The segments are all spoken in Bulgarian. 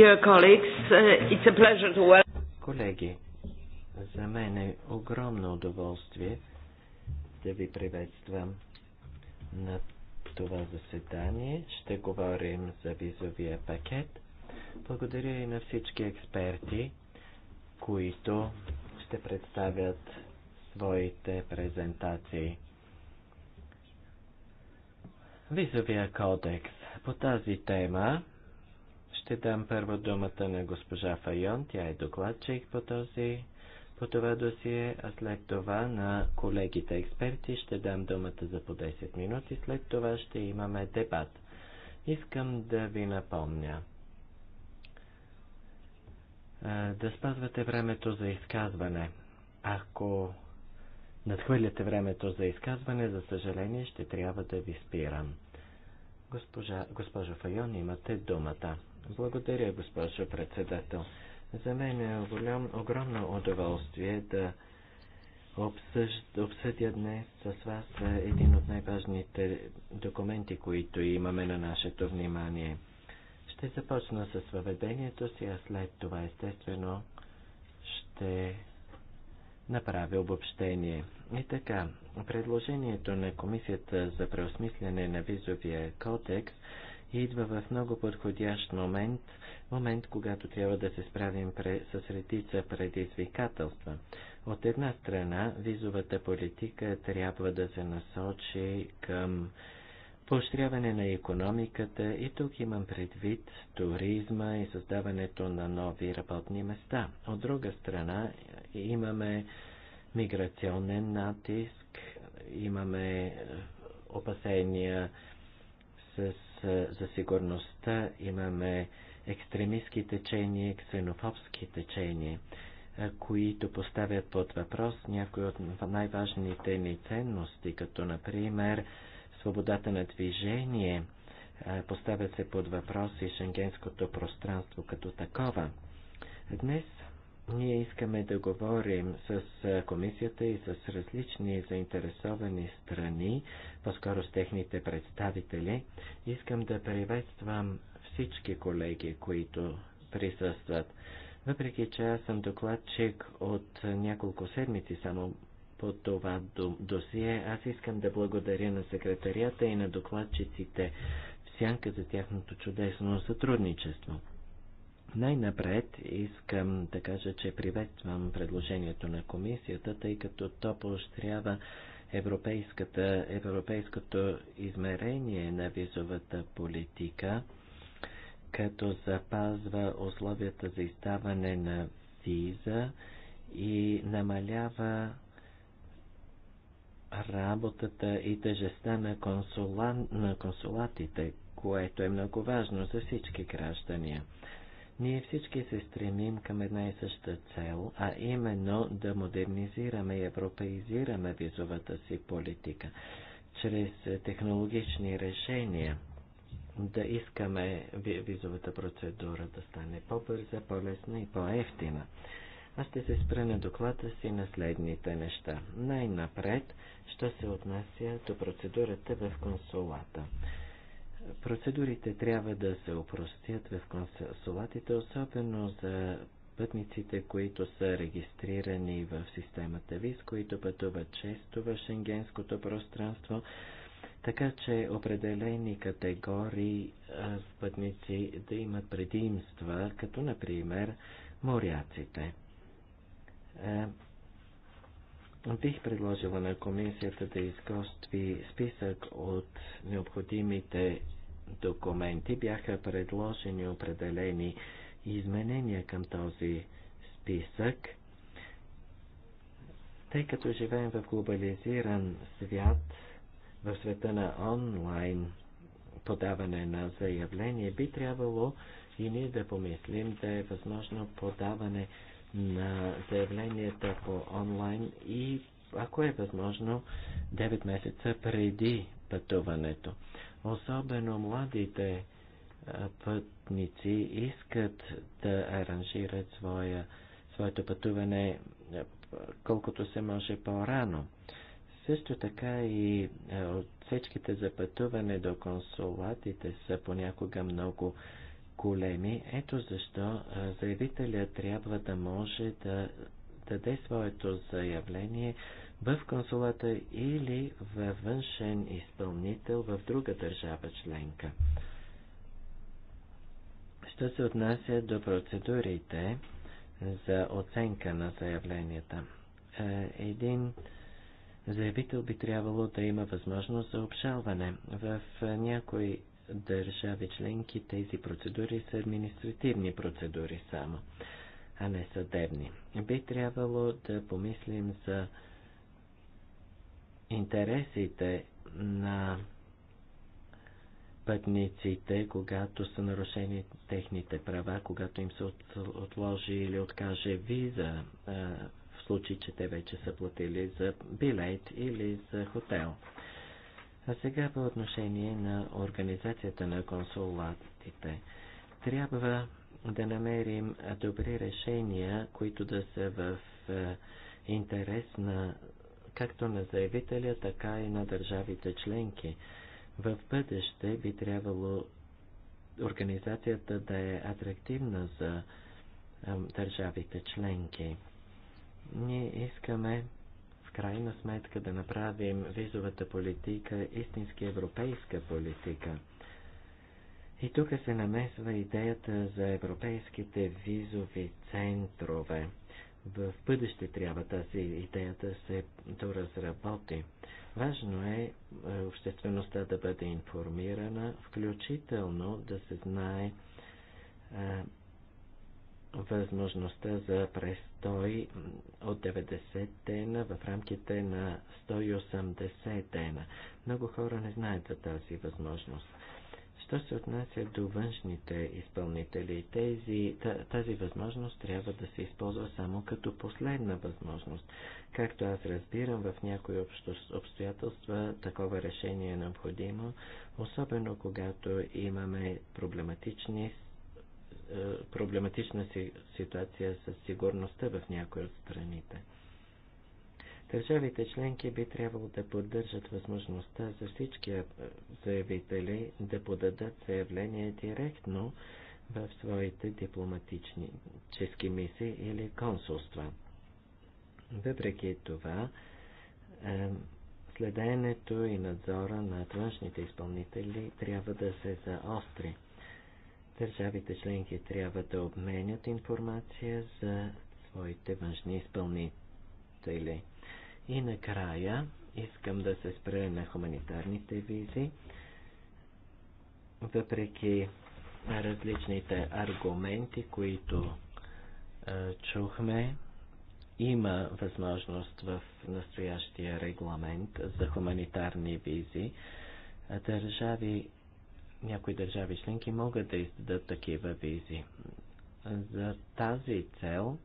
Dear colleagues, uh, it's a pleasure to welcome. Колеги, за мен е огромно удоволствие да ви приветствам на това заседание. Ще говорим за визовия пакет. Благодаря и на всички експерти, които ще представят своите презентации. Визовия кодекс. По тази тема ще дам първо думата на госпожа Файон. Тя е докладчик по този по това досие, а след това на колегите експерти ще дам думата за по 10 минути. След това ще имаме дебат. Искам да ви напомня да спазвате времето за изказване. Ако надхвърляте времето за изказване, за съжаление ще трябва да ви спирам. Госпожа, госпожа Файон, имате думата. Благодаря, госпожо председател. За мен е голям, огромно удоволствие да обсъдя днес с вас един от най-важните документи, които имаме на нашето внимание. Ще започна с въведението си, а след това естествено ще направя обобщение. И така, предложението на Комисията за преосмислене на визовия кодекс – идва в много подходящ момент, момент, когато трябва да се справим пре, с редица предизвикателства. От една страна, визовата политика трябва да се насочи към поощряване на економиката и тук имам предвид туризма и създаването на нови работни места. От друга страна, имаме миграционен натиск, имаме е, опасения с е, за сигурността, имаме екстремистски течения, ксенофобски течения, е, които поставят под въпрос някои от най-важните ни ценности, като например свободата на движение, е, поставят се под въпрос и шенгенското пространство като такова. Днес ние искаме да говорим с комисията и с различни заинтересовани страни, по-скоро с техните представители. Искам да приветствам всички колеги, които присъстват. Въпреки, че аз съм докладчик от няколко седмици само по това досие, аз искам да благодаря на секретарията и на докладчиците в сянка за тяхното чудесно сътрудничество. Най-напред искам да кажа, че приветствам предложението на комисията, тъй като то поощрява европейското измерение на визовата политика, като запазва условията за издаване на виза и намалява работата и тъжеста на, консула... на консулатите, което е много важно за всички граждани. Ние всички се стремим към една и съща цел, а именно да модернизираме и европеизираме визовата си политика чрез технологични решения да искаме визовата процедура да стане по-бърза, по-лесна и по-ефтина. Аз ще се спра на доклада си на следните неща. Най-напред, що се отнася до процедурата в консулата. Процедурите трябва да се опростят в консулатите, особено за пътниците, които са регистрирани в системата ВИС, които пътуват често в шенгенското пространство, така че определени категории пътници да имат предимства, като например моряците. Е, Бих предложила на комисията да изготви списък от необходимите документи. Бяха предложени определени изменения към този списък. Тъй като живеем в глобализиран свят, в света на онлайн подаване на заявление, би трябвало и ние да помислим да е възможно подаване на заявленията по онлайн и, ако е възможно, 9 месеца преди пътуването. Особено младите пътници искат да аранжират своя, своето пътуване колкото се може по-рано. Също така и отсечките за пътуване до консулатите са понякога много големи. Ето защо заявителя трябва да може да даде своето заявление в консулата или във външен изпълнител в друга държава членка. Що се отнася до процедурите за оценка на заявленията? Е, един заявител би трябвало да има възможност за обжалване. В някои държави членки тези процедури са административни процедури само, а не съдебни. Би трябвало да помислим за интересите на пътниците, когато са нарушени техните права, когато им се отложи или откаже виза, в случай, че те вече са платили за билет или за хотел. А сега по отношение на организацията на консулатите. Трябва да намерим добри решения, които да са в е, интерес на както на заявителя, така и на държавите членки. В бъдеще би трябвало организацията да е атрактивна за държавите членки. Ние искаме крайна сметка да направим визовата политика истински европейска политика. И тук се намесва идеята за европейските визови центрове. В бъдеще трябва тази идея да се доразработи. Важно е, е обществеността да бъде информирана, включително да се знае е, възможността за престой от 90 дена в рамките на 180 дена. Много хора не знаят за тази възможност. Що се отнася до външните изпълнители, тези, тази възможност трябва да се използва само като последна възможност. Както аз разбирам, в някои обстоятелства такова решение е необходимо, особено когато имаме проблематични проблематична ситуация с сигурността в някои от страните. Държавите членки би трябвало да поддържат възможността за всички заявители да подадат заявление директно в своите дипломатични чески мисии или консулства. Въпреки това, следенето и надзора на външните изпълнители трябва да се заостри. Държавите членки трябва да обменят информация за своите външни изпълнители. И накрая искам да се спре на хуманитарните визи. Въпреки различните аргументи, които е, чухме, има възможност в настоящия регламент за хуманитарни визи държави някои държави членки могат да издадат такива визи. За тази цел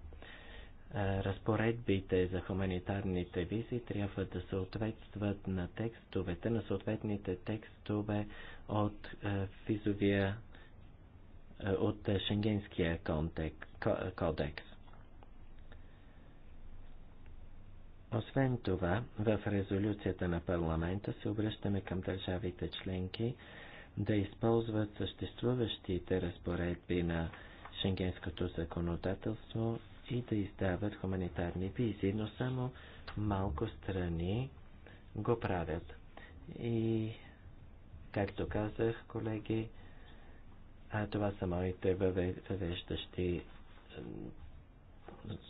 разпоредбите за хуманитарните визи трябва да съответстват на текстовете, на съответните текстове от визовия от Шенгенския кодекс. Освен това, в резолюцията на парламента се обръщаме към държавите членки да използват съществуващите разпоредби на шенгенското законодателство и да издават хуманитарни визи, но само малко страни го правят. И, както казах, колеги, а това са моите въвеждащи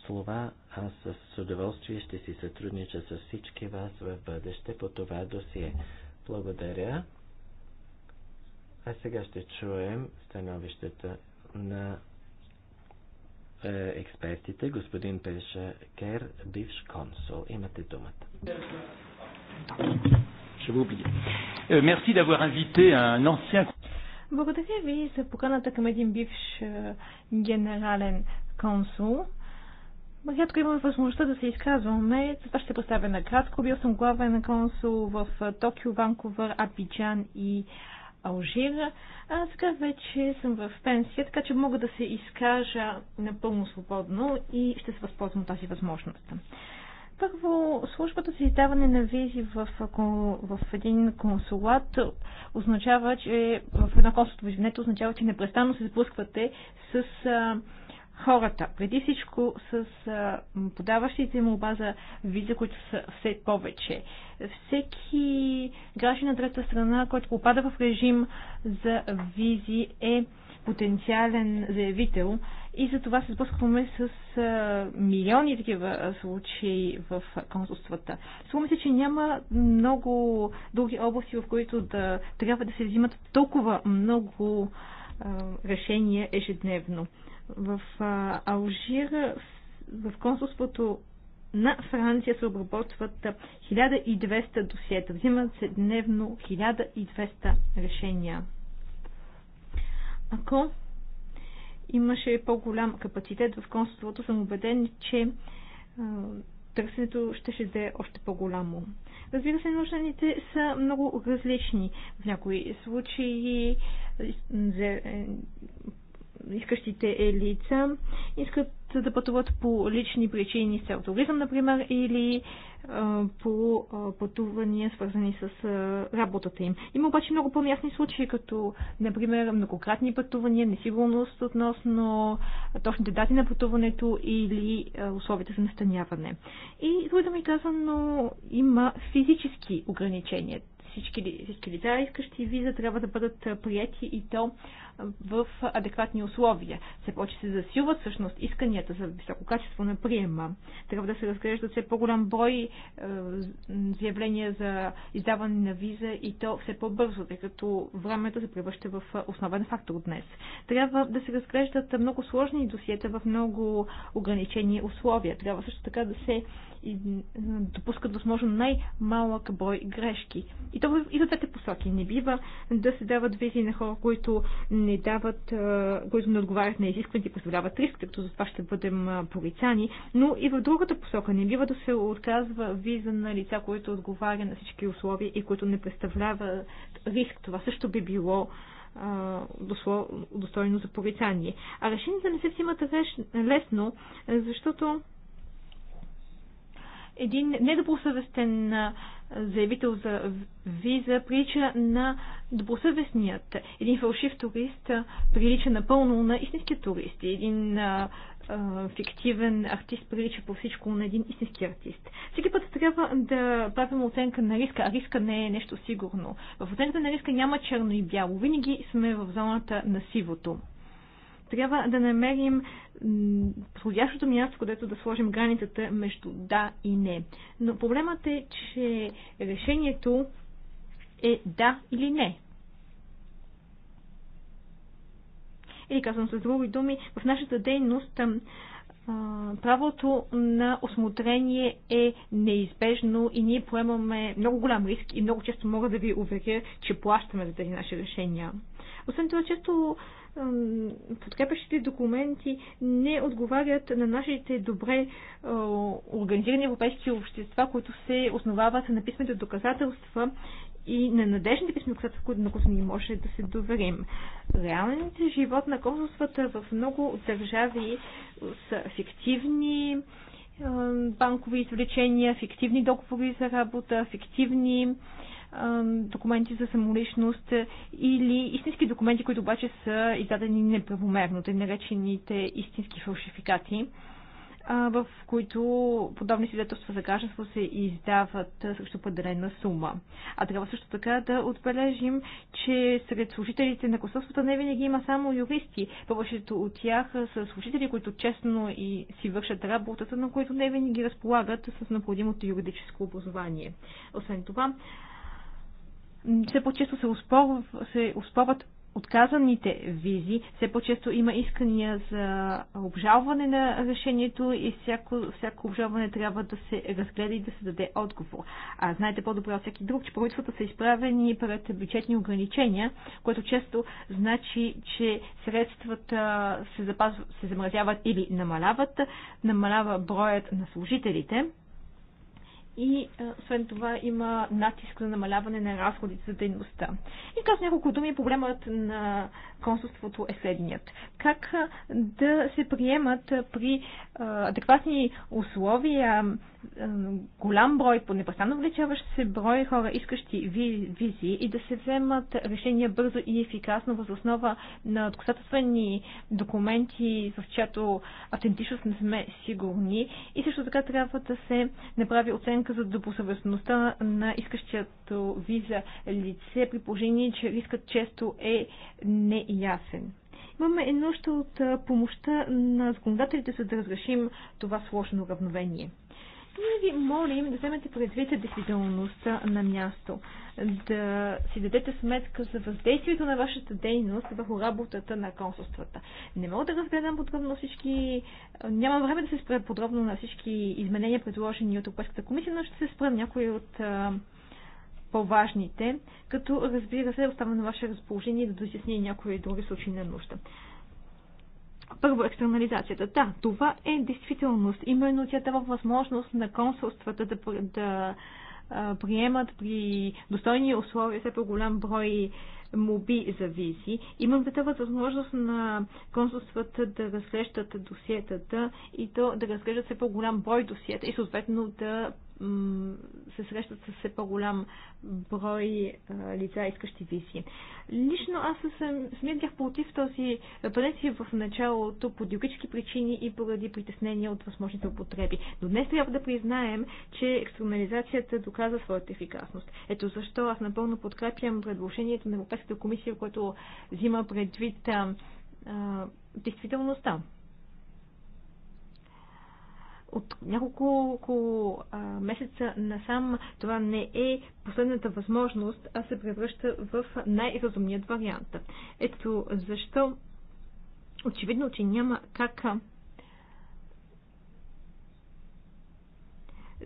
слова. Аз с удоволствие ще си сътруднича с всички вас в бъдеще по това досие. Благодаря. А сега ще чуем становищата на е, експертите. Господин Пеша Кер, бивш консул. Имате думата. Мерси euh, d'avoir invité un Благодаря ви за поканата към един бивш е, генерален консул. Рядко имаме възможността да се изказваме. Това ще поставя накратко. Бил съм главен консул в е, Токио, Ванкувър, Абиджан и Алжира. А сега вече съм в пенсия, така че мога да се изкажа напълно свободно и ще се възползвам тази възможност. Първо, службата за издаване на визи в, в един консулат означава, че в едно консулство, извинете, означава, че непрестанно се сблъсквате с а, хората, преди всичко с а, подаващите му база виза, които са все повече. Всеки граждан на трета страна, който попада в режим за визи, е потенциален заявител и за това се сблъскваме с а, милиони такива случаи в консулствата. Струва се, че няма много други области, в които да трябва да се взимат толкова много а, решения ежедневно. В Алжир, в консулството на Франция се обработват 1200 досиета. Взимат се дневно 1200 решения. Ако имаше по-голям капацитет в консулството, съм убеден, че търсенето ще ще да е още по-голямо. Разбира се, нужданите са много различни. В някои случаи искащите е лица искат да пътуват по лични причини с цел туризъм, например, или а, по а, пътувания, свързани с а, работата им. Има обаче много по-ясни случаи, като, например, многократни пътувания, несигурност относно точните дати на пътуването или а, условията за настаняване. И, да ми казано, има физически ограничения всички, всички лица, искащи виза, трябва да бъдат прияти и то в адекватни условия. Все повече се засилват всъщност исканията за високо качество на приема. Трябва да се разглеждат все по-голям брой е, заявления за издаване на виза и то все по-бързо, тъй като времето се превръща в основен фактор днес. Трябва да се разглеждат много сложни досиета в много ограничени условия. Трябва също така да се и допускат възможно най-малък брой грешки. И то и за двете посоки. Не бива да се дават визи на хора, които не дават, които не отговарят на изискването и представляват риск, като за това ще бъдем полицани. но и в другата посока. Не бива да се отказва виза на лица, които отговаря на всички условия и които не представляват риск. Това също би било достойно за порицание. А решенията не се взимат лесно, защото един недобросъвестен заявител за виза прилича на добросъвестният. Един фалшив турист прилича напълно на истински турист. Един а, а, фиктивен артист прилича по всичко на един истински артист. Всеки път трябва да правим оценка на риска, а риска не е нещо сигурно. В оценката на риска няма черно и бяло. Винаги сме в зоната на сивото. Трябва да намерим подходящото място, където да сложим границата между да и не. Но проблемът е, че решението е да или не. Или казвам с други думи, в нашата дейност правото на осмотрение е неизбежно и ние поемаме много голям риск и много често мога да ви уверя, че плащаме за тези наши решения. Освен това, често подкрепящите документи не отговарят на нашите добре организирани европейски общества, които се основават на писмените доказателства и на надежните писмени доказателства, на които ни може да се доверим. Реалните живот на консулствата в много държави са фиктивни банкови извлечения, фиктивни договори за работа, фиктивни документи за самоличност или истински документи, които обаче са издадени неправомерно, тъй наречените истински фалшификати в които подобни свидетелства за гражданство се издават срещу определена сума. А трябва също така да отбележим, че сред служителите на консулствата не винаги има само юристи. Повечето от тях са служители, които честно и си вършат работата, но които не винаги разполагат с необходимото юридическо образование. Освен това, все по-често се, успорв, се успорват отказаните визи, все по-често има искания за обжалване на решението и всяко, всяко обжалване трябва да се разгледа и да се даде отговор. А знаете по-добре от всеки друг, че правителствата са изправени пред бюджетни ограничения, което често значи, че средствата се, запазва, се замразяват или намаляват, намалява броят на служителите, и освен това има натиск за намаляване на разходите за дейността. И казвам няколко думи, проблемът на консулството е следният. Как да се приемат при адекватни условия голям брой, по непрестанно увеличаващ се брой хора, искащи визи и да се вземат решения бързо и ефикасно въз основа на доказателствени документи, в чиято автентичност не сме сигурни. И също така трябва да се направи оценка за добросъвестността на искащото виза лице, при положение, че рискът често е неясен имаме и нужда от помощта на законодателите, за да разрешим това сложно равновение. Ние ви молим да вземете предвид действителността на място, да си дадете сметка за въздействието на вашата дейност върху работата на консулствата. Не мога да разгледам подробно всички, нямам време да се спра подробно на всички изменения, предложени от Европейската комисия, но ще се спра някои от по-важните, като разбира се, е оставам на ваше разположение да доизясня някои други случаи на нужда. Първо, екстернализацията. Да, това е действителност. Именно тя дава възможност на консулствата да, да а, приемат при достойни условия все по-голям брой моби за визи. Имам такава възможност на консулствата да разглеждат досиетата и то да разглеждат все по-голям брой досиета и съответно да се срещат с все по-голям брой лица, искащи виси. Лично аз съм, самият против този принцип в началото по идеологически причини и поради притеснения от възможните употреби. Но днес трябва да признаем, че екстремализацията доказа своята ефикасност. Ето защо аз напълно подкрепям предложението на Европейската комисия, което взима предвид а, а, действителността. От няколко около, а, месеца насам това не е последната възможност, а се превръща в най-разумният вариант. Ето защо очевидно, че няма как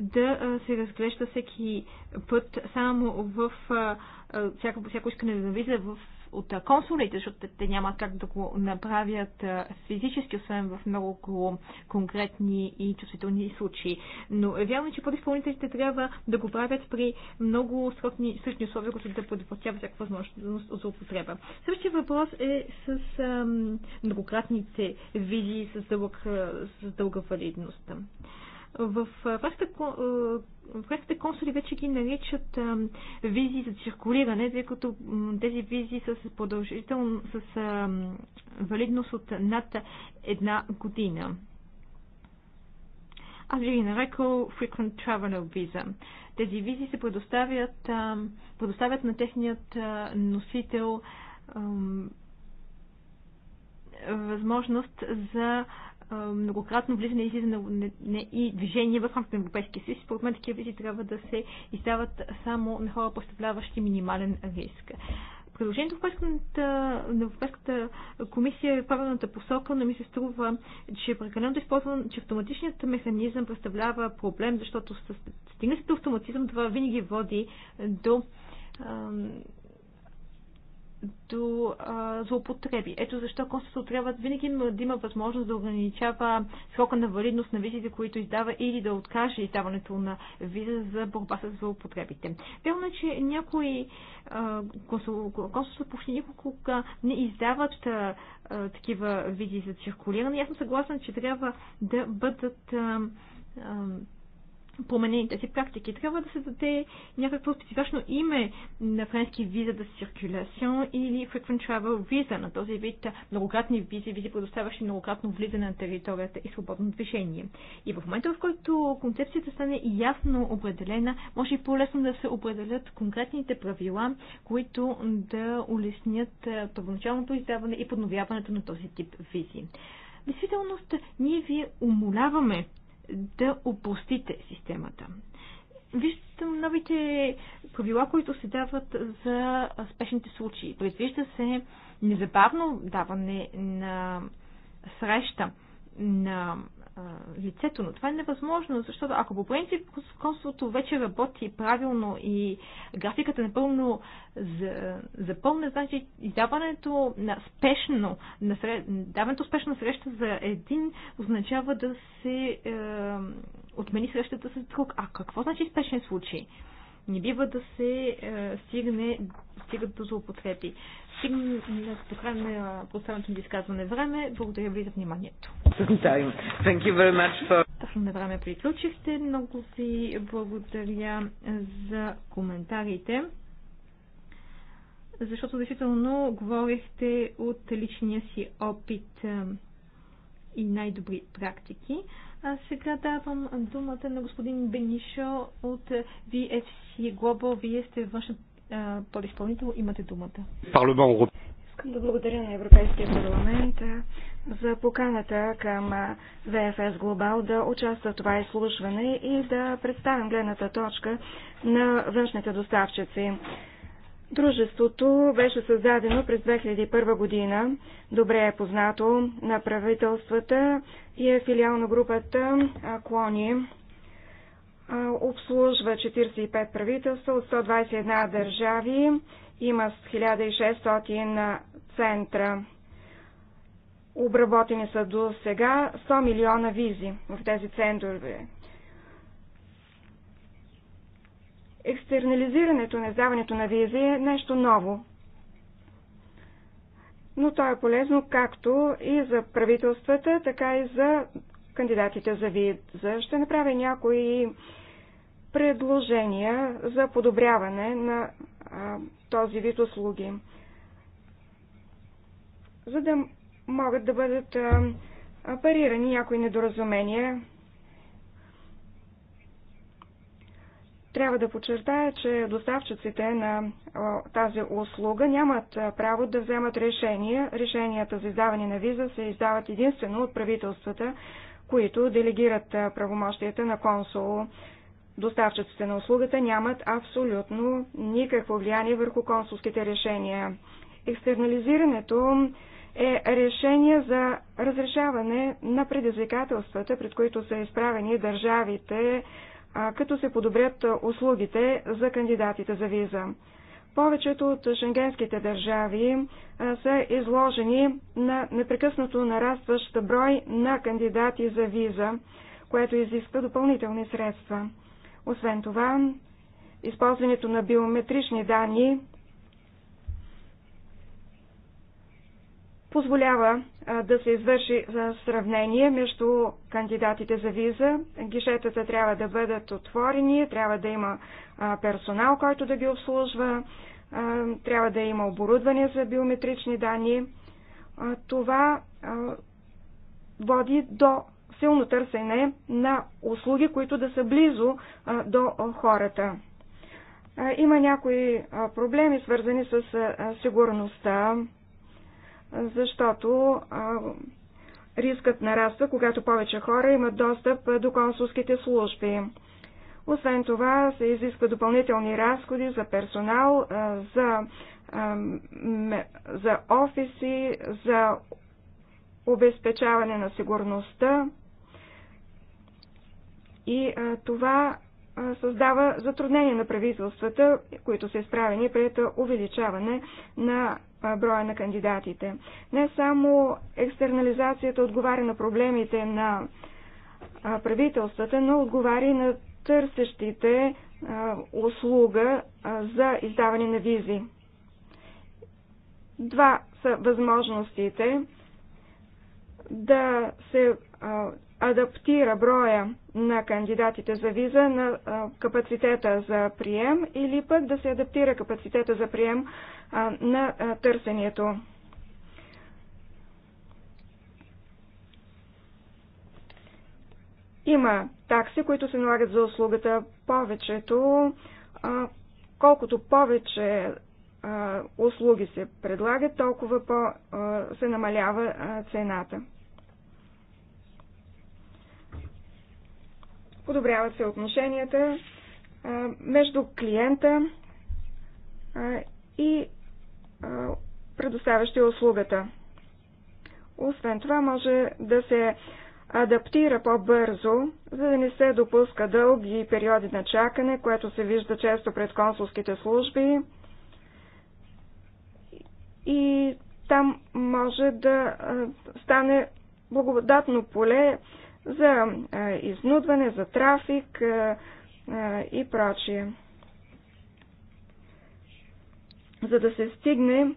да се разглежда всеки път само в всяко, всяко искане да навлиза в от консулите, защото те няма как да го направят физически, освен в много конкретни и чувствителни случаи. Но е вярно, че подизпълнителите трябва да го правят при много срочни същни условия, които да предотвратява всяка възможност за употреба. Същия въпрос е с ам, многократните визи с, дълъг, с дълга валидност. В френските консули вече ги наричат визи за циркулиране, тъй като тези визи са с, продължител, с валидност от над една година. Аз ви ги нарекал Frequent Traveler Visa. Тези визи се предоставят, предоставят на техният носител възможност за многократно влизане и излизане и движение в рамките на Европейския съюз. Според мен такива визи трябва да се издават само на хора, представляващи минимален риск. Предложението в Европейската, на Европейската комисия е правилната посока, но ми се струва, че е прекалено да използвам, че автоматичният механизъм представлява проблем, защото стигна автоматизъм, това винаги води до до а, злоупотреби. Ето защо консулство трябва винаги да има възможност да ограничава срока на валидност на визите, които издава или да откаже издаването на виза за борба с злоупотребите. Вярно е, че някои а, консулства почти никога не издават а, а, такива визи за циркулиране. Аз съм съгласна, че трябва да бъдат а, а, Променени тези практики. Трябва да се даде някакво специфично име на френски виза да циркуляция или frequent travel виза на този вид многократни визи, визи предоставящи многократно влизане на територията и свободно движение. И в момента, в който концепцията стане ясно определена, може и по-лесно да се определят конкретните правила, които да улеснят първоначалното издаване и подновяването на този тип визи. Действителност, ние ви умоляваме да опустите системата. Вижте, новите правила, които се дават за спешните случаи. Предвижда се незабавно даване на среща на лицето, но това е невъзможно, защото ако по принцип консулството вече работи правилно и графиката напълно запълна, значи издаването на спешно, на сред... даването спешно среща за един означава да се е, отмени срещата с друг. А какво значи спешен случай? Не бива да се е, стигне, стига до злоупотреби. Стигна до края на последното ми изказване време. Благодаря ви за вниманието. For... Точно на време приключихте. Много ви благодаря за коментарите защото действително говорихте от личния си опит е, и най-добри практики. А сега давам думата на господин Бенишо от VFC Global. Вие сте външен подизпълнител. Имате думата. Искам да благодаря на Европейския парламент за поканата към ВФС Глобал да участва в това изслушване и да представим гледната точка на външните доставчици. Дружеството беше създадено през 2001 година, добре е познато на правителствата и е филиал на групата Клони. Обслужва 45 правителства от 121 държави, има 1600 центра. Обработени са до сега 100 милиона визи в тези центрове. Екстернализирането на издаването на визи е нещо ново, но то е полезно както и за правителствата, така и за кандидатите за виза. Ще направя някои предложения за подобряване на а, този вид услуги, за да могат да бъдат а, парирани някои недоразумения Трябва да подчертая, че доставчиците на тази услуга нямат право да вземат решения. Решенията за издаване на виза се издават единствено от правителствата, които делегират правомощията на консул. Доставчиците на услугата нямат абсолютно никакво влияние върху консулските решения. Екстернализирането е решение за разрешаване на предизвикателствата, пред които са изправени държавите като се подобрят услугите за кандидатите за виза. Повечето от шенгенските държави са изложени на непрекъснато нарастващ брой на кандидати за виза, което изисква допълнителни средства. Освен това, използването на биометрични данни позволява да се извърши сравнение между кандидатите за виза. Гишетата трябва да бъдат отворени, трябва да има персонал, който да ги обслужва, трябва да има оборудване за биометрични данни. Това води до силно търсене на услуги, които да са близо до хората. Има някои проблеми, свързани с сигурността защото рискът нараства, когато повече хора имат достъп до консулските служби. Освен това се изисква допълнителни разходи за персонал, за, за офиси, за обезпечаване на сигурността и това създава затруднения на правителствата, които са изправени пред увеличаване на броя на кандидатите. Не само екстернализацията отговаря на проблемите на правителствата, но отговаря и на търсещите услуга за издаване на визи. Два са възможностите да се адаптира броя на кандидатите за виза на капацитета за прием или пък да се адаптира капацитета за прием на търсенето. Има такси, които се налагат за услугата. Повечето, колкото повече услуги се предлагат, толкова по, се намалява цената. подобряват се отношенията между клиента и предоставящия услугата. Освен това, може да се адаптира по-бързо, за да не се допуска дълги периоди на чакане, което се вижда често пред консулските служби. И там може да стане благодатно поле за изнудване, за трафик и прочие. За да се стигне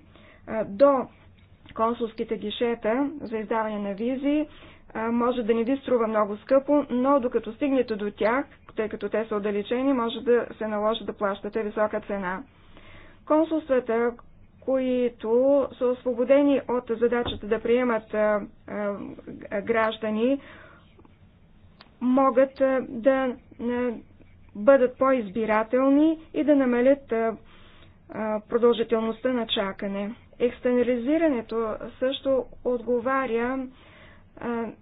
до консулските гишета за издаване на визи, може да не ви струва много скъпо, но докато стигнете до тях, тъй като те са отдалечени, може да се наложи да плащате висока цена. Консулствата, които са освободени от задачата да приемат граждани, могат да бъдат по-избирателни и да намалят продължителността на чакане. Екстенализирането също отговаря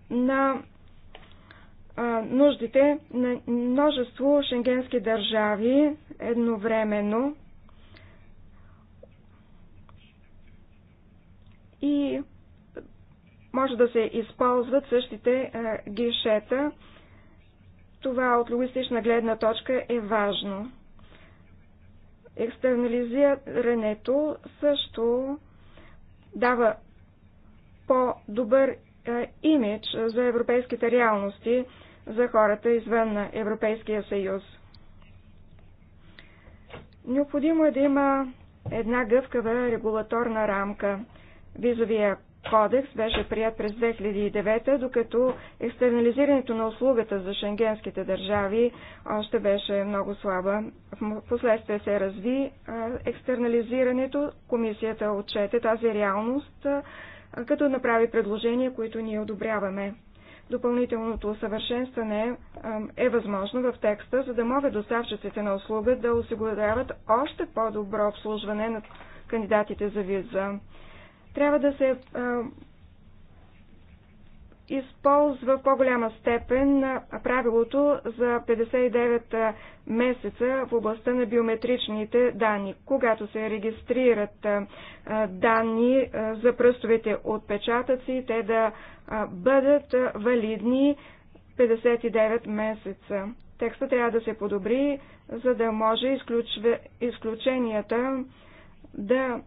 на нуждите на множество шенгенски държави едновременно и може да се използват същите гишета това от логистична гледна точка е важно. Екстернализирането също дава по-добър е, имидж за европейските реалности за хората извън на Европейския съюз. Необходимо е да има една гъвкава регулаторна рамка. Визовия кодекс беше прият през 2009, докато екстернализирането на услугата за шенгенските държави още беше много слаба. В последствие се разви екстернализирането. Комисията отчете тази реалност, като направи предложения, които ние одобряваме. Допълнителното усъвършенстване е възможно в текста, за да могат доставчиците на услуга да осигуряват още по-добро обслужване на кандидатите за виза трябва да се а, използва в по-голяма степен правилото за 59 месеца в областта на биометричните данни. Когато се регистрират данни за пръстовете отпечатъци, те да бъдат валидни 59 месеца. Текста трябва да се подобри, за да може изключенията да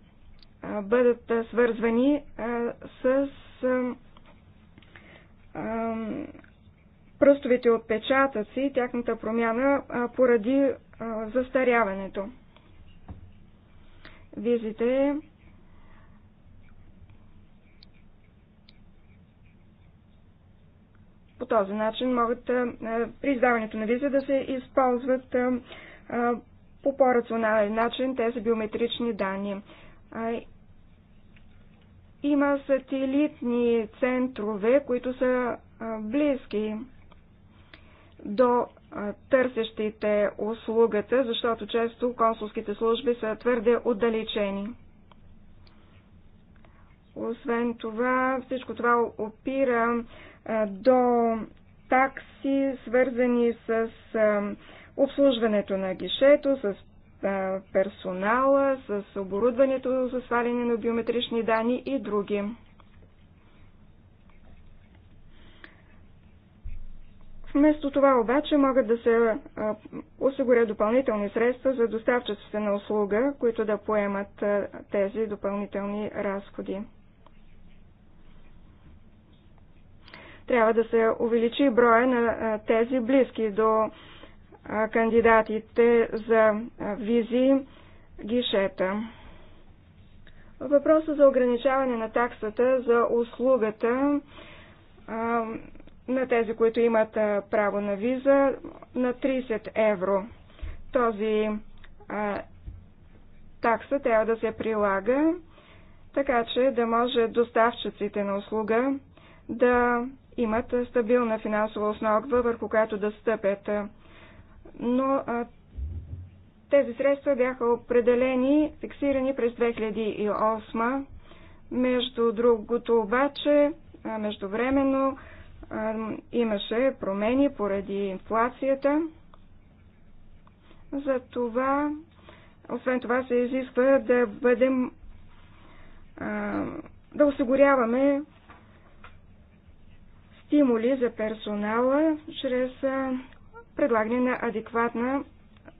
бъдат свързвани с пръстовите отпечатъци и тяхната промяна поради застаряването. Визите по този начин могат при издаването на виза да се използват по по-рационален начин тези биометрични данни. Има сателитни центрове, които са близки до търсещите услугата, защото често консулските служби са твърде отдалечени. Освен това, всичко това опира до такси, свързани с обслужването на гишето, с персонала, с оборудването за сваляне на биометрични данни и други. Вместо това обаче могат да се осигурят допълнителни средства за доставчиците на услуга, които да поемат тези допълнителни разходи. Трябва да се увеличи броя на тези близки до кандидатите за визи гишета. Въпроса за ограничаване на таксата за услугата на тези, които имат право на виза, на 30 евро. Този такса трябва да се прилага, така че да може доставчиците на услуга да имат стабилна финансова основа, върху която да стъпят но тези средства бяха определени, фиксирани през 2008. Между другото обаче, междувременно имаше промени поради инфлацията. За това, освен това се изисква да бъдем да осигуряваме стимули за персонала чрез предлагане на адекватна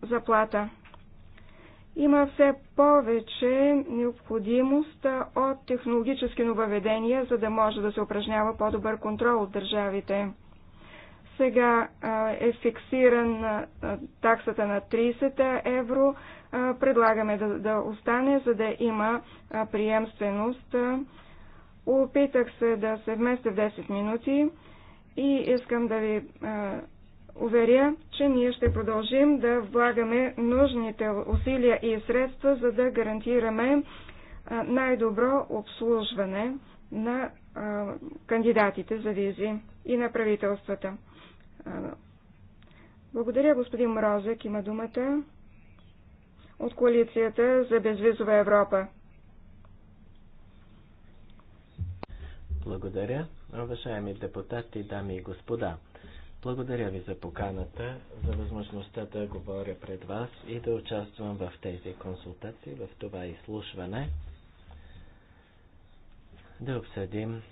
заплата. Има все повече необходимост от технологически нововведения, за да може да се упражнява по-добър контрол от държавите. Сега е фиксиран таксата на 30 евро. Предлагаме да, да остане, за да има приемственост. Опитах се да се вместя в 10 минути и искам да ви уверя, че ние ще продължим да влагаме нужните усилия и средства, за да гарантираме най-добро обслужване на кандидатите за визи и на правителствата. Благодаря, господин Мрозек. Има думата от Коалицията за безвизова Европа. Благодаря, уважаеми депутати, дами и господа. Благодаря ви за поканата, за възможността да говоря пред вас и да участвам в тези консултации, в това изслушване. Да обсъдим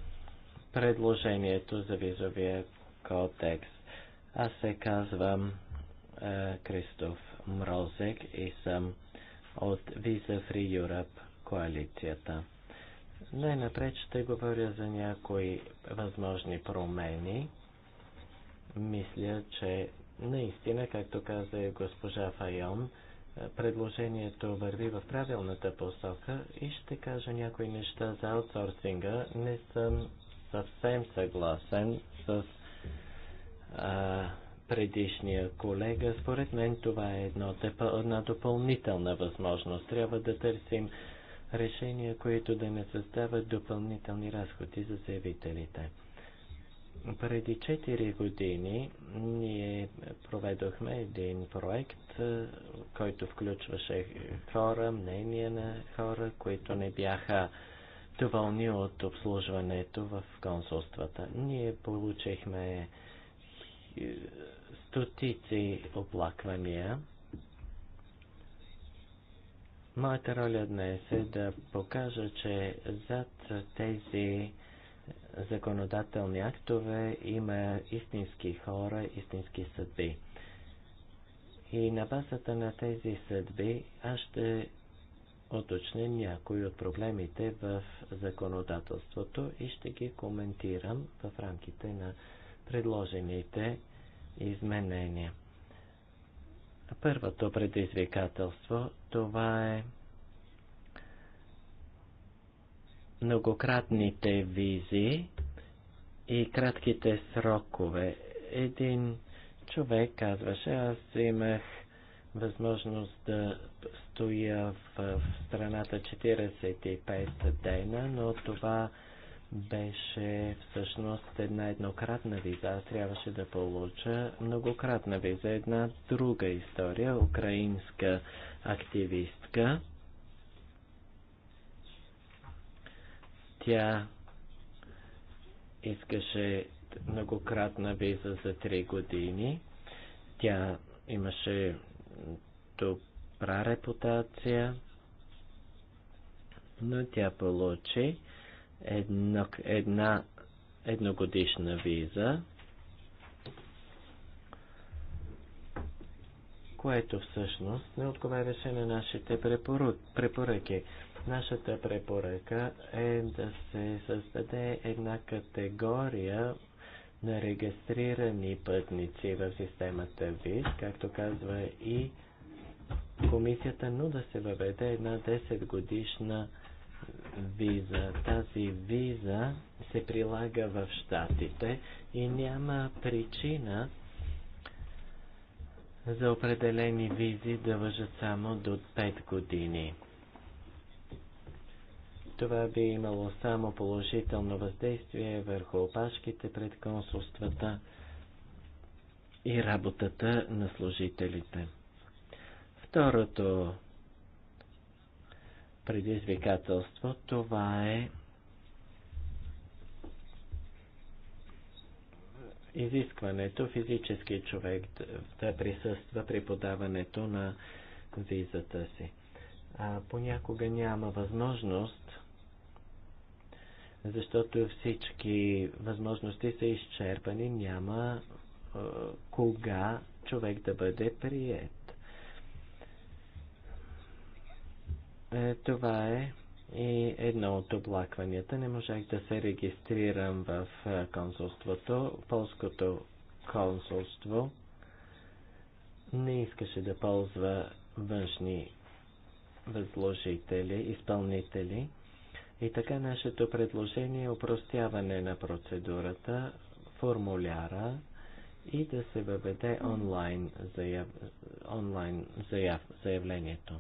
предложението за визовия кодекс. Аз се казвам е, Кристоф Мрозек и съм от Visa Free Europe коалицията. Най-напред ще говоря за някои възможни промени мисля, че наистина, както каза и госпожа Файон, е, предложението върви в правилната посока и ще кажа някои неща за аутсорсинга. Не съм съвсем съгласен с а, е, предишния колега. Според мен това е едно, една допълнителна възможност. Трябва да търсим решения, които да не създават допълнителни разходи за заявителите. Преди 4 години ние проведохме един проект, който включваше хора, мнения на хора, които не бяха доволни от обслужването в консулствата. Ние получихме стотици оплаквания. Моята роля днес е да покажа, че зад тези законодателни актове има истински хора, истински съдби. И на базата на тези съдби аз ще уточним някои от проблемите в законодателството и ще ги коментирам в рамките на предложените изменения. Първото предизвикателство това е многократните визи и кратките срокове. Един човек казваше, аз имах възможност да стоя в страната 45 дена, но това беше всъщност една еднократна виза. Аз трябваше да получа многократна виза. Една друга история, украинска активистка, Тя искаше многократна виза за три години. Тя имаше добра репутация, но тя получи едно, една едногодишна виза, което всъщност не отговаряше на нашите препоръки. Нашата препоръка е да се създаде една категория на регистрирани пътници в системата ВИС, както казва и комисията, но да се въведе една 10 годишна виза. Тази виза се прилага в Штатите и няма причина за определени визи да въжат само до 5 години. Това би имало само положително въздействие върху опашките пред консулствата и работата на служителите. Второто предизвикателство това е изискването физически човек да присъства при подаването на визата си. А понякога няма възможност защото всички възможности са изчерпани, няма е, кога човек да бъде прият. Е, това е и едно от облакванията. Не можах да се регистрирам в консулството, полското консулство не искаше да ползва външни възложители, изпълнители. И така нашето предложение е упростяване на процедурата, формуляра и да се въведе онлайн, заяв... онлайн заяв... заявлението.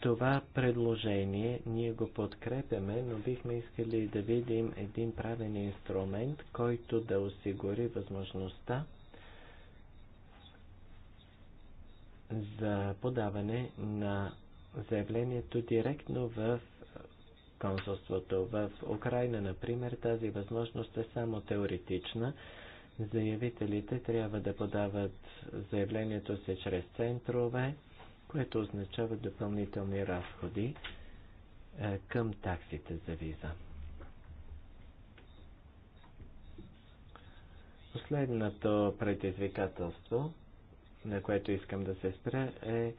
Това предложение ние го подкрепяме, но бихме искали да видим един правен инструмент, който да осигури възможността за подаване на заявлението директно в консулството. В Украина, например, тази възможност е само теоретична. Заявителите трябва да подават заявлението си чрез центрове, което означава допълнителни разходи е, към таксите за виза. Последното предизвикателство, на което искам да се спра, е, е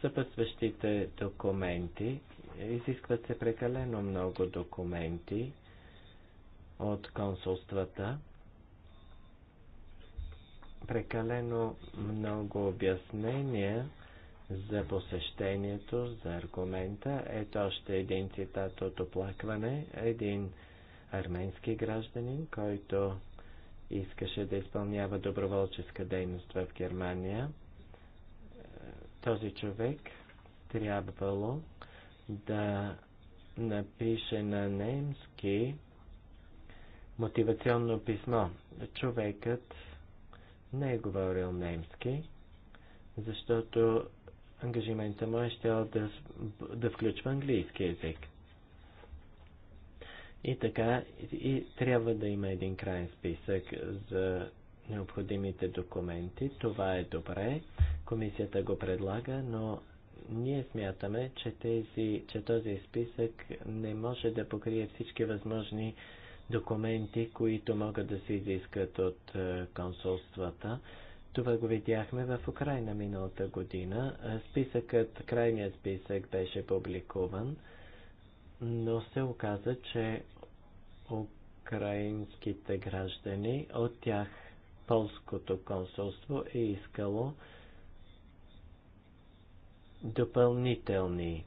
съпътстващите документи изискват се прекалено много документи от консулствата, прекалено много обяснения за посещението, за аргумента. Ето още един цитат от оплакване. Един арменски гражданин, който искаше да изпълнява доброволческа дейност в Германия. Този човек трябвало да напише на немски мотивационно писмо. Човекът не е говорил немски, защото ангажимента му е ще да, да включва английски язик. И така, и трябва да има един крайен списък за необходимите документи. Това е добре. Комисията го предлага, но ние смятаме, че, тези, че този списък не може да покрие всички възможни документи, които могат да се изискат от е, консулствата. Това го видяхме в Украина миналата година. Е, списъкът, крайният списък беше публикуван, но се оказа, че украинските граждани от тях полското консулство е искало допълнителни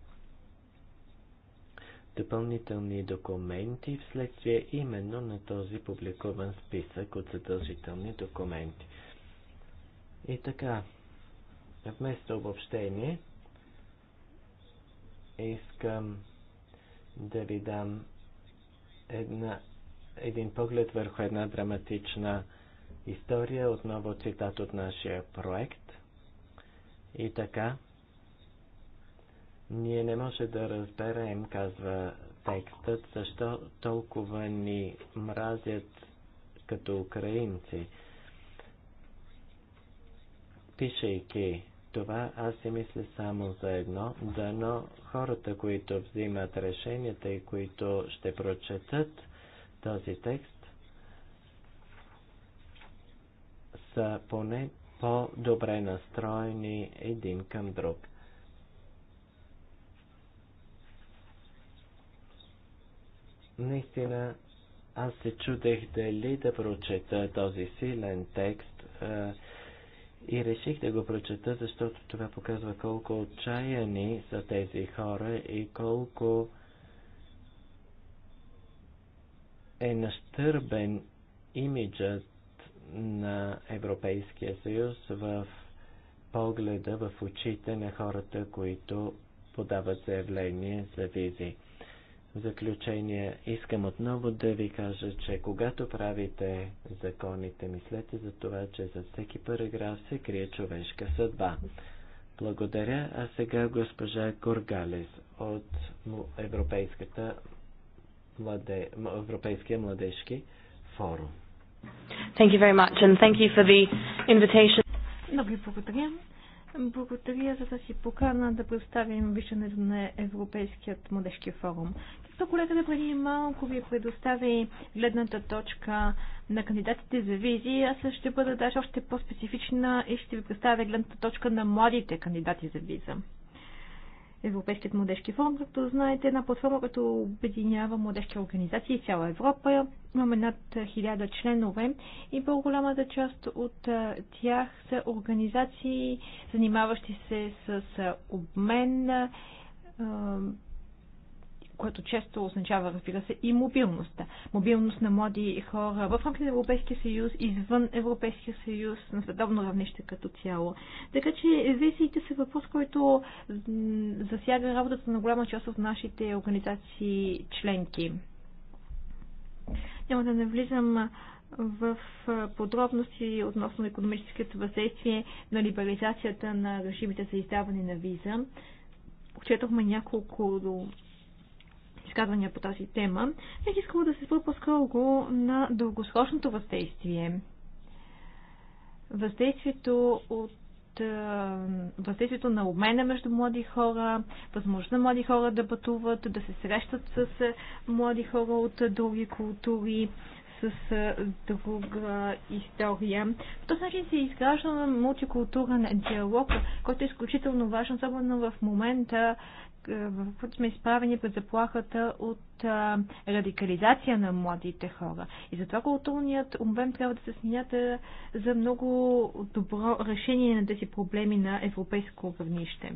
допълнителни документи вследствие именно на този публикуван списък от задължителни документи. И така, вместо обобщение, искам да ви дам една, един поглед върху една драматична история, отново цитат от нашия проект. И така, ние не може да разберем, казва текстът, защо толкова ни мразят като украинци. Пишейки това, аз си мисля само за едно, дано хората, които взимат решенията и които ще прочетат този текст, са поне по-добре настроени един към друг. Наистина, аз се чудех дали да прочета този силен текст а, и реших да го прочета, защото това показва колко отчаяни са тези хора и колко е настърбен имиджът на Европейския съюз в погледа, в очите на хората, които подават заявление за визи заключение искам отново да ви кажа, че когато правите законите, мислете за това, че за всеки параграф се крие човешка съдба. Благодаря, а сега госпожа Горгалес от Европейската младе... Европейския младежки форум. Thank you very much and thank you for the invitation. Много ви благодаря. Благодаря за тази покана да представим виждането на Европейският младежки форум колега колегата преди малко ви предостави гледната точка на кандидатите за визи, аз ще бъда даже още по-специфична и ще ви представя гледната точка на младите кандидати за виза. Европейският младежки форум, както знаете, е една платформа, която обединява младежки организации в цяла Европа. Имаме над 1000 членове и по-голямата част от тях са организации, занимаващи се с обмен, което често означава, разбира се, и мобилността. Мобилност на млади хора в рамките на Европейския съюз, извън Европейския съюз, на световно равнище като цяло. Така че визиите са въпрос, който засяга работата на голяма част от нашите организации членки. Няма да навлизам в подробности относно економическото въздействие на либерализацията на режимите за издаване на виза. Отчетохме няколко изказвания по тази тема, бих искала да се спра по-скоро на дългосрочното въздействие. Въздействието от въздействието на обмена между млади хора, възможност на млади хора да пътуват, да се срещат с млади хора от други култури, с друга история. В този начин се изгражда мултикултурен диалог, който е изключително важен, особено в момента в път сме изправени пред заплахата от а, радикализация на младите хора. И затова културният обем трябва да се смята за много добро решение на тези проблеми на европейско равнище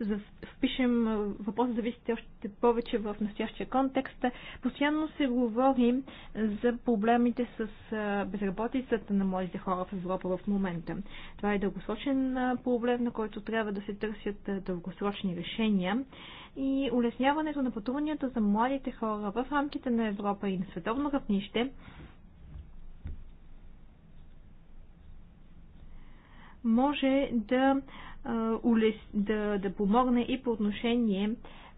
за впишем въпроса зависите още повече в настоящия контекст. Постоянно се говори за проблемите с безработицата на младите хора в Европа в момента. Това е дългосрочен проблем, на който трябва да се търсят дългосрочни решения и улесняването на пътуванията за младите хора в рамките на Европа и на световно равнище може да улес, да, да помогне и по отношение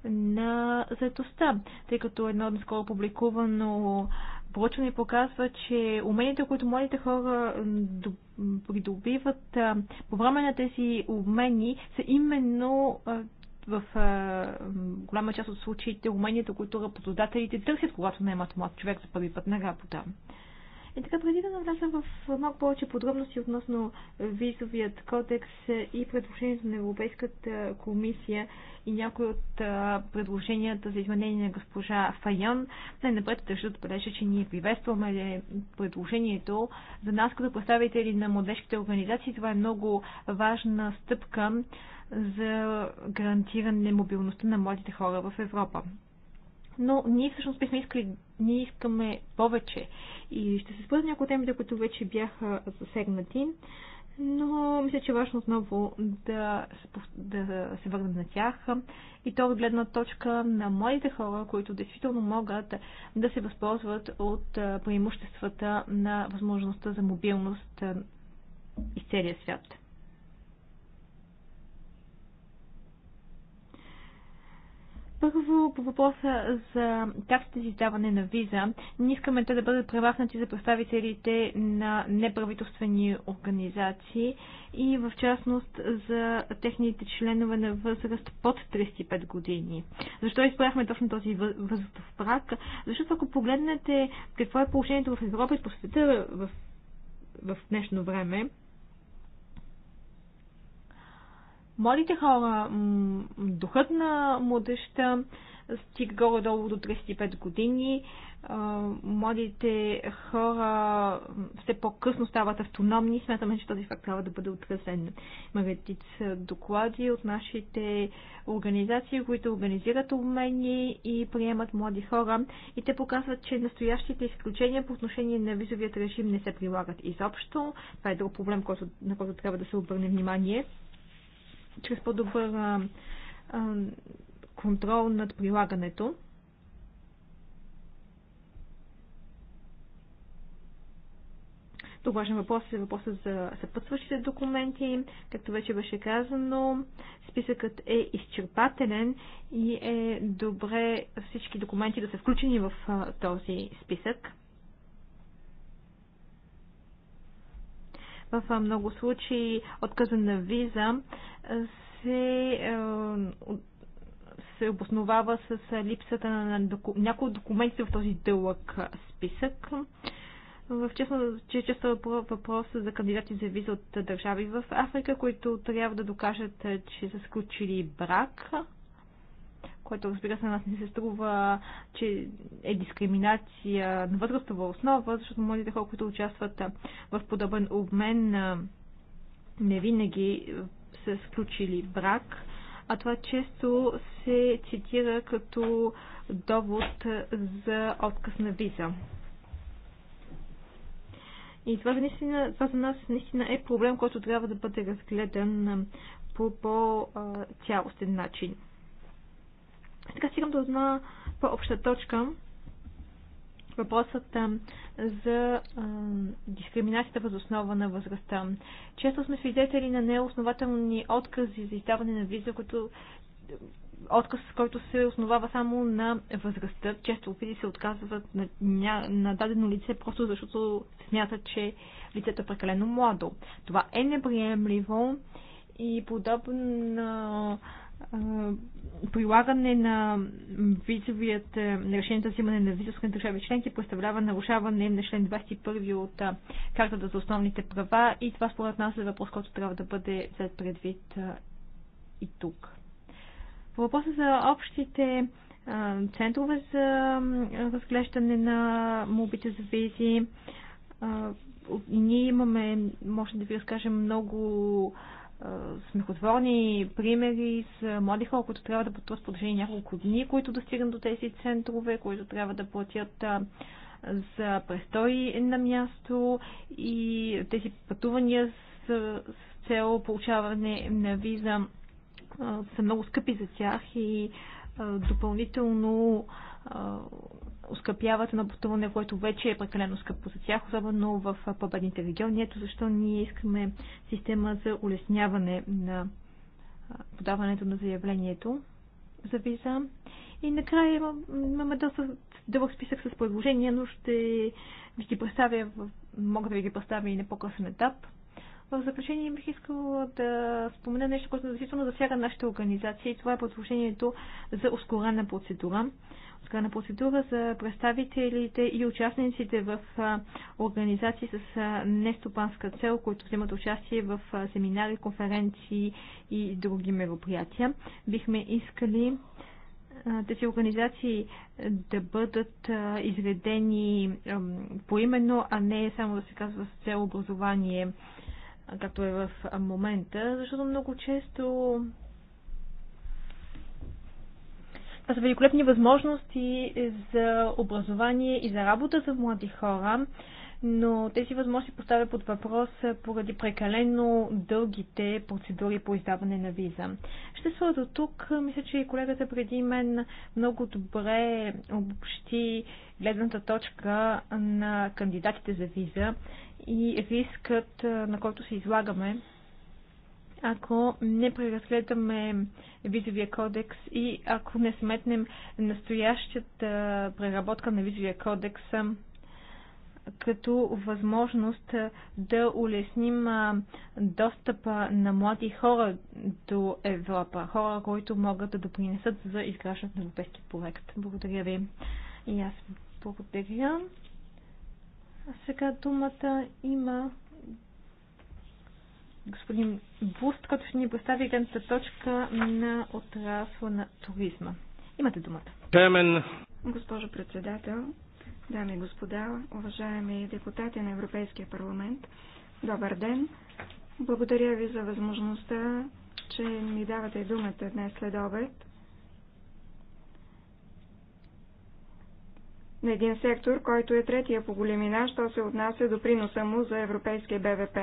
на заедостта, тъй като едно наскоро публикувано проучване показва, че уменията, които младите хора придобиват по време на тези обмени, са именно в голяма част от случаите уменията, които работодателите търсят, когато наемат млад човек за първи път на работа. И е, така, преди да навляза в малко повече подробности относно визовият кодекс и предложението на Европейската комисия и някои от предложенията за изменение на госпожа Файон, най-напред държа да отбележа, че ние приветстваме предложението. За нас като представители на младежките организации това е много важна стъпка за гарантиране мобилността на младите хора в Европа но ние всъщност бихме искали, ние искаме повече. И ще се спъзна някои темите, които вече бяха засегнати, но мисля, че е важно отново да, да се върнем на тях и то от гледна точка на моите хора, които действително могат да се възползват от преимуществата на възможността за мобилност из целия свят. Първо, по въпроса за таксите за издаване на виза, ние искаме те да бъдат превахнати за представителите на неправителствени организации и в частност за техните членове на възраст под 35 години. Защо изправяхме точно този възрастов прак? Защото ако погледнете какво е положението в Европа и по света в, в днешно време, младите хора, духът на младеща стига горе-долу до 35 години. Младите хора все по-късно стават автономни. Смятаме, че този факт трябва да бъде отразен. Маретица доклади от нашите организации, които организират обмени и приемат млади хора. И те показват, че настоящите изключения по отношение на визовият режим не се прилагат изобщо. Това е друг проблем, на който трябва да се обърне внимание чрез по-добър контрол над прилагането. Тук важен въпрос е въпросът за съпътстващите документи. Както вече беше казано, списъкът е изчерпателен и е добре всички документи да са включени в този списък. В много случаи отказа на виза се, е, се обосновава с е, липсата на доку... някои от документите в този дълъг е, списък. В честно, че често въпрос за кандидати за виза от държави в Африка, които трябва да докажат, че са сключили брак, което разбира се на нас не се струва, че е дискриминация на възрастова основа, защото младите хора, които участват в подобен обмен, не винаги са сключили брак, а това често се цитира като довод за отказ на виза. И това, наистина, това за нас наистина е проблем, който трябва да бъде разгледан по по-цялостен начин. Сега стигам до една по-обща точка, въпросът за дискриминацията въз основа на възрастта. Често сме свидетели на неоснователни откази за издаване на виза, като отказ, който се основава само на възрастта. Често опити се отказват на, ня, на дадено лице, просто защото смятат, че лицето е прекалено младо. Това е неприемливо и подобно прилагане на визовият, е, на решението за взимане на визовска държави членки представлява нарушаване на член 21 от Картата за основните права и това според нас е въпрос, който трябва да бъде взет предвид и тук. По въпроса за общите центрове за разглеждане на мобите за визи, ние имаме, може да ви разкажем, много смехотворни примери с млади хора, които трябва да пътуват в продължение няколко дни, които достигат до тези центрове, които трябва да платят за престой на място и тези пътувания с, с цел получаване на виза са много скъпи за тях и допълнително оскъпяват на пътуване, което вече е прекалено скъпо за тях, особено в победните региони. Ето защо ние искаме система за улесняване на подаването на заявлението за виза. И накрая имаме доста дълъг списък с предложения, но ще ви ги представя, мога да ви ги представя и на по-късен етап. В заключение бих искала да спомена нещо, което е действително засяга нашата организация и това е предложението за ускорена процедура на процедура за представителите и участниците в организации с нестопанска цел, които вземат участие в семинари, конференции и други мероприятия. Бихме искали тези организации да бъдат изредени поименно, а не само да се казва с цел образование, както е в момента, защото много често това са великолепни възможности за образование и за работа за млади хора, но тези възможности поставя под въпрос поради прекалено дългите процедури по издаване на виза. Ще свърда до тук. Мисля, че колегата преди мен много добре обобщи гледната точка на кандидатите за виза и рискът, на който се излагаме ако не преразгледаме визовия кодекс и ако не сметнем настоящата преработка на визовия кодекс като възможност да улесним достъпа на млади хора до Европа, хора, които могат да допринесат за изграждането на европейски проект. Благодаря ви. И аз благодаря. А сега думата има господин Буст, който ще ни постави гледната точка на отрасла на туризма. Имате думата. Темен. Госпожо председател, дами и господа, уважаеми депутати на Европейския парламент, добър ден. Благодаря ви за възможността, че ми давате думата днес след обед. на един сектор, който е третия по големина, що се отнася до приноса му за европейския БВП.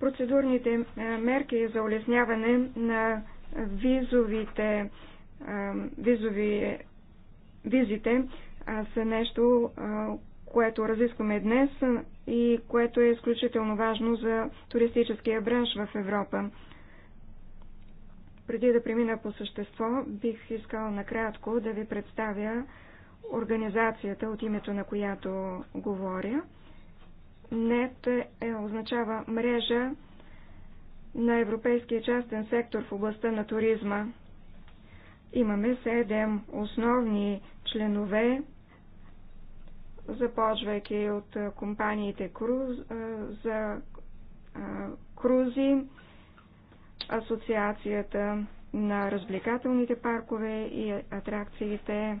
Процедурните е, мерки за улесняване на визовите, е, визови, визите са нещо, е, което разискваме днес и което е изключително важно за туристическия бранш в Европа. Преди да премина по същество, бих искала накратко да ви представя организацията, от името на която говоря – Нет е, означава мрежа на европейския частен сектор в областта на туризма. Имаме седем основни членове, започвайки от компаниите круз, за крузи, Асоциацията на развлекателните паркове и атракциите,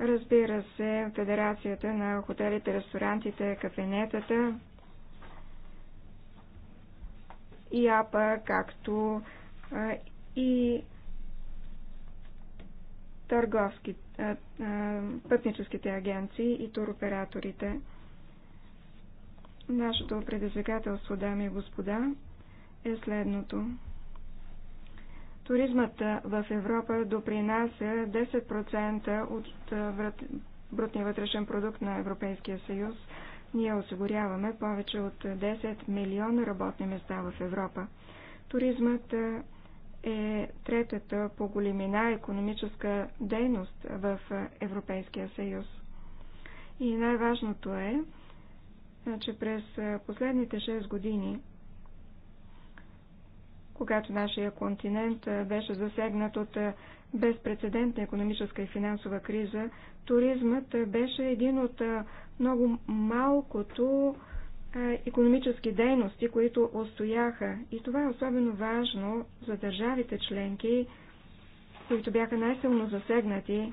Разбира се, Федерацията на хотелите, ресторантите, кафенетата и АПА, както и търговски, пътническите агенции и туроператорите. Нашето предизвикателство, дами и господа, е следното. Туризмът в Европа допринася 10% от брутния вътрешен продукт на Европейския съюз. Ние осигуряваме повече от 10 милиона работни места в Европа. Туризмът е третата по големина економическа дейност в Европейския съюз. И най-важното е, че през последните 6 години когато нашия континент беше засегнат от безпредседентна економическа и финансова криза, туризмът беше един от много малкото економически дейности, които устояха. И това е особено важно за държавите членки, които бяха най-силно засегнати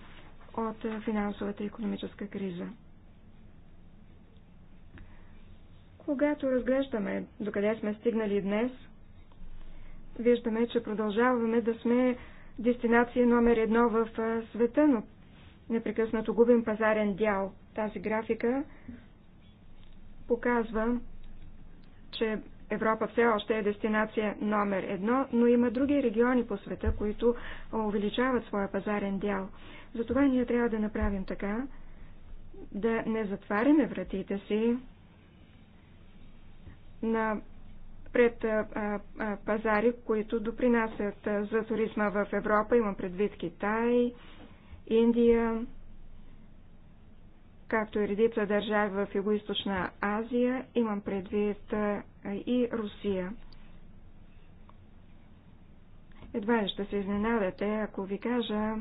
от финансовата и економическа криза. Когато разглеждаме докъде сме стигнали днес, виждаме, че продължаваме да сме дестинация номер едно в света, но непрекъснато губим пазарен дял. Тази графика показва, че Европа все още е дестинация номер едно, но има други региони по света, които увеличават своя пазарен дял. Затова ние трябва да направим така, да не затваряме вратите си на пред пазари, които допринасят за туризма в Европа. Имам предвид Китай, Индия, както и редица държави в Юго-Источна Азия. Имам предвид и Русия. Едва ли ще се изненадате, ако ви кажа,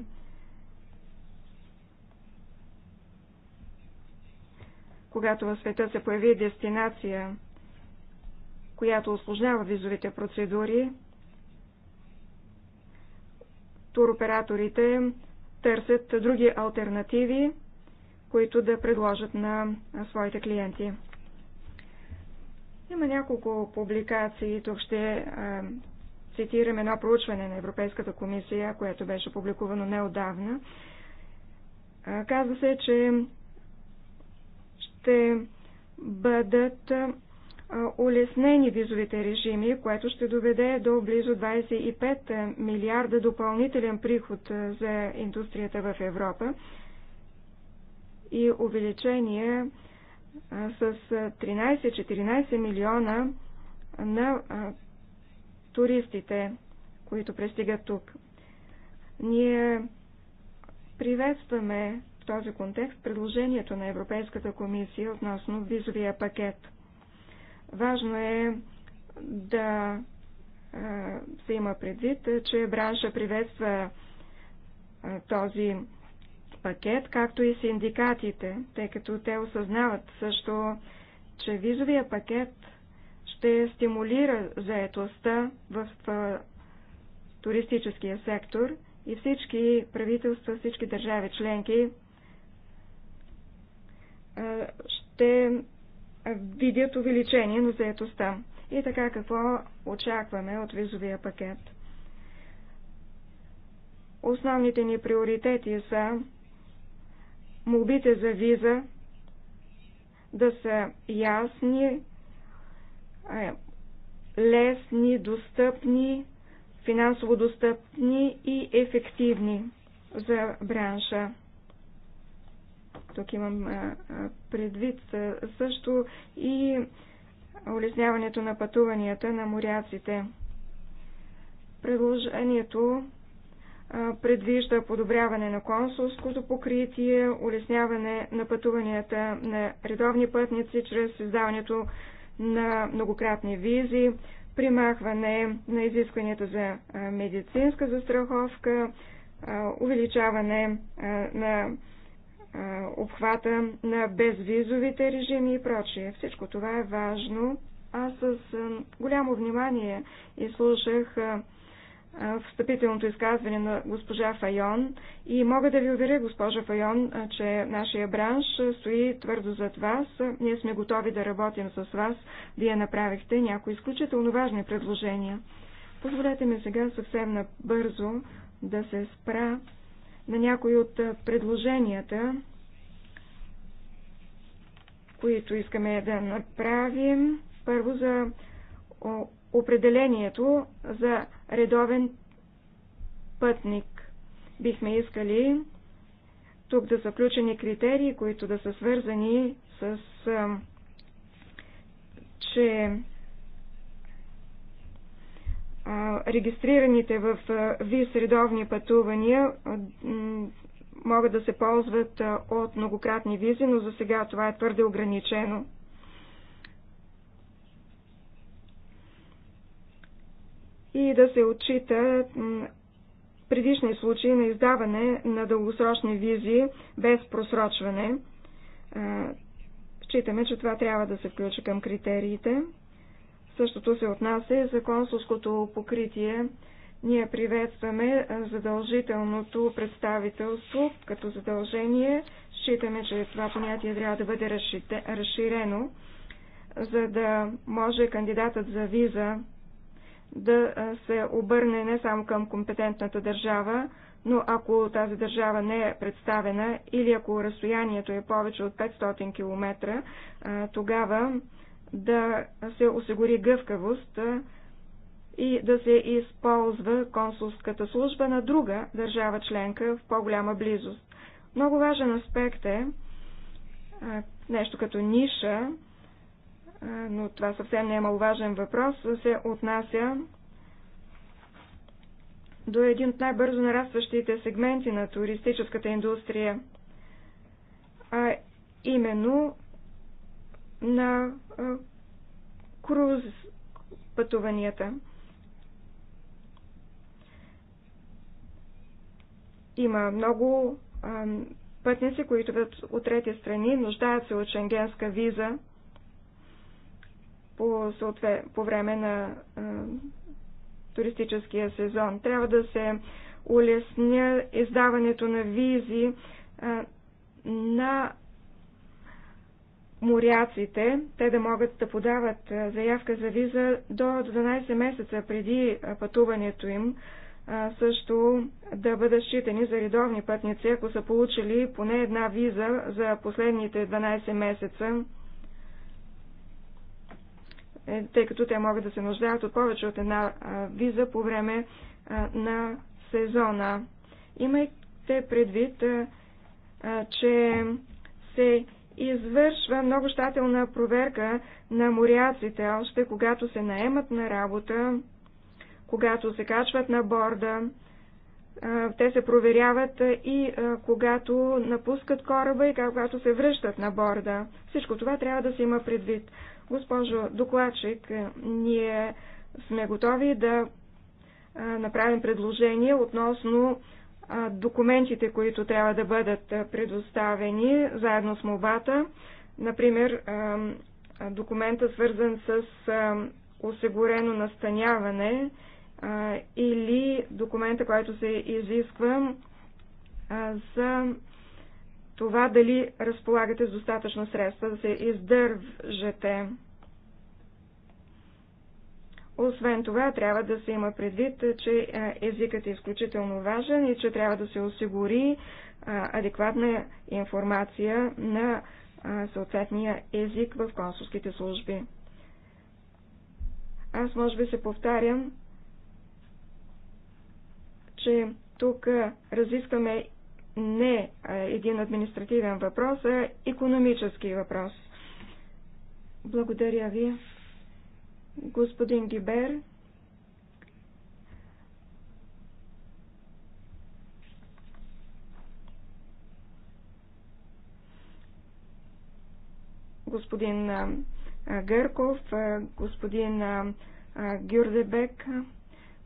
когато в света се появи дестинация, която осложнява визовите процедури, туроператорите търсят други альтернативи, които да предложат на своите клиенти. Има няколко публикации. Тук ще цитирам едно проучване на Европейската комисия, което беше публикувано неодавна. казва се, че ще бъдат улеснени визовите режими, което ще доведе до близо 25 е, милиарда допълнителен приход е, за индустрията в Европа и увеличение е, с 13-14 милиона на туристите, които пристигат тук. Ние приветстваме в този контекст предложението на Европейската комисия относно визовия пакет – Важно е да се има предвид, че бранша приветства този пакет, както и синдикатите, тъй като те осъзнават също, че визовия пакет ще стимулира заетостта в туристическия сектор и всички правителства, всички държави членки ще видят увеличение на заетостта. И така какво очакваме от визовия пакет? Основните ни приоритети са молбите за виза да са ясни, лесни, достъпни, финансово достъпни и ефективни за бранша. Тук имам предвид също и улесняването на пътуванията на моряците. Предложението предвижда подобряване на консулското покритие, улесняване на пътуванията на редовни пътници чрез издаването на многократни визи, примахване на изискванията за медицинска застраховка, увеличаване на обхвата на безвизовите режими и прочие. Всичко това е важно. Аз с голямо внимание изслушах встъпителното изказване на госпожа Файон и мога да ви уверя, госпожа Файон, че нашия бранш стои твърдо зад вас. Ние сме готови да работим с вас. Вие направихте някои изключително важни предложения. Позволете ми сега съвсем набързо да се спра на някои от предложенията, които искаме да направим. Първо за определението за редовен пътник. Бихме искали тук да са включени критерии, които да са свързани с че регистрираните в ВИС редовни пътувания могат да се ползват от многократни визи, но за сега това е твърде ограничено. И да се отчита предишни случаи на издаване на дългосрочни визи без просрочване. Считаме, че това трябва да се включи към критериите. Същото се отнася и за консулското покритие. Ние приветстваме задължителното представителство като задължение. Считаме, че това понятие трябва да бъде разширено, за да може кандидатът за виза да се обърне не само към компетентната държава, но ако тази държава не е представена или ако разстоянието е повече от 500 км, тогава да се осигури гъвкавост и да се използва консулската служба на друга държава членка в по-голяма близост. Много важен аспект е нещо като ниша, но това съвсем не е маловажен въпрос, се отнася до един от най-бързо нарастващите сегменти на туристическата индустрия, а именно на круз пътуванията. Има много пътници, които идват от трети страни нуждаят се от шенгенска виза по, съответ, по време на а, туристическия сезон. Трябва да се улесня издаването на визи а, на моряците, те да могат да подават заявка за виза до 12 месеца преди пътуването им, също да бъдат считани за редовни пътници, ако са получили поне една виза за последните 12 месеца, е, тъй като те могат да се нуждаят от повече от една виза по време на сезона. Имайте предвид, че се извършва много щателна проверка на моряците, още когато се наемат на работа, когато се качват на борда. Те се проверяват и когато напускат кораба и когато се връщат на борда. Всичко това трябва да се има предвид. Госпожо докладчик, ние сме готови да направим предложение относно документите, които трябва да бъдат предоставени заедно с мобата, например документа свързан с осигурено настаняване или документа, който се изисква за това дали разполагате с достатъчно средства да се издържате. Освен това, трябва да се има предвид, че езикът е изключително важен и че трябва да се осигури адекватна информация на съответния език в консулските служби. Аз може би се повтарям, че тук разискваме не един административен въпрос, а економически въпрос. Благодаря ви господин Гибер. господин Гърков, господин Гюрдебек,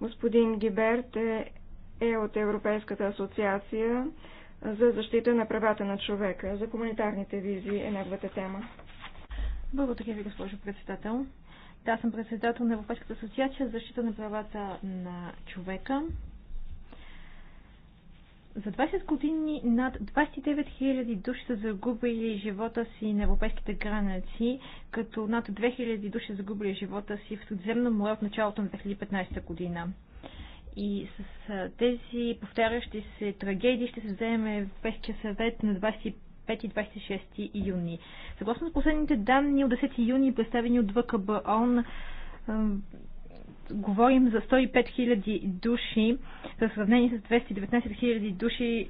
господин Гиберт е, е от Европейската асоциация за защита на правата на човека. За комунитарните визии е неговата тема. Благодаря ви, госпожо председател. Да, съм председател на Европейската асоциация за защита на правата на човека. За 20 години над 29 000 души са загубили живота си на европейските граници, като над 2000 души са загубили живота си в Средиземно море от началото на 2015 година. И с тези повтарящи се трагедии ще се вземе Европейския съвет на 25 5 и 26 юни. Съгласно с последните данни от 10 юни, представени от Он, говорим за 105 000 души в сравнение с 219 000 души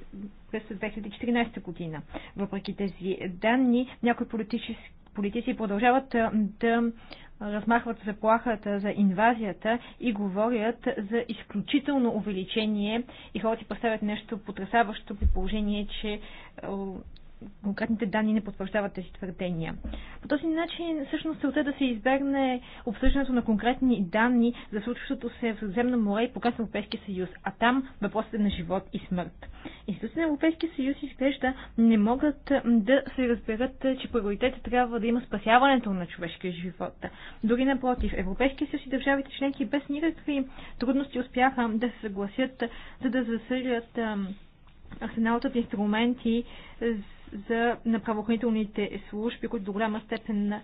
през 2014 година. Въпреки тези данни, някои политици, политици продължават да размахват заплахата за инвазията и говорят за изключително увеличение и хората си представят нещо потрясаващо при положение, че конкретните данни не потвърждават тези твърдения. По този начин, всъщност, целта е да се избегне обсъждането на конкретни данни за случващото се в Средиземно море и показ Европейския съюз, а там въпросът е на живот и смърт. Институциите на Европейския съюз изглежда не могат да се разберат, че приоритетът трябва да има спасяването на човешкия живот. Дори напротив, Европейския съюз и държавите членки без никакви трудности успяха да се съгласят, за да засилят арсеналът от инструменти за, направоохранителните служби, които до голяма степен а,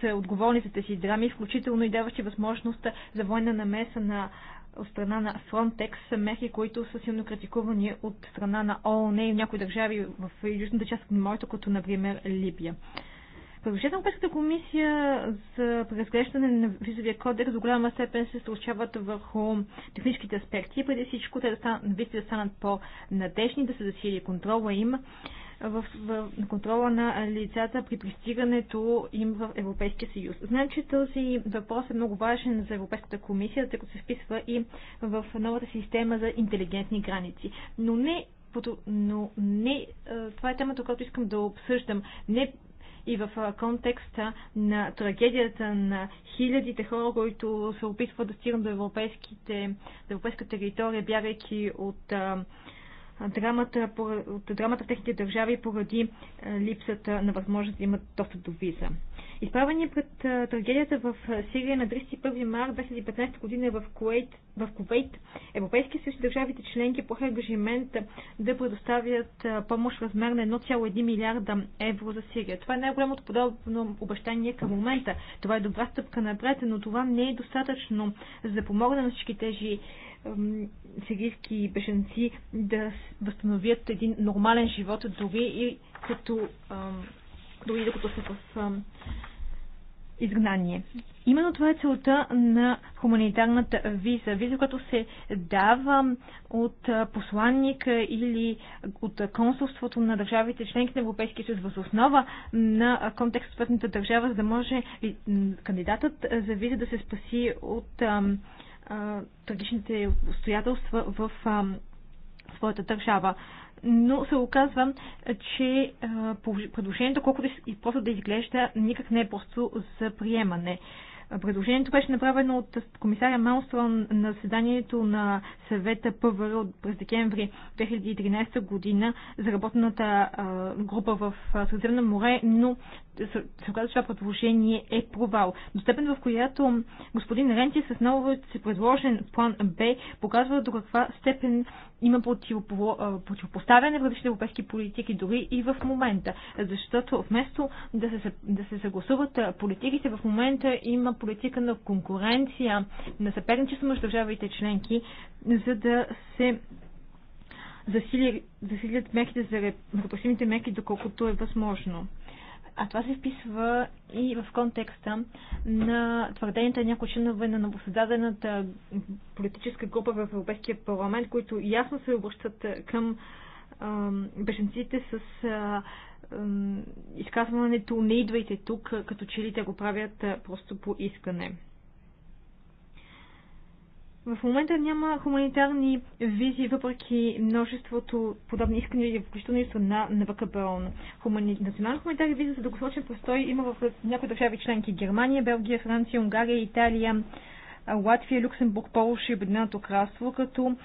са отговорни за тези драми, включително и даващи възможност за военна намеса на от страна на Frontex са мерки, които са силно критикувани от страна на ООН и някои държави в южната част на морето, като например Либия. Продължително Европейската комисия за преразглеждане на визовия кодекс до голяма степен се случават върху техническите аспекти. Преди всичко те да станат, визите да станат по-надежни, да се засили контрола им в, в, в контрола на лицата при пристигането им в Европейския съюз. Знаем, че този въпрос е много важен за Европейската комисия, тъй като се вписва и в новата система за интелигентни граници. Но не но не, това е темата, която искам да обсъждам. Не и в контекста на трагедията на хилядите хора, които се опитват да стигнат до, европейските, до европейска територия, бягайки от драмата, от драмата в техните държави поради липсата на възможност да имат достъп до виза. Изправени пред а, трагедията в Сирия на 31 март 2015 година в Куейт, в Кувейт Европейския съюз и държавите членки поеха ангажимент да предоставят а, помощ в размер на 1,1 милиарда евро за Сирия. Това е най-голямото подобно обещание към момента. Това е добра стъпка напред, но това не е достатъчно за да помогне на всички тези сирийски беженци да възстановят един нормален живот, дори и като дори докато са в изгнание. Именно това е целта на хуманитарната виза. Виза, която се дава от посланника или от консулството на държавите членки на Европейския съюз въз основа на контекст на съответната държава, за да може кандидатът за виза да се спаси от трагичните обстоятелства в своята държава. Но се оказва, че предложението, колкото и просто да изглежда, никак не е просто за приемане. Предложението беше направено от комисаря Малстрон на заседанието на съвета ПВР през декември 2013 година за работната група в Средиземно море, но се оказа, че това предложение е провал. До степен, в която господин Ренти с новият си предложен план Б показва до каква степен има противопоставяне в различните европейски политики, дори и в момента. Защото вместо да се, да се съгласуват политиките, в момента има политика на конкуренция, на съперничество между държавите членки, за да се засили... засилят мерките за репресивните мерки, доколкото е възможно а това се вписва и в контекста на твърденията на някои членове на новосъздадената политическа група в Европейския парламент, които ясно се обръщат към беженците с а, изказването не идвайте тук, като че ли те го правят просто по искане. В момента няма хуманитарни визи, въпреки множеството подобни искания, включително и страна на ВКПОН. Хумани... Национална хуманитарна виза за дългосрочен постой има в някои държави членки Германия, Белгия, Франция, Унгария, Италия, Латвия, Люксембург, Полша и Обединеното кралство, като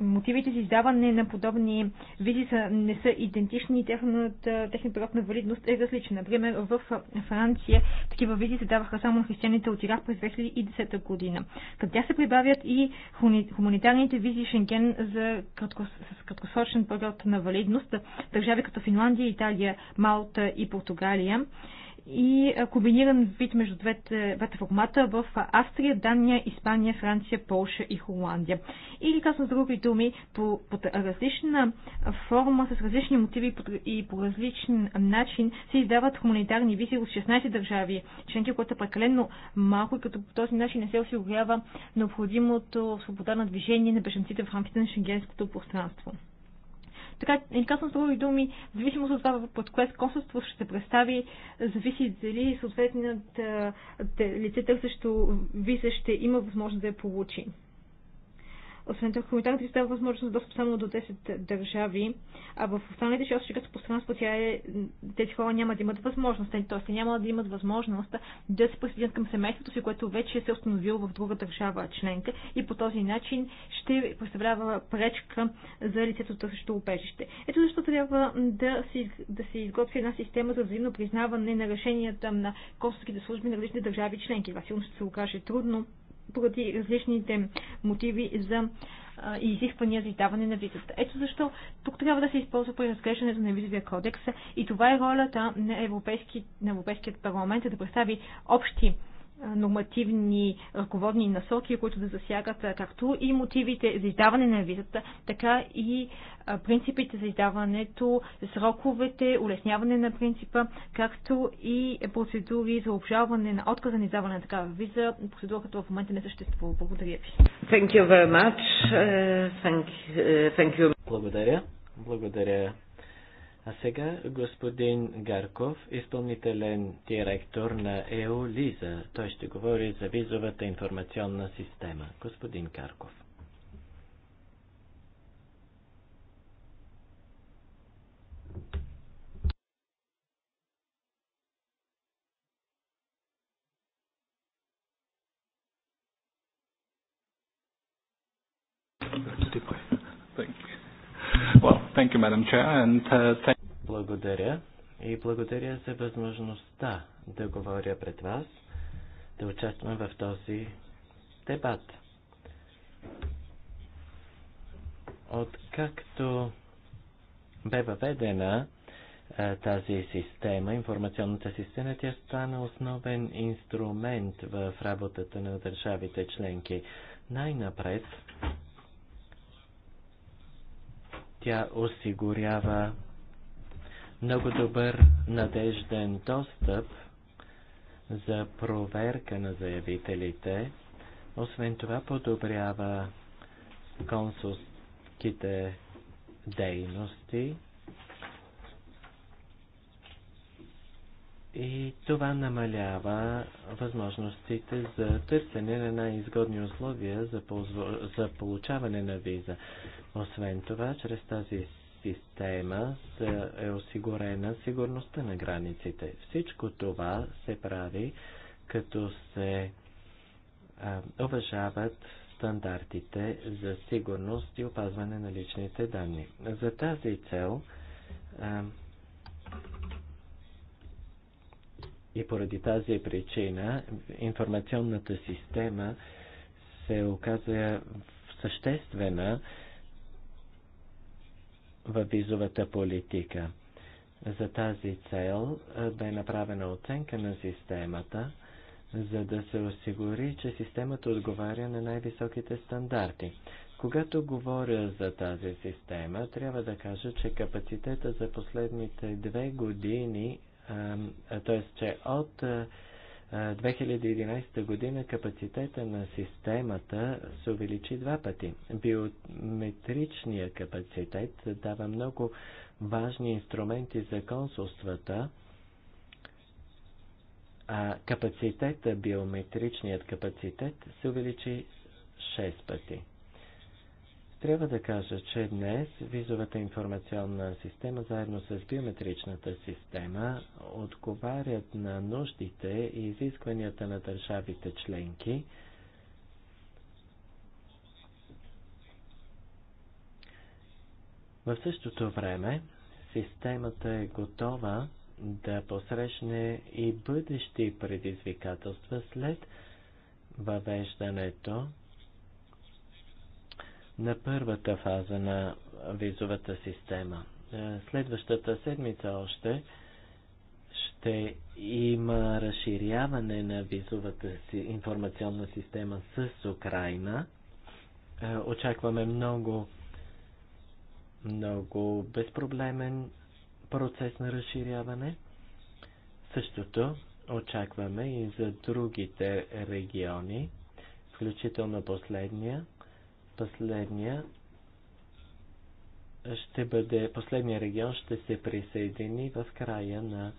мотивите за издаване на подобни визи са, не са идентични и техния период на валидност е различен. Например, в Франция такива визи се даваха само на християните от Ирак през 2010 година. Към тях се прибавят и хуманитарните визи Шенген за краткос, с краткосрочен период на валидност. Държави като Финландия, Италия, Малта и Португалия и комбиниран вид между двете, двете формата в Австрия, Дания, Испания, Франция, Полша и Холандия. Или казвам с други думи, по, под различна форма, с различни мотиви и по различен начин се издават хуманитарни визи от 16 държави, членки, което е прекалено малко и като по този начин не се осигурява необходимото свобода на движение на бежанците в рамките на шенгенското пространство. Така, не казвам с други думи, зависимост от това, под кое консулство ще се представи, зависи дали съответният лице търсещо виза ще има възможност да я получи. Освен това, хуманитарната става възможност за достъп само до 10 държави, а в останалите 6 чека пространство тя е, тези хора няма да имат възможност, т.е. те няма да имат възможност да се присъединят към семейството си, което вече се е установило в друга държава членка и по този начин ще представлява пречка за лицето търсещо убежище. Ето защо трябва да се, да се изготви една система за взаимно признаване на решенията на консулските служби на различни държави членки. Това сигурно ще се окаже трудно, поради различните мотиви за и изисквания за издаване на визата. Ето защо тук трябва да се използва при разглеждането на визовия кодекс и това е ролята на, Европейски, на Европейският парламент е да представи общи нормативни ръководни насоки, които да засягат както и мотивите за издаване на визата, така и принципите за издаването, сроковете, улесняване на принципа, както и процедури за обжалване на отказа на издаване на такава виза, процедура, като в момента не съществува. Благодаря ви. Thank you very much. Uh, thank you. Uh, thank you. Благодаря. Благодаря а сега господин Гарков, изпълнителен директор на ЕО Лиза. Той ще говори за визовата информационна система. Господин Гарков. Thank you, Madam Chair, and uh, thank... Благодаря и благодаря за възможността да говоря пред вас, да участвам в този дебат. Откакто бе въведена тази система, информационната система, тя стана основен инструмент в работата на държавите членки. Най-напред Тя осигурява много добър надежден достъп за проверка на заявителите. Освен това подобрява консулските дейности и това намалява възможностите за търсене на най-изгодни условия за, ползво... за получаване на виза. Освен това, чрез тази система е осигурена сигурността на границите. Всичко това се прави като се а, уважават стандартите за сигурност и опазване на личните данни. За тази цел а, И поради тази причина информационната система се оказа съществена в визовата политика. За тази цел бе направена оценка на системата, за да се осигури, че системата отговаря на най-високите стандарти. Когато говоря за тази система, трябва да кажа, че капацитета за последните две години т.е. че от 2011 година капацитета на системата се увеличи два пъти. Биометричният капацитет дава много важни инструменти за консулствата, а капацитета, биометричният капацитет се увеличи 6 пъти. Трябва да кажа, че днес визовата информационна система заедно с биометричната система отговарят на нуждите и изискванията на държавите членки. В същото време системата е готова да посрещне и бъдещи предизвикателства след въвеждането на първата фаза на визовата система. Е, следващата седмица още ще има разширяване на визовата си информационна система с Украина. Е, очакваме много, много безпроблемен процес на разширяване. Същото очакваме и за другите региони, включително последния Последния ще бъде, последния регион ще се присъедини в края на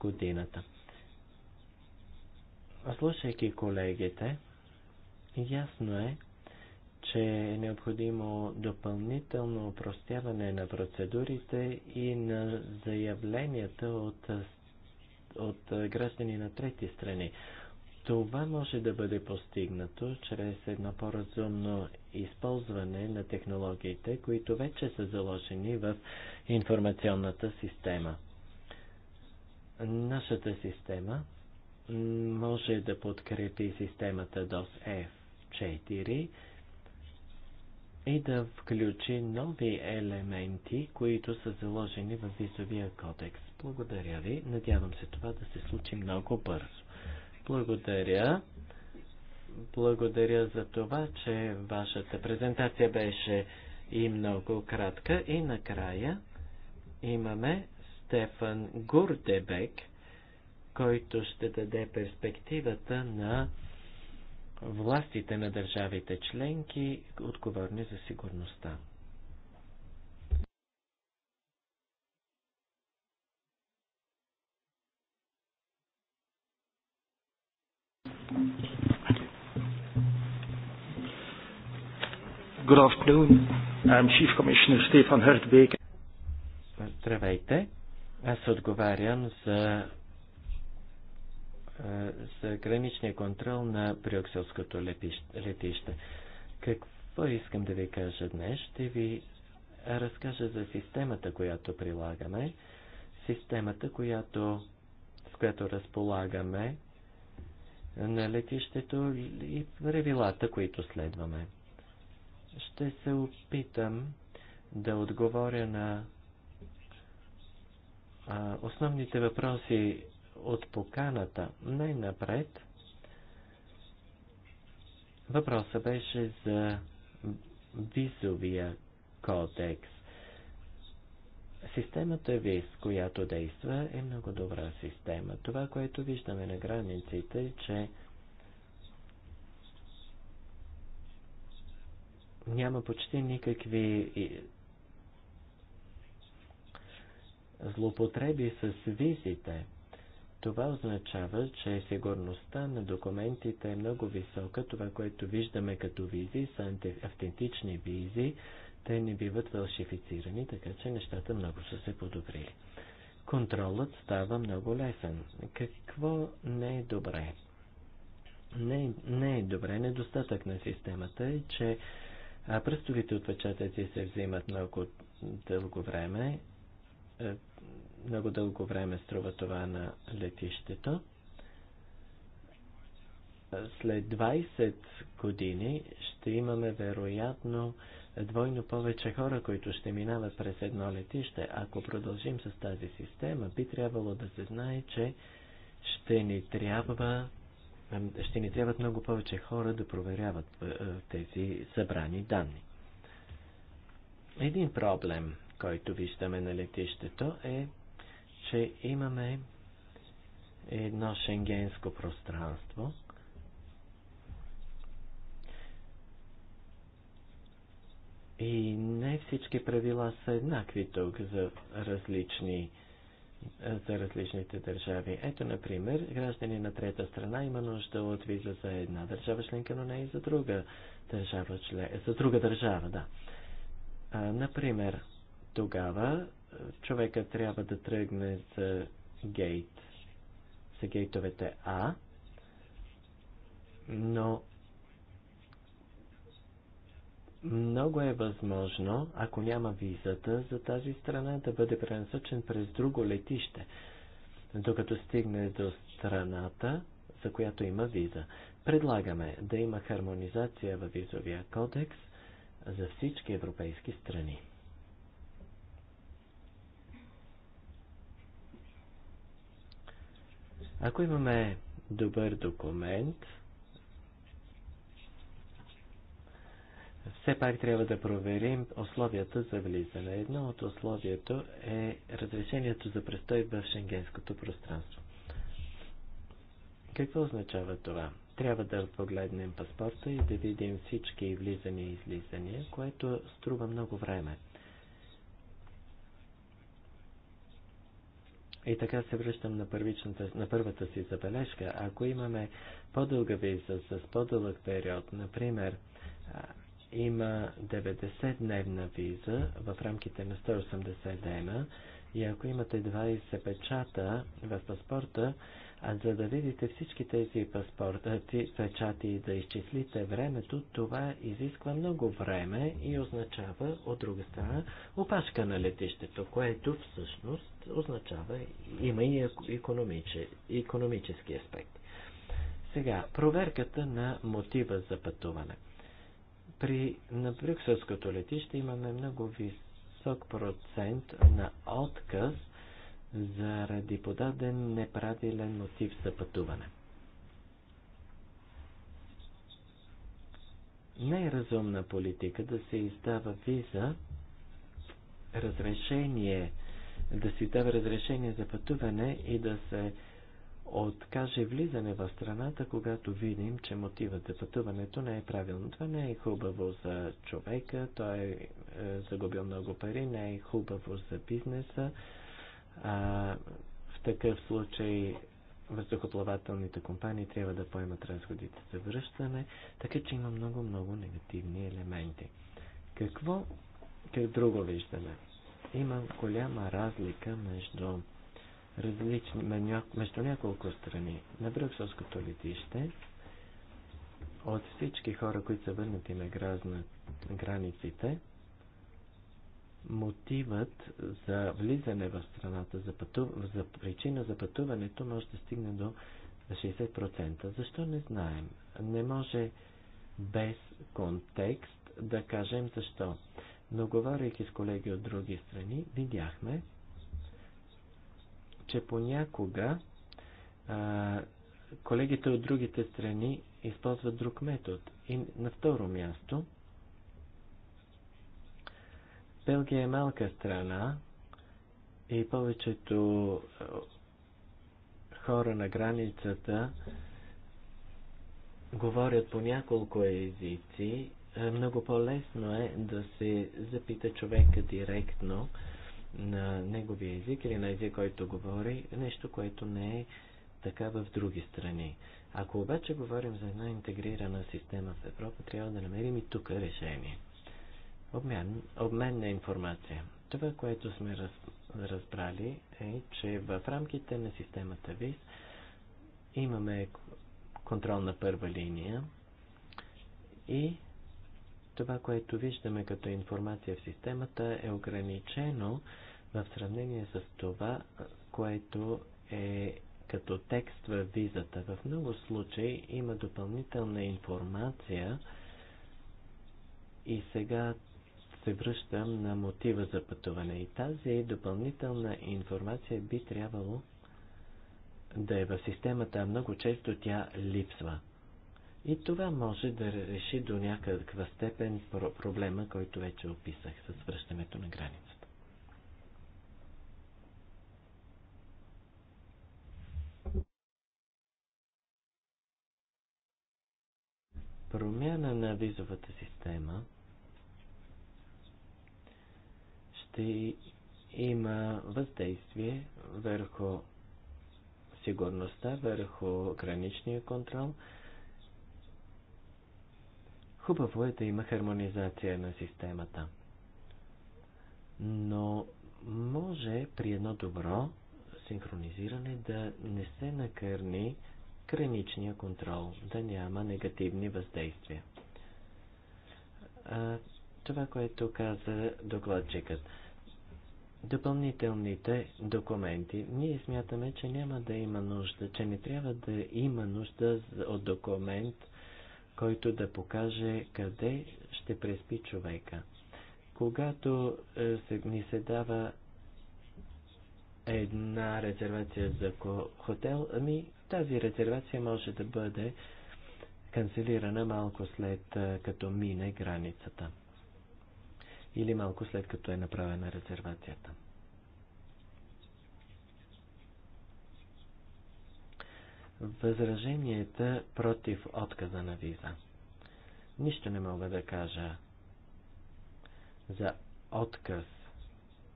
годината. Слушайки колегите, ясно е, че е необходимо допълнително упростяване на процедурите и на заявленията от, от граждани на трети страни. Това може да бъде постигнато чрез едно по-разумно използване на технологиите, които вече са заложени в информационната система. Нашата система може да подкрепи системата DOS F4 и да включи нови елементи, които са заложени в визовия кодекс. Благодаря ви. Надявам се това да се случи много бързо. Благодаря. Благодаря за това, че вашата презентация беше и много кратка. И накрая имаме Стефан Гурдебек, който ще даде перспективата на властите на държавите членки, отговорни за сигурността. Good afternoon. I'm Chief Commissioner Stefan Hertbeek. Здравейте. Аз отговарям за, за граничния контрол на Брюкселското летище. Какво искам да ви кажа днес? Ще ви разкажа за системата, която прилагаме, системата, която, с която разполагаме на летището и правилата, които следваме. Ще се опитам да отговоря на а, основните въпроси от поканата. Най-напред въпросът беше за визовия кодекс. Системата ВИС, която действа, е много добра система. Това, което виждаме на границите, е, че няма почти никакви злоупотреби с визите. Това означава, че сигурността на документите е много висока. Това, което виждаме като визи, са автентични визи. Те не биват фалшифицирани, така че нещата много са се подобрили. Контролът става много лесен. Какво не е добре? Не, не е добре. Недостатък на системата е, че а пръстовите отпечатъци се взимат много дълго време. Е, много дълго време струва това на летището. Е, след 20 години ще имаме вероятно двойно повече хора, които ще минават през едно летище. Ако продължим с тази система, би трябвало да се знае, че ще ни трябва ще ни трябват много повече хора да проверяват е, е, тези събрани данни. Един проблем, който виждаме на летището е, че имаме едно шенгенско пространство, И не всички правила са еднакви тук за различни за различните държави. Ето, например, граждани на трета страна има нужда от виза за една държава членка, но не и за друга държава, член... за друга държава, да. А, например, тогава човека трябва да тръгне за гейт, за гейтовете А, но много е възможно, ако няма визата за тази страна, да бъде пренасочен през друго летище, докато стигне до страната, за която има виза. Предлагаме да има хармонизация във визовия кодекс за всички европейски страни. Ако имаме добър документ, все пак трябва да проверим условията за влизане. Едно от условието е разрешението за престой в шенгенското пространство. Какво означава това? Трябва да погледнем паспорта и да видим всички влизания и излизания, което струва много време. И така се връщам на, на първата си забележка. Ако имаме по-дълга виза с по-дълъг период, например, има 90-дневна виза в рамките на 180 дена и ако имате 20 печата в паспорта, а за да видите всички тези паспорта, печати и да изчислите времето, това изисква много време и означава, от друга страна, опашка на летището, което всъщност означава, има и економиче, економически аспект. Сега, проверката на мотива за пътуване – при, на Брюкселското летище имаме много висок процент на отказ заради подаден неправилен мотив за пътуване. Не е разумна политика да се издава виза, разрешение, да се издава разрешение за пътуване и да се откаже влизане в страната, когато видим, че мотивът за пътуването не е правилно. Това не е хубаво за човека, той е, е загубил много пари, не е хубаво за бизнеса. А, в такъв случай въздухоплавателните компании трябва да поемат разходите за връщане, така че има много-много негативни елементи. Какво как друго виждаме? Има голяма разлика между различни, между няколко страни. На Брюкселското летище от всички хора, които са върнати на гразна, границите, мотивът за влизане в страната, за, пътув... за причина за пътуването може да стигне до 60%. Защо не знаем? Не може без контекст да кажем защо. Но говорейки с колеги от други страни, видяхме, че понякога а, колегите от другите страни използват друг метод. И на второ място, Белгия е малка страна и повечето хора на границата говорят по няколко езици. Е, много по-лесно е да се запита човека директно на неговия език или на език, който говори, нещо, което не е така в други страни. Ако обаче говорим за една интегрирана система в Европа, трябва да намерим и тук решение. Обмен, обмен на информация. Това, което сме раз, разбрали е, че в рамките на системата ВИС имаме контрол на първа линия и това, което виждаме като информация в системата, е ограничено в сравнение с това, което е като текст в визата. В много случаи има допълнителна информация и сега се връщам на мотива за пътуване. И тази допълнителна информация би трябвало да е в системата, а много често тя липсва. И това може да реши до някаква степен проблема, който вече описах с връщането на границата. Промяна на визовата система ще има въздействие върху сигурността, върху граничния контрол – Хубаво е да има хармонизация на системата. Но може при едно добро синхронизиране да не се накърни граничния контрол, да няма негативни въздействия. А, това, което каза докладчикът. Допълнителните документи. Ние смятаме, че няма да има нужда, че не трябва да има нужда от документ който да покаже къде ще преспи човека. Когато е, се, ни се дава една резервация за хотел, ами тази резервация може да бъде канцелирана малко след е, като мине границата или малко след като е направена резервацията. възраженията против отказа на виза. Нищо не мога да кажа за отказ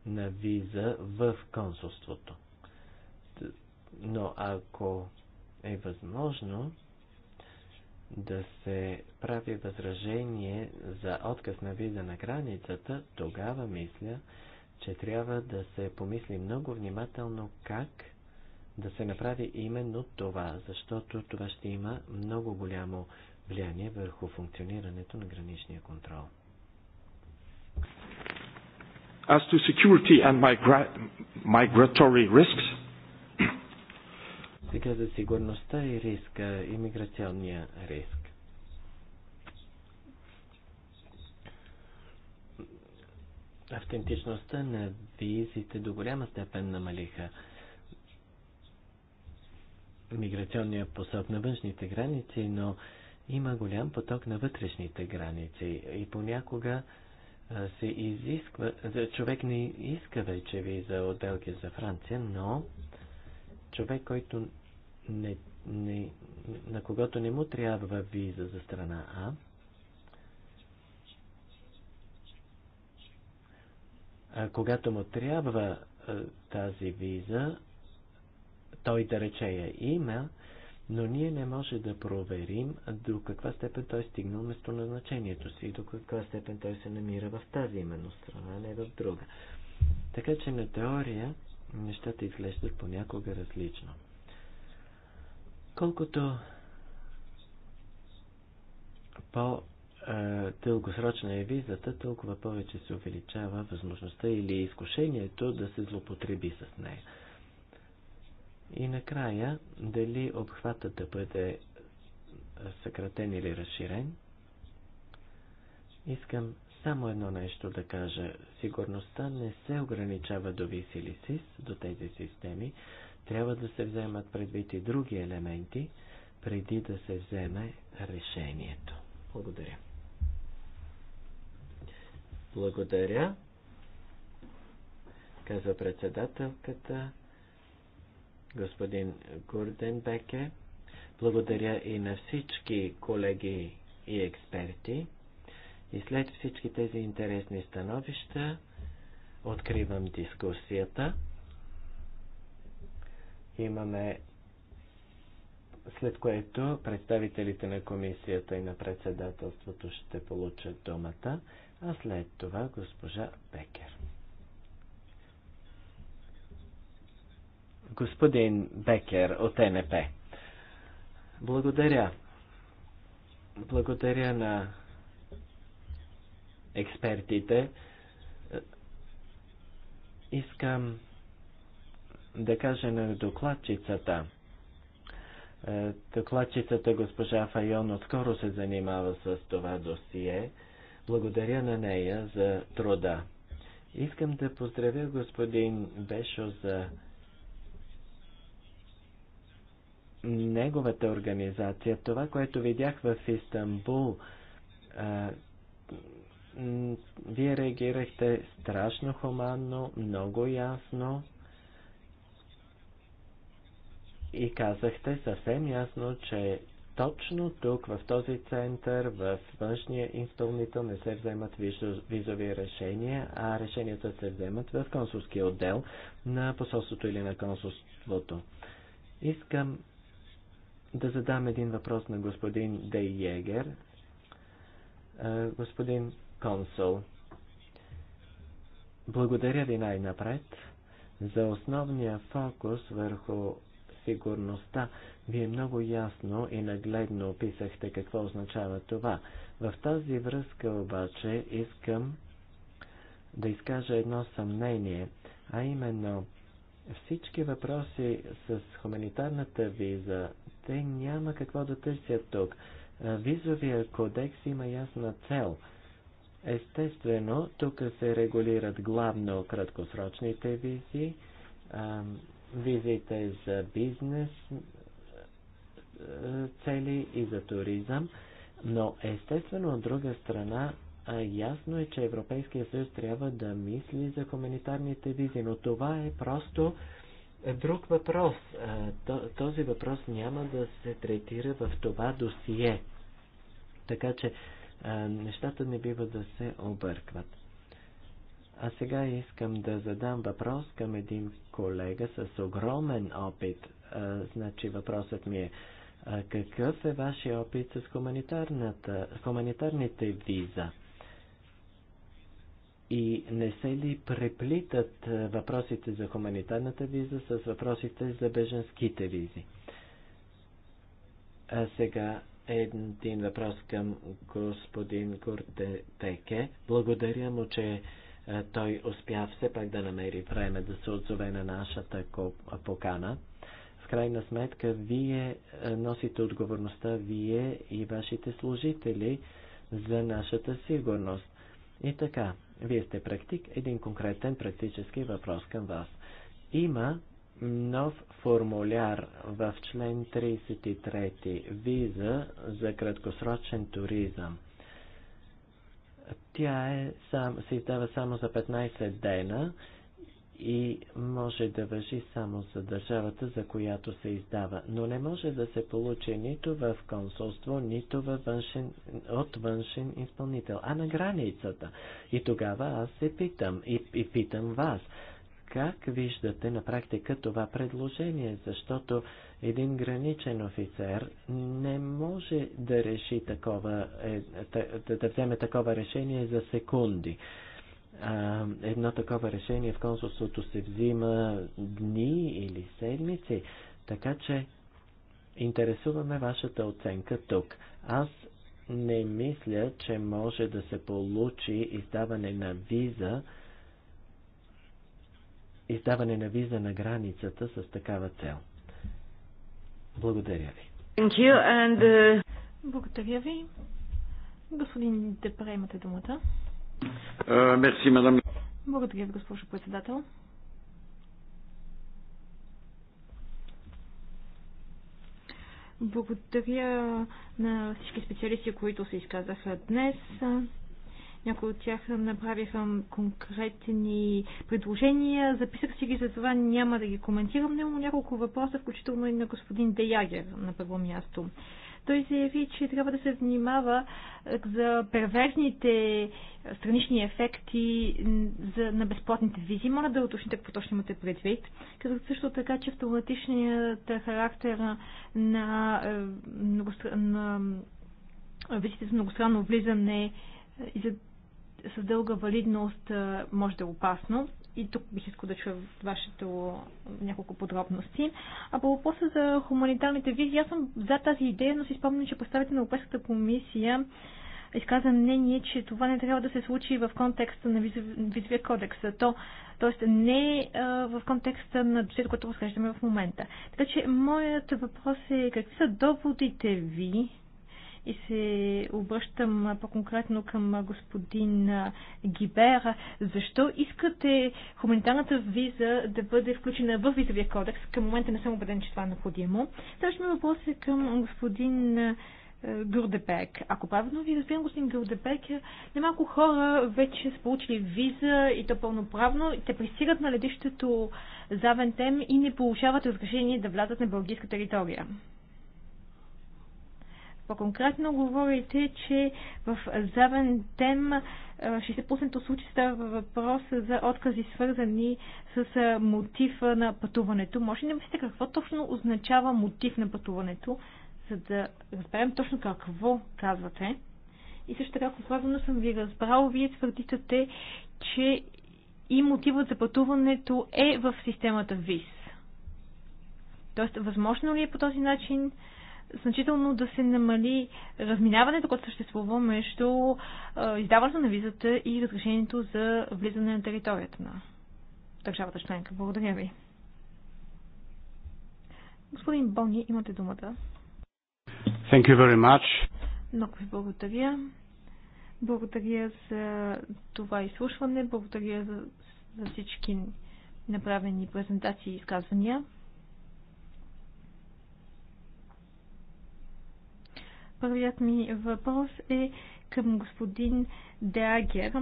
на виза в консулството. Но ако е възможно да се прави възражение за отказ на виза на границата, тогава мисля, че трябва да се помисли много внимателно как да се направи именно това, защото това ще има много голямо влияние върху функционирането на граничния контрол. As to security and migra migratory risks, сега за сигурността и риска, иммиграционния риск. Автентичността на визите до голяма степен намалиха миграционния посок на външните граници, но има голям поток на вътрешните граници и понякога се изисква, човек не иска вече виза от Белгия за Франция, но човек, който не, не, на когото не му трябва виза за страна А, а когато му трябва тази виза, той да рече я има, но ние не може да проверим до каква степен той е стигнал местоназначението си и до каква степен той се намира в тази именно страна, а не в друга. Така че на теория нещата изглеждат понякога различно. Колкото по дългосрочна е визата, толкова повече се увеличава възможността или изкушението да се злопотреби с нея. И накрая, дали обхватът да бъде съкратен или разширен, искам само едно нещо да кажа. Сигурността не се ограничава до ВИС или СИС, до тези системи. Трябва да се вземат предвид и други елементи, преди да се вземе решението. Благодаря. Благодаря, казва председателката господин Гурденбеке. Благодаря и на всички колеги и експерти. И след всички тези интересни становища откривам дискусията. Имаме след което представителите на комисията и на председателството ще получат думата, а след това госпожа Бекер. Господин Бекер от НП. Благодаря. Благодаря на експертите. Искам да кажа на докладчицата. Е, докладчицата госпожа Файон отскоро се занимава с това досие. Благодаря на нея за труда. Искам да поздравя господин Бешо за неговата организация, това, което видях в Истанбул, вие реагирахте страшно хуманно, много ясно и казахте съвсем ясно, че точно тук, в този център, в външния изпълнител не се вземат визови решения, а решенията се вземат в консулския отдел на посолството или на консулството. Искам да задам един въпрос на господин Дей Йегер. Господин консул, благодаря ви най-напред за основния фокус върху сигурността. Вие много ясно и нагледно описахте какво означава това. В тази връзка обаче искам да изкажа едно съмнение, а именно всички въпроси с хуманитарната виза те няма какво да търсят тук. Визовия кодекс има ясна цел. Естествено, тук се регулират главно краткосрочните визи, визите за бизнес цели и за туризъм, но естествено от друга страна ясно е, че Европейския съюз трябва да мисли за хуманитарните визи, но това е просто друг въпрос. Е, този въпрос няма да се третира в това досие. Така че е, нещата не бива да се объркват. А сега искам да задам въпрос към един колега с огромен опит. Е, значи въпросът ми е какъв е вашия опит с хуманитарната, с хуманитарните виза? И не се ли преплитат е, въпросите за хуманитарната виза с въпросите за беженските визи? А сега един въпрос към господин Курте Пеке. Благодаря му, че е, той успя все пак да намери време да се отзове на нашата покана. В крайна сметка, вие е, носите отговорността, вие и вашите служители, за нашата сигурност. И така, вие сте практик. Един конкретен практически въпрос към вас. Има нов формуляр в член 33 виза за краткосрочен туризъм. Тя е сам, се издава само за 15 дена и може да въжи само за държавата, за която се издава, но не може да се получи нито в консулство, нито във външен, от външен изпълнител, а на границата. И тогава аз се питам и, и питам вас, как виждате на практика това предложение, защото един граничен офицер не може да реши такова, е, да, да вземе такова решение за секунди едно такова решение в консулството се взима дни или седмици, така че интересуваме вашата оценка тук. Аз не мисля, че може да се получи издаване на виза, издаване на виза на границата с такава цел. Благодаря ви. Thank you and, uh, Благодаря ви. Господин Депре, имате думата. Е, мерси, мадам. Благодаря ви, госпожо председател. Благодаря на всички специалисти, които се изказаха днес. Някои от тях направиха конкретни предложения. Записах си ги, за това няма да ги коментирам. Няма няколко въпроса, включително и на господин Деягер на първо място. Той заяви, че трябва да се внимава е, за перверзните странични ефекти за, на безплатните визи. Моля да уточните какво точно имате предвид. Като също така, че автоматичният характер на, е, многостра... на визите за многостранно влизане е, и за с дълга валидност може да е опасно и тук бих искал да чуя вашето няколко подробности. А по въпроса за хуманитарните визи, аз съм за тази идея, но си спомням, че представите на Европейската комисия изказа мнение, че това не трябва да се случи в контекста на визовия кодекс. То, тоест не в контекста на бюджет, който разглеждаме в момента. Така че моят въпрос е какви са доводите ви и се обръщам по-конкретно към господин Гибер. Защо искате хуманитарната виза да бъде включена в визовия кодекс? Към момента не съм убеден, че това е необходимо. ми въпрос е към господин е, Гурдебек. Ако правилно ви разбирам, господин Гурдебек, е, немалко хора вече са получили виза и то пълноправно. Те пристигат на ледището Завентем и не получават разрешение да влязат на българска територия. По-конкретно говорите, че в заден тем 60% от случаи става въпрос за откази, свързани с мотив на пътуването. Може ли да мислите какво точно означава мотив на пътуването, за да разберем точно какво казвате? И също така, ако правилно съм ви разбрал, вие твърдите, че и мотивът за пътуването е в системата ВИС. Тоест, възможно ли е по този начин значително да се намали разминаването, което съществува между издаването на визата и разрешението за влизане на територията на държавата членка. Благодаря ви. Господин Бони, имате думата. Thank you very much. Много ви благодаря. Благодаря за това изслушване. Благодаря за, за всички направени презентации и изказвания. Първият ми въпрос е към господин Деагер.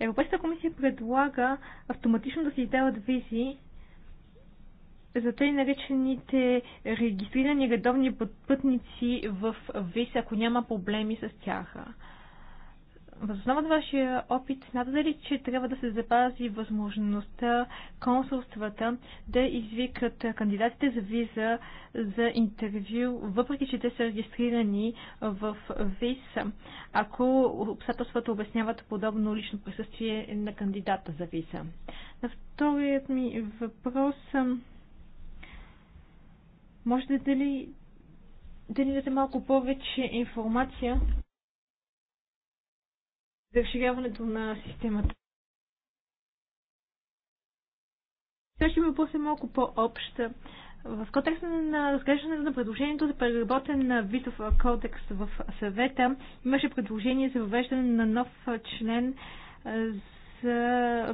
Европейската комисия предлага автоматично да се издават визи за тъй наречените регистрирани редовни пътници в ВИС, ако няма проблеми с тяха. Възоснова на вашия опит, смятате ли, че трябва да се запази възможността консулствата да извикат кандидатите за виза за интервю, въпреки че те са регистрирани в виза, ако обстоятелствата обясняват подобно лично присъствие на кандидата за виза? На вторият ми въпрос можете ли да ни дадете малко повече информация за разширяването на системата. Сега ще въпрос после малко по обща В контекста на разглеждането на предложението за преработен на визов кодекс в съвета имаше предложение за въвеждане на нов член е,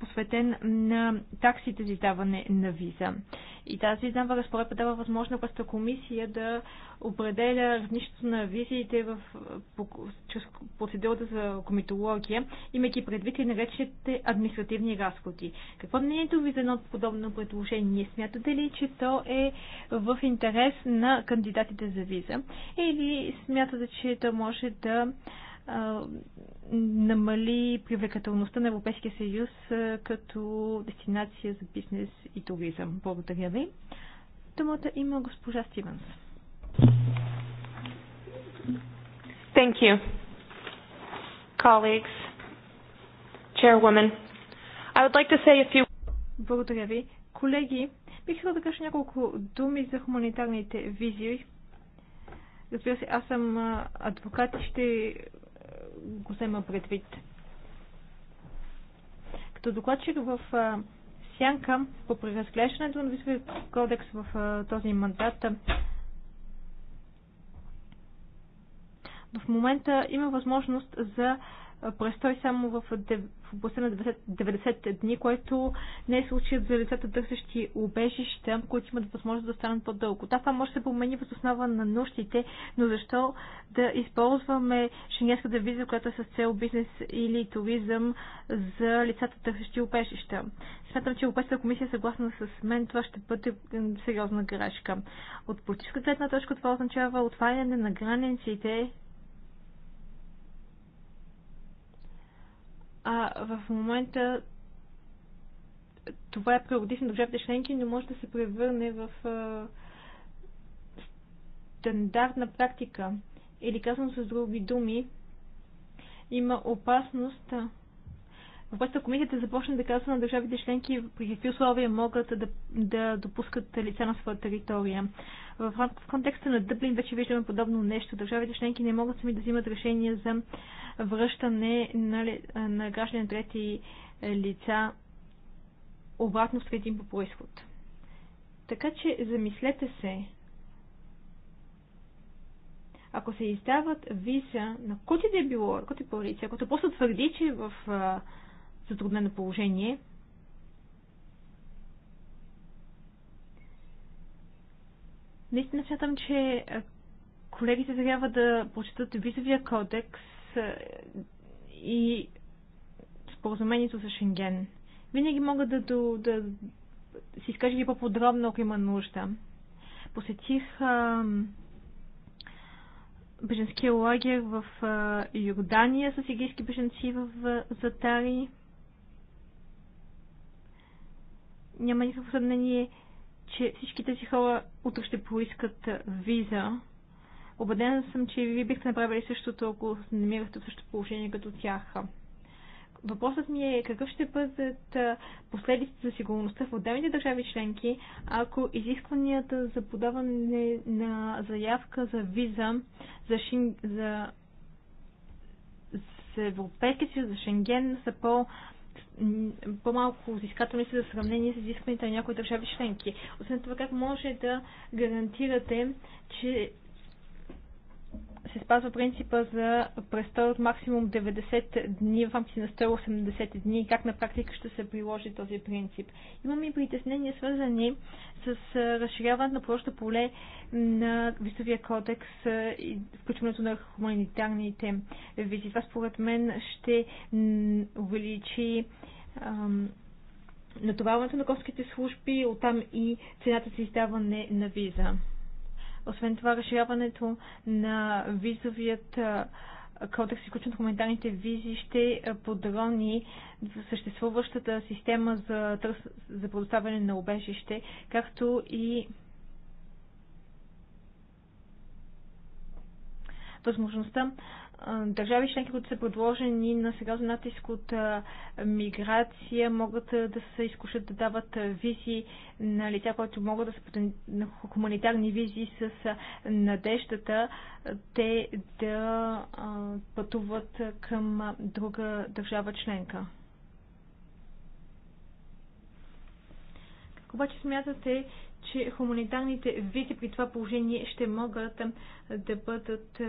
посветен на таксите за издаване на виза. И тази издава разпоредба дава възможно пъста комисия да определя равнището на визиите в, чрез процедурата за комитология, имайки предвид и наречените административни разходи. Какво мнението ви за едно подобно предложение? Смятате ли, че то е в интерес на кандидатите за виза? Или смятате, че то може да намали привлекателността на Европейския съюз като дестинация за бизнес и туризъм. Благодаря ви. Думата има госпожа Стивенс. Thank you. Colleagues, Chairwoman, I would like to say a few... Благодаря ви. Колеги, бих искал да кажа няколко думи за хуманитарните визии. Разбира се, аз съм адвокат и ще го взема предвид. Като докладчик в сянка по преразглеждането на Високия кодекс в този мандат, в момента има възможност за престой само в, в областта на 90, 90 дни, което не е случаят за лицата търсещи убежища, които имат възможност да станат по-дълго. Да, това може да се промени въз основа на нуждите, но защо да използваме шенгенската виза, която е с цел бизнес или туризъм за лицата търсещи убежища? Смятам, че Европейската комисия е съгласна с мен, това ще бъде е, сериозна грешка. От политическа гледна точка това означава отваряне на границите а в момента това е прерогатив на държавите членки, но може да се превърне в стандартна практика. Или казвам с други думи, има опасност Въпросът е, комисията започне да казва на държавите членки при какви условия могат да, да допускат лица на своя територия. В контекста на Дъблин вече виждаме подобно нещо. Държавите членки не могат сами да взимат решения за връщане на, на граждани трети лица обратно в им по происход. Така че замислете се, ако се издават виза на който и да е било, който и е по лице, който просто твърди, че е в затруднено положение, Наистина смятам, че е, колегите трябва да почитат визовия кодекс е, и споразумението за Шенген. Винаги могат да, да, да си изкажа и по-подробно, ако има нужда. Посетих а, е, беженския лагер в а, Йордания с сирийски беженци в в Затари. Няма никакво съмнение, че всички тези хора утре ще поискат виза. Обедена съм, че вие бихте направили същото, ако се намирате в същото положение като тях. Въпросът ми е какъв ще бъдат последиците за сигурността в отделните държави членки, ако изискванията за подаване на заявка за виза за, Шин... за... за Европейския съюз, за Шенген са по по-малко изискателни са за сравнение с изискванията на някои държави членки. Освен това, как може да гарантирате, че се спазва принципа за престой от максимум 90 дни в рамките на 180 дни и как на практика ще се приложи този принцип. Имаме и притеснения, свързани с разширяването на площа поле на висовия кодекс и включването на хуманитарните визи. Това според мен ще увеличи натоварването на конските служби, оттам и цената за издаване на виза. Освен това, разширяването на визовият кодекс, изключен хуманитарните визи, ще подрони съществуващата система за, търс, за предоставяне на обежище, както и възможността държави членки, които са подложени на сериозен натиск от миграция, могат да се изкушат да дават визи на лица, които могат да са на хуманитарни визи с надеждата те да пътуват към друга държава членка. Как обаче смятате, че хуманитарните визи при това положение ще могат да бъдат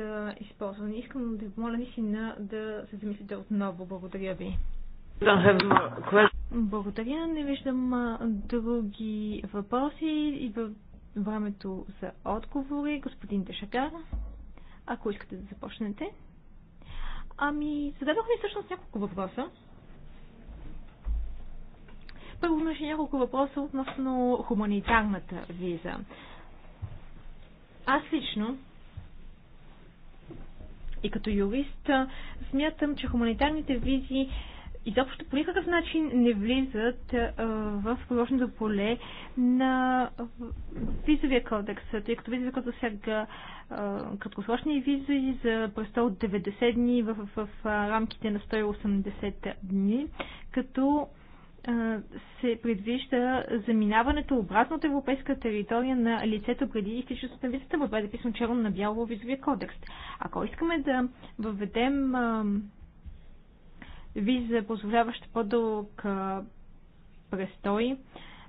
използвани. Искам да ви моля наистина да се замислите отново. Благодаря ви. Благодаря. Не виждам други въпроси и във времето за отговори. Господин Дешакар, ако искате да започнете. Ами, зададохме всъщност няколко въпроса. Първо имаше няколко въпроса относно хуманитарната виза. Аз лично и като юрист смятам, че хуманитарните визи изобщо по никакъв начин не влизат в приложното поле на визовия кодекс, тъй като визовия кодекс сега краткосрочни визи за престой от 90 дни в, в, в рамките на 180 дни, като се предвижда заминаването обратно от европейска територия на лицето преди изтичането на визата. Това е записано черно на бяло в визовия кодекс. Ако искаме да въведем виза, позволяваща по-дълъг престой,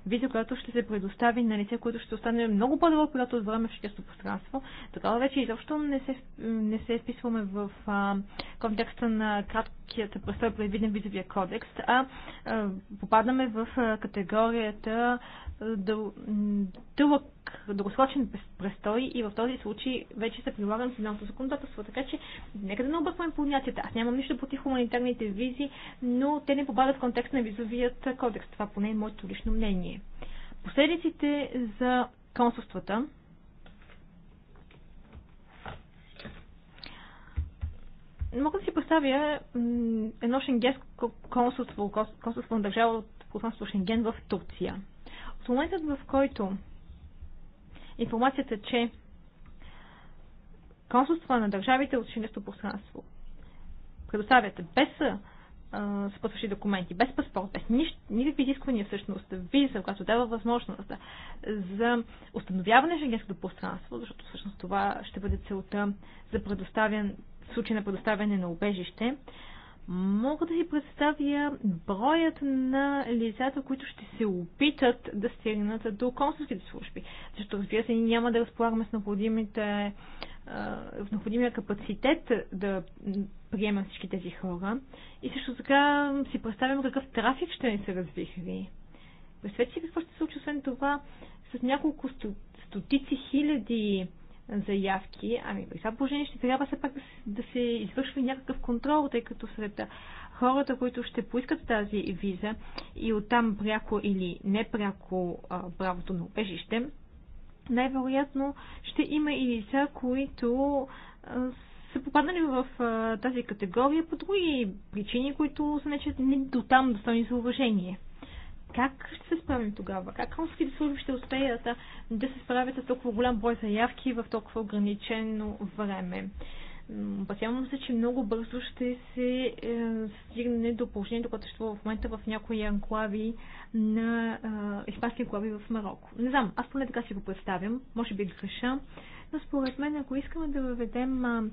виза, която ще се предостави на лице, което ще остане много по-дълго период от време в шкесто пространство, тогава вече изобщо не се, не се вписваме в а, контекста на крат, тежкият престой, предвиден визовия кодекс, а попадаме в категорията дълъг дългосрочен престой и в този случай вече се прилага националното законодателство. Така че нека да не объркваме понятията. Аз нямам нищо против хуманитарните визи, но те не попадат в контекст на визовият кодекс. Това поне е моето лично мнение. Последиците за консулствата мога да си поставя едно шенгенско консулство, консулство на държава от пространство Шенген в Турция. От момента, в който информацията, че консулства на държавите от Шенгенското пространство предоставят без съпътващи документи, без паспорт, без никакви изисквания всъщност, виза, която дава възможност за установяване на шенгенското пространство, защото всъщност това ще бъде целта за предоставяне случай на предоставяне на убежище, мога да си представя броят на лицата, които ще се опитат да стигнат до консулските служби. Защото, разбира се, ние няма да разполагаме с необходимите в необходимия капацитет да приемем всички тези хора. И също така си представям какъв трафик ще ни се развихри. Представете си какво ще се случи, освен това, с няколко стотици хиляди заявки. Ами при това положение ще трябва все пак да се извършва някакъв контрол, тъй като сред хората, които ще поискат тази виза и оттам пряко или непряко правото на убежище, най-вероятно ще има и лица, които са попаднали в тази категория по други причини, които са не до там достойни за уважение. Как ще се справим тогава? Как консулските служби ще успеят да се справят с толкова голям брой заявки в толкова ограничено време? Опасявам се, че много бързо ще се е, стигне до положението, което ще в момента в някои анклави на е, испански анклави в Марокко. Не знам, аз поне така си го представям, може би е греша, но според мен, ако искаме да въведем е,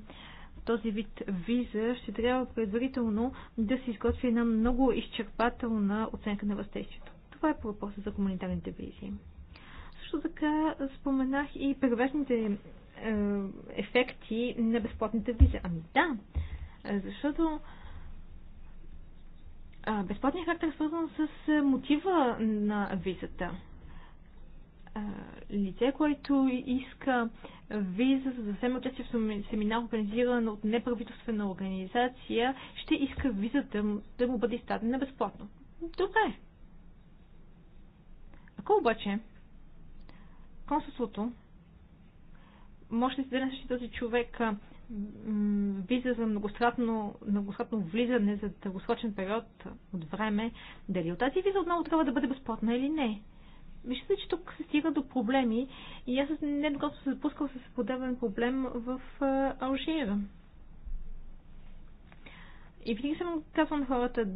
този вид виза, ще трябва предварително да се изготви една много изчерпателна оценка на въздействието. Това е по въпроса за хуманитарните визи. Също така споменах и перверсните е, ефекти на безплатните виза. Ами да, е, защото безплатният характер е свързан с е, мотива на визата лице, което иска виза, за да вземе участие в семинар, организиран от неправителствена организация, ще иска виза да, да му бъде издадена безплатно. Добре. Ако обаче консулството може да си даде на този човек виза за многократно, многократно влизане за дългосрочен период от време, дали от тази виза отново трябва да бъде безплатна или не? Мисля, че тук се стига до проблеми и аз не докато се запускал с подобен проблем в Алжира. И винаги съм казвам на хората,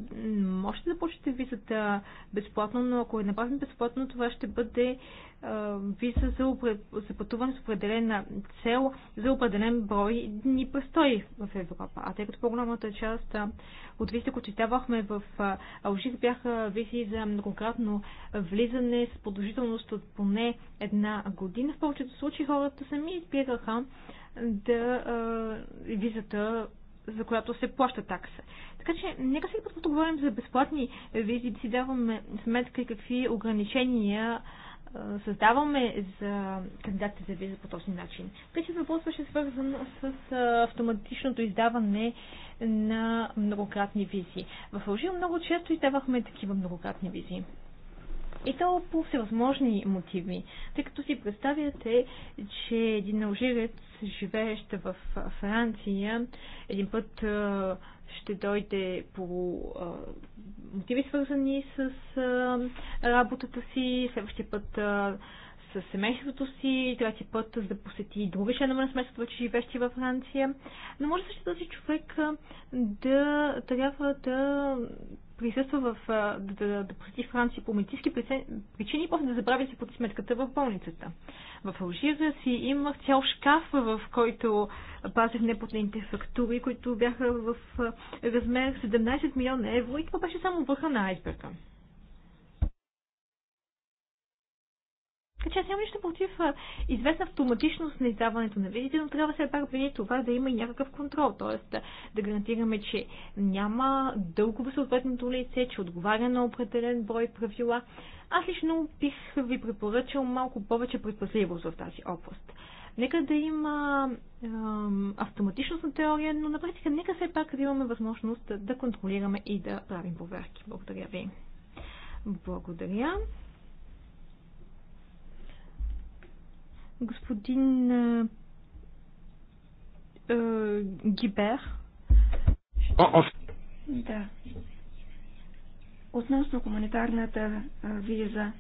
можете да почнете визата безплатно, но ако е направим безплатно, това ще бъде а, виза за, упре... за пътуване с определена цел, за определен брой дни престой в Европа. А тъй като по-голямата част а, от визите, които издавахме в Алжир, бяха визи за многократно влизане с продължителност от поне една година. В повечето случаи хората сами избираха да а, визата за която се плаща такса. Така че, нека сега, когато говорим за безплатни визи, да си даваме сметка и какви ограничения създаваме за кандидатите за виза по този начин. Третият въпрос беше свързан с автоматичното издаване на многократни визи. В Алжир много често издавахме такива многократни визи. И то по всевъзможни мотиви, тъй като си представяте, че един алжирец, живеещ в Франция, един път ще дойде по мотиви свързани с работата си, следващия път с семейството си, трети път за да посети други членове на семейството, че живеещи във Франция. Но може също този човек да трябва да присъства в, да, да, да посети Франция по медицински причини и после да забрави си под сметката в болницата. В Алжира си имах цял шкаф, в който пазих непотлените фактури, които бяха в размер 17 милиона евро и това беше само върха на айсберга. Така че аз нямам нищо против известна автоматичност на издаването на визите, но трябва все пак преди това да има и някакъв контрол, т.е. да гарантираме, че няма дългове съответното лице, че отговаря на определен брой правила. Аз лично бих ви препоръчал малко повече предпазливост в тази област. Нека да има ем, автоматичност на теория, но на практика нека все пак да имаме възможност да контролираме и да правим проверки. Благодаря ви. Благодаря. господин Гибер. Да. Относно хуманитарната виза,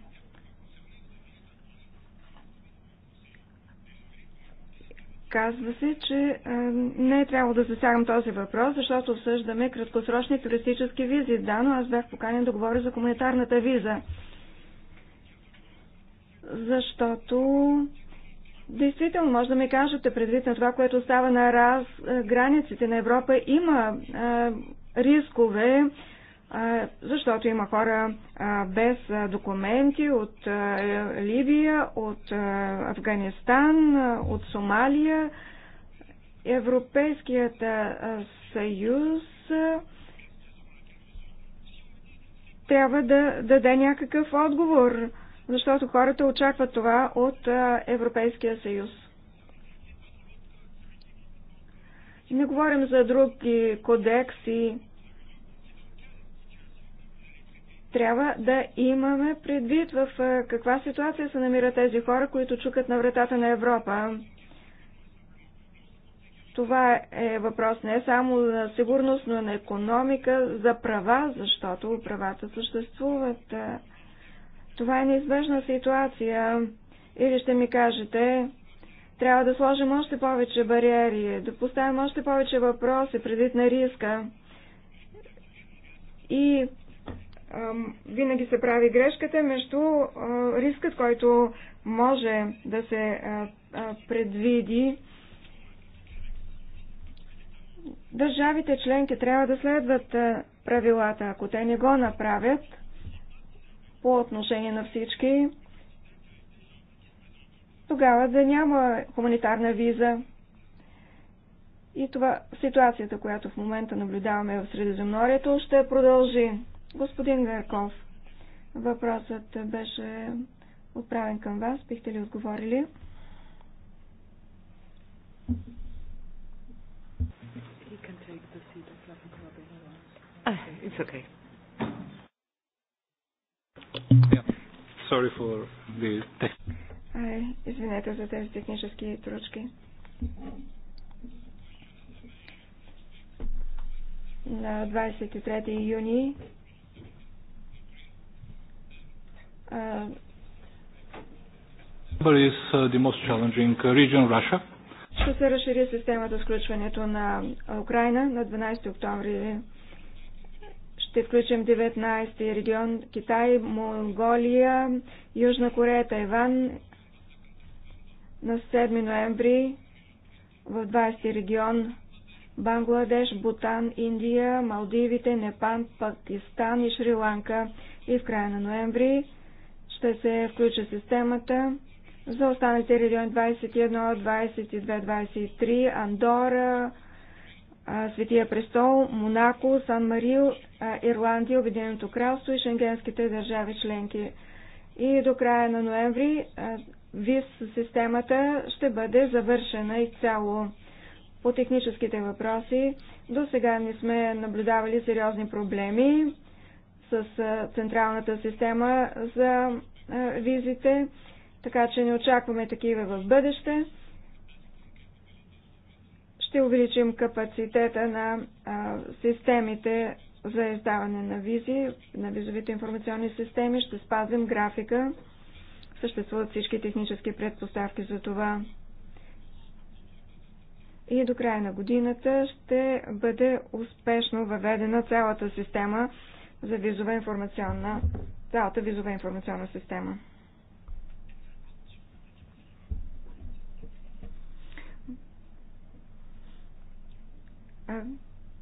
Казва се, че а, не е трябвало да засягам този въпрос, защото обсъждаме краткосрочни туристически визи. Да, но аз бях поканен да говоря за хуманитарната виза. Защото Действително, може да ми кажете, предвид на това, което става на раз, границите на Европа, има а, рискове, а, защото има хора а, без документи от а, Ливия, от а, Афганистан, а, от Сомалия. Европейският а, съюз а, трябва да даде някакъв отговор. А, защото хората очакват това от Европейския съюз. Не говорим за други кодекси. Трябва да имаме предвид в каква ситуация се намират тези хора, които чукат на вратата на Европа. Това е въпрос не само на сигурност, но и на економика, за права, защото правата съществуват. Това е неизбежна ситуация. Или ще ми кажете, трябва да сложим още повече бариери, да поставим още повече въпроси предвид на риска. И ам, винаги се прави грешката между а, рискът, който може да се а, а, предвиди. Държавите членки трябва да следват правилата. Ако те не го направят, по отношение на всички, тогава да няма хуманитарна виза. И това ситуацията, която в момента наблюдаваме в Средиземнорието, ще продължи. Господин Гарков, въпросът беше отправен към вас. Бихте ли отговорили? Ah, it's okay. Sorry for the Ай, извинете за тези технически тручки. На 23 юни uh, uh, ще се разшири системата с включването на Украина на 12 октомври ще включим 19-ти регион Китай, Монголия, Южна Корея, Тайван на 7 ноември в 20-ти регион Бангладеш, Бутан, Индия, Малдивите, Непан, Пакистан и Шри-Ланка и в края на ноември ще се включи системата за останалите региони 21, 22, 23, Андора, Светия престол, Монако, Сан Марио, Ирландия, Обединеното кралство и шенгенските държави членки. И до края на ноември ВИС системата ще бъде завършена изцяло. По техническите въпроси до сега не сме наблюдавали сериозни проблеми с централната система за визите, така че не очакваме такива в бъдеще. Ще увеличим капацитета на а, системите за издаване на визи, на визовите информационни системи. Ще спазим графика. Съществуват всички технически предпоставки за това. И до края на годината ще бъде успешно въведена цялата система за визова информационна, цялата визова информационна система.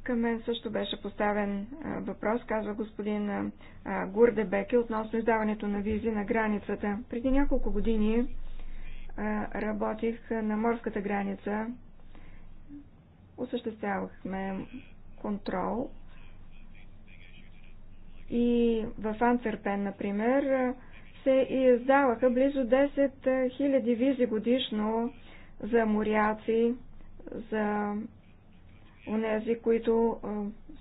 Към мен също беше поставен въпрос, казва господин Гурдебеке, относно издаването на визи на границата. Преди няколко години работих на морската граница. Осъществявахме контрол. И в Антверпен, например, се издаваха близо 10 000 визи годишно за моряци, за онези, които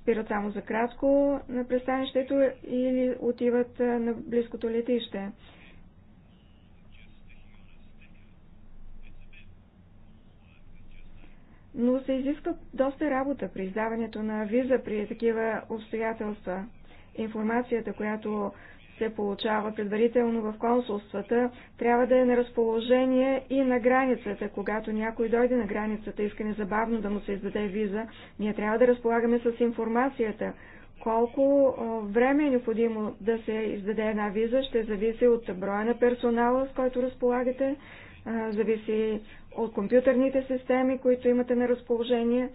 спират само за кратко на пристанището или отиват на близкото летище. но се изисква доста работа при издаването на виза при такива обстоятелства. Информацията, която се получава предварително в консулствата, трябва да е на разположение и на границата. Когато някой дойде на границата, иска незабавно да му се издаде виза, ние трябва да разполагаме с информацията. Колко време е необходимо да се издаде една виза, ще зависи от броя на персонала, с който разполагате, зависи от компютърните системи, които имате на разположение.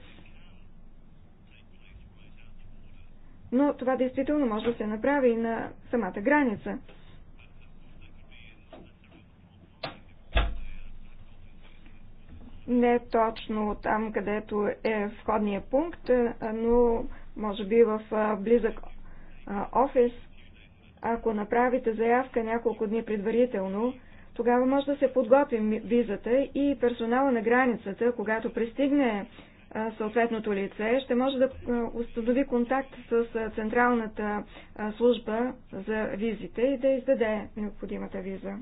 но това действително може да се направи и на самата граница. Не точно там, където е входния пункт, но може би в близък офис. Ако направите заявка няколко дни предварително, тогава може да се подготвим визата и персонала на границата, когато пристигне съответното лице ще може да установи контакт с Централната служба за визите и да издаде необходимата виза.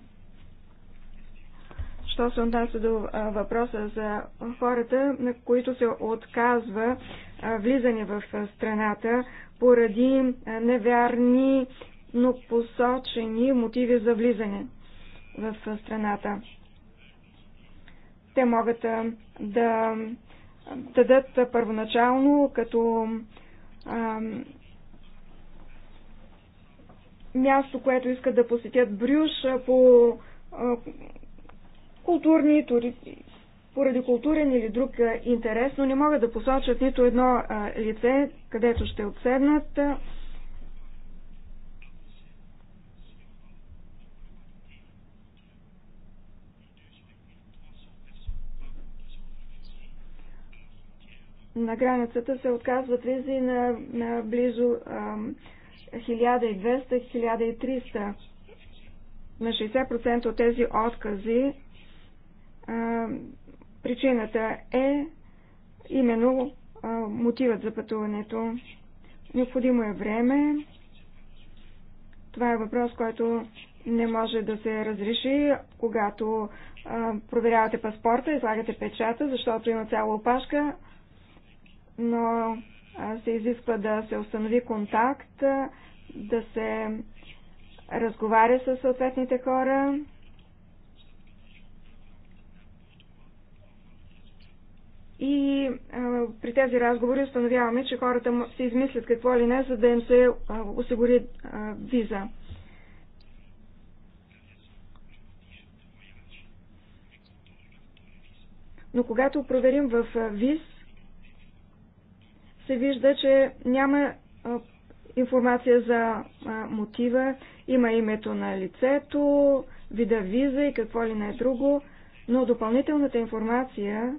Що се отнася до въпроса за хората, на които се отказва влизане в страната поради невярни, но посочени мотиви за влизане в страната. Те могат да дадат първоначално като а, място, което искат да посетят Брюш по а, културни, тури, поради културен или друг интерес, но не могат да посочат нито едно лице, където ще отседнат. на границата се отказват визи на, на близо 1200-1300. На 60% от тези откази а, причината е именно а, мотивът за пътуването. Необходимо е време. Това е въпрос, който не може да се разреши, когато а, проверявате паспорта, излагате печата, защото има цяла опашка но се изисква да се установи контакт, да се разговаря с съответните хора. И а, при тези разговори установяваме, че хората се измислят какво ли не, за да им се а, осигури а, виза. Но когато проверим в ВИЗ, се вижда, че няма информация за мотива, има името на лицето, вида виза и какво ли не е друго, но допълнителната информация,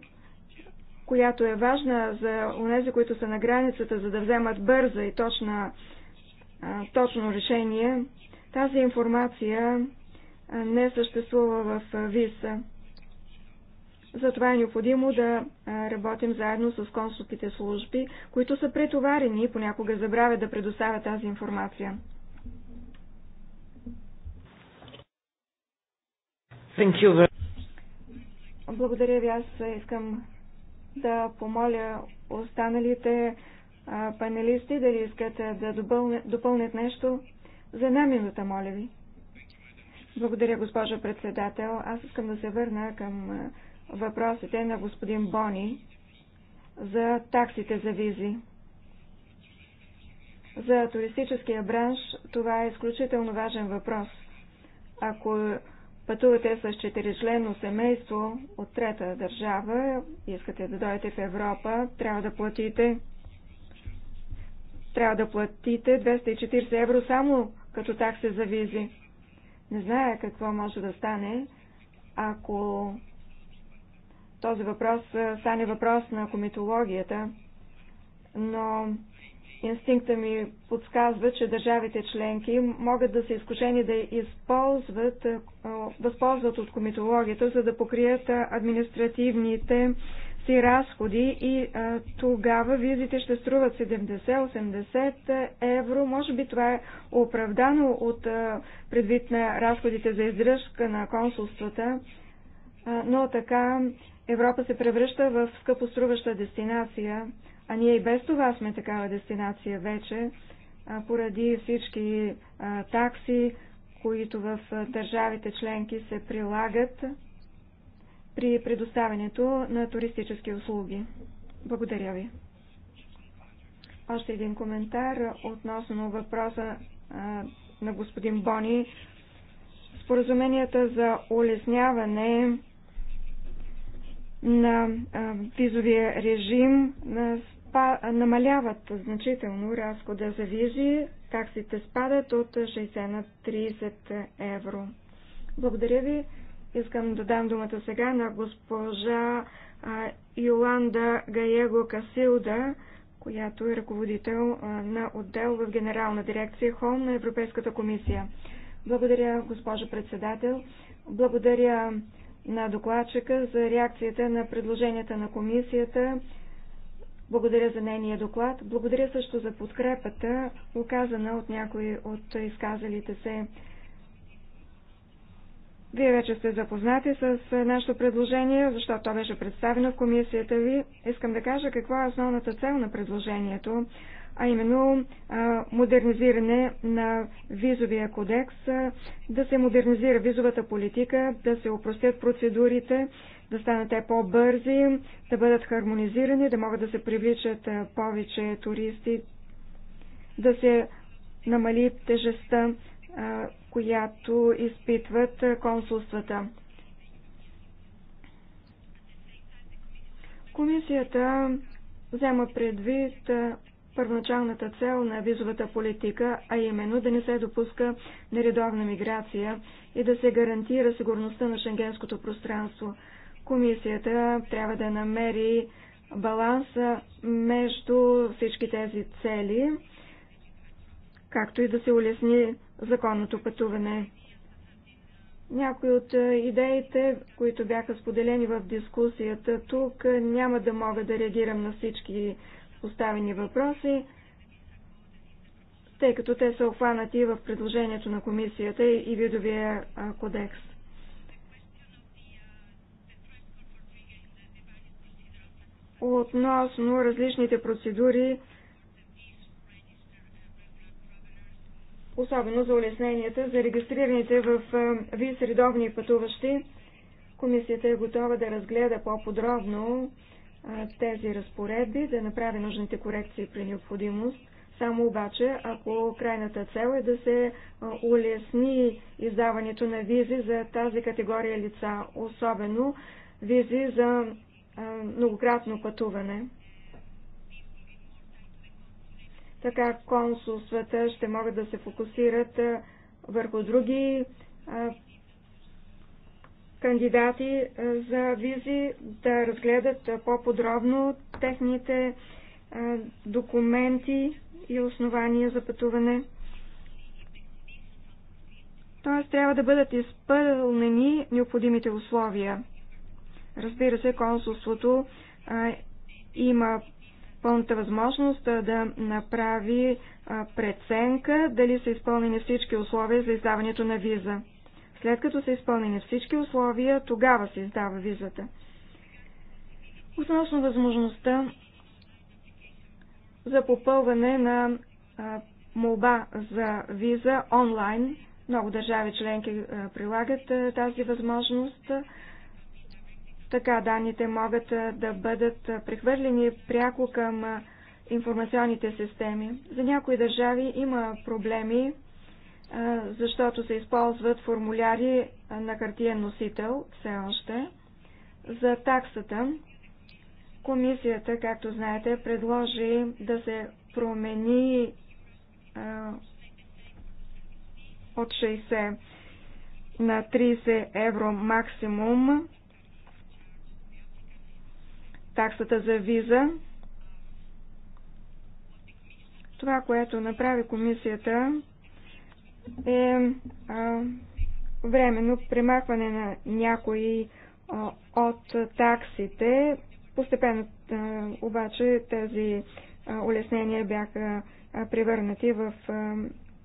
която е важна за онези, които са на границата, за да вземат бърза и точна, точно решение, тази информация не съществува в виза. Затова е необходимо да работим заедно с консулските служби, които са претоварени и понякога забравят да предоставят тази информация. Благодаря ви. Аз искам да помоля останалите панелисти дали искат да допълнят нещо. За една минута, моля ви. Благодаря, госпожо председател. Аз искам да се върна към въпросите на господин Бони за таксите за визи. За туристическия бранш това е изключително важен въпрос. Ако пътувате с четиричленно семейство от трета държава, искате да дойдете в Европа, трябва да платите трябва да платите 240 евро само като такси за визи. Не зная какво може да стане, ако този въпрос стане въпрос на комитологията, но инстинкта ми подсказва, че държавите членки могат да са изкушени да използват, възползват от комитологията, за да покрият административните си разходи и а, тогава визите ще струват 70-80 евро. Може би това е оправдано от а, предвид на разходите за издръжка на консулствата, а, но така Европа се превръща в скъпоструваща дестинация, а ние и без това сме такава дестинация вече, поради всички такси, които в държавите членки се прилагат при предоставянето на туристически услуги. Благодаря ви. Още един коментар относно въпроса на господин Бони. Споразуменията за улесняване на визовия режим намаляват значително разхода за визи. Таксите спадат от 60 на 30 евро. Благодаря ви. Искам да дам думата сега на госпожа Йоланда Гаего Касилда, която е ръководител на отдел в Генерална дирекция Холм на Европейската комисия. Благодаря, госпожо председател. Благодаря на докладчика за реакцията на предложенията на комисията. Благодаря за нейния доклад. Благодаря също за подкрепата, оказана от някои от изказалите се. Вие вече сте запознати с е, нашето предложение, защото то беше представено в комисията ви. Искам да кажа каква е основната цел на предложението а именно модернизиране на визовия кодекс, да се модернизира визовата политика, да се упростят процедурите, да станат те по-бързи, да бъдат хармонизирани, да могат да се привличат повече туристи, да се намали тежестта, която изпитват консулствата. Комисията взема предвид първоначалната цел на визовата политика, а именно да не се допуска нередовна миграция и да се гарантира сигурността на шенгенското пространство. Комисията трябва да намери баланса между всички тези цели, както и да се улесни законното пътуване. Някои от идеите, които бяха споделени в дискусията тук, няма да мога да реагирам на всички поставени въпроси, тъй като те са обхванати в предложението на комисията и видовия кодекс. Относно различните процедури, особено за улесненията за регистрираните в ВИС редовни пътуващи. Комисията е готова да разгледа по-подробно тези разпоредби, да направи нужните корекции при необходимост, само обаче, ако крайната цел е да се улесни издаването на визи за тази категория лица, особено визи за многократно пътуване. Така консулствата ще могат да се фокусират върху други кандидати е, за визи да разгледат е, по-подробно техните е, документи и основания за пътуване. Т.е. трябва да бъдат изпълнени необходимите условия. Разбира се, консулството а, има пълната възможност да направи а, преценка дали са изпълнени всички условия за издаването на виза. След като са изпълнени всички условия, тогава се издава визата. Относно възможността за попълване на а, молба за виза онлайн, много държави членки а, прилагат а, тази възможност. Така данните могат да бъдат прехвърлени пряко към информационните системи. За някои държави има проблеми защото се използват формуляри на хартиен носител все още. За таксата комисията, както знаете, предложи да се промени от 60 на 30 евро максимум таксата за виза. Това, което направи комисията, е а, временно премахване на някои а, от таксите. Постепенно а, обаче тези а, улеснения бяха а, превърнати в а,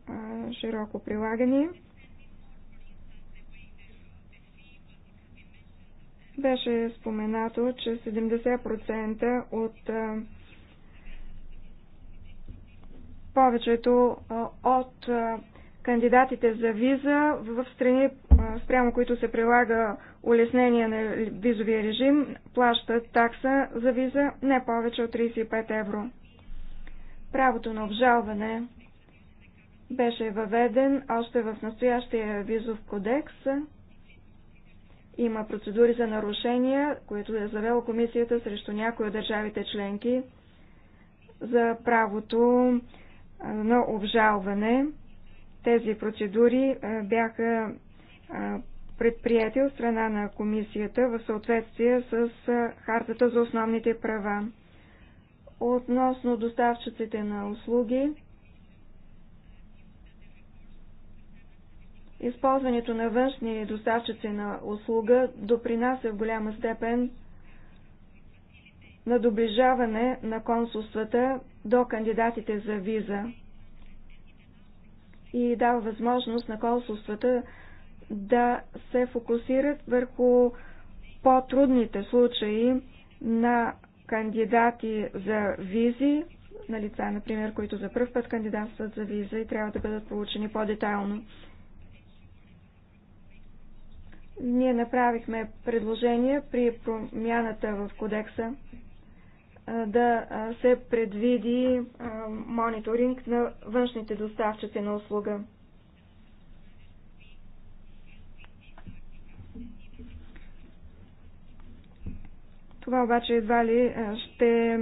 а, широко прилагани. Беше споменато, че 70% от а, повечето от кандидатите за виза в страни, спрямо които се прилага улеснение на визовия режим, плащат такса за виза не повече от 35 евро. Правото на обжалване беше въведен още в настоящия визов кодекс. Има процедури за нарушения, които е завела комисията срещу някои от държавите членки за правото на обжалване. Тези процедури е, бяха е, предприяти от страна на комисията в съответствие с е, Хартата за основните права. Относно доставчиците на услуги, използването на външни доставчици на услуга допринася в голяма степен на доближаване на консулствата до кандидатите за виза и дава възможност на консулствата да се фокусират върху по-трудните случаи на кандидати за визи, на лица, например, които за първ път кандидатстват за виза и трябва да бъдат получени по-детайлно. Ние направихме предложение при промяната в кодекса да се предвиди мониторинг на външните доставчици на услуга. Това обаче едва ли ще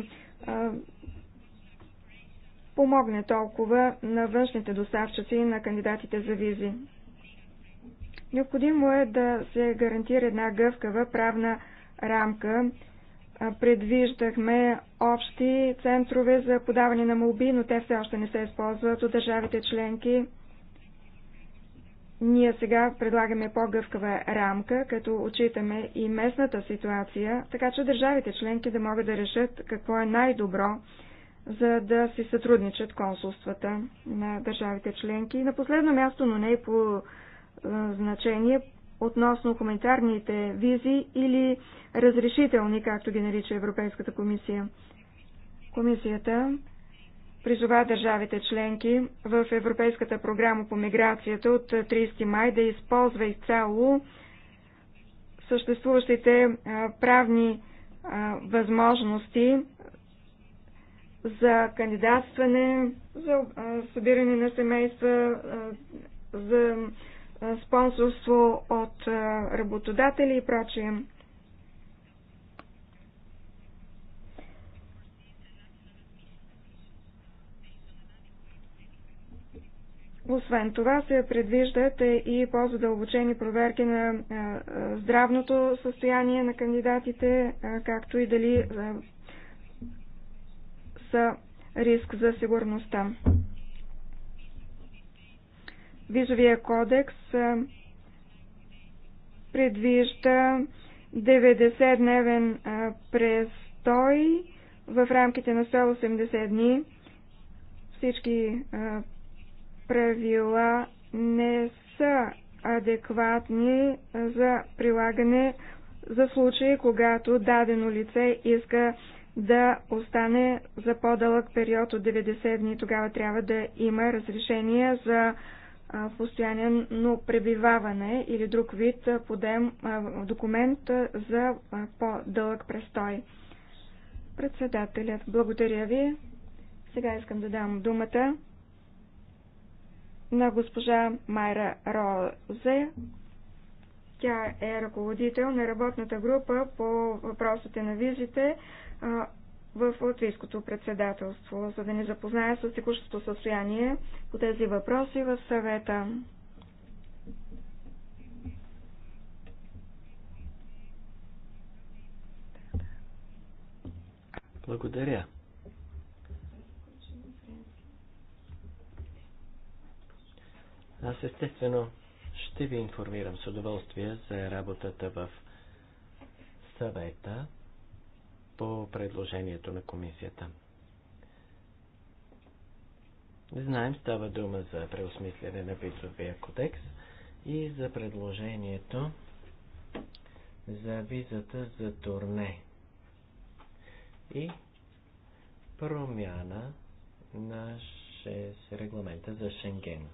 помогне толкова на външните доставчици и на кандидатите за визи. Необходимо е да се гарантира една гъвкава правна рамка, предвиждахме общи центрове за подаване на молби, но те все още не се използват от държавите членки. Ние сега предлагаме по-гъвкава рамка, като отчитаме и местната ситуация, така че държавите членки да могат да решат какво е най-добро, за да си сътрудничат консулствата на държавите членки. И на последно място, но не и по значение, относно хуманитарните визи или разрешителни, както ги нарича Европейската комисия. Комисията призова държавите членки в Европейската програма по миграцията от 30 май да използва изцяло съществуващите правни възможности за кандидатстване, за събиране на семейства, за спонсорство от работодатели и прочие. Освен това се предвиждат е и по-задълбочени проверки на здравното състояние на кандидатите, както и дали са риск за сигурността. Визовия кодекс предвижда 90-дневен престой в рамките на 180 дни. Всички правила не са адекватни за прилагане за случаи, когато дадено лице иска да остане за по-дълъг период от 90 дни. Тогава трябва да има разрешение за постоянно пребиваване или друг вид подем, документ за по-дълъг престой. Председателят, благодаря ви. Сега искам да дам думата на госпожа Майра Розе. Тя е ръководител на работната група по въпросите на визите в Латвийското председателство, за да ни запознае с текущото състояние по тези въпроси в съвета. Благодаря. Аз естествено ще ви информирам с удоволствие за работата в съвета по предложението на комисията. Знаем, става дума за преосмислене на визовия кодекс и за предложението за визата за турне и промяна на 6 регламента за Шенген.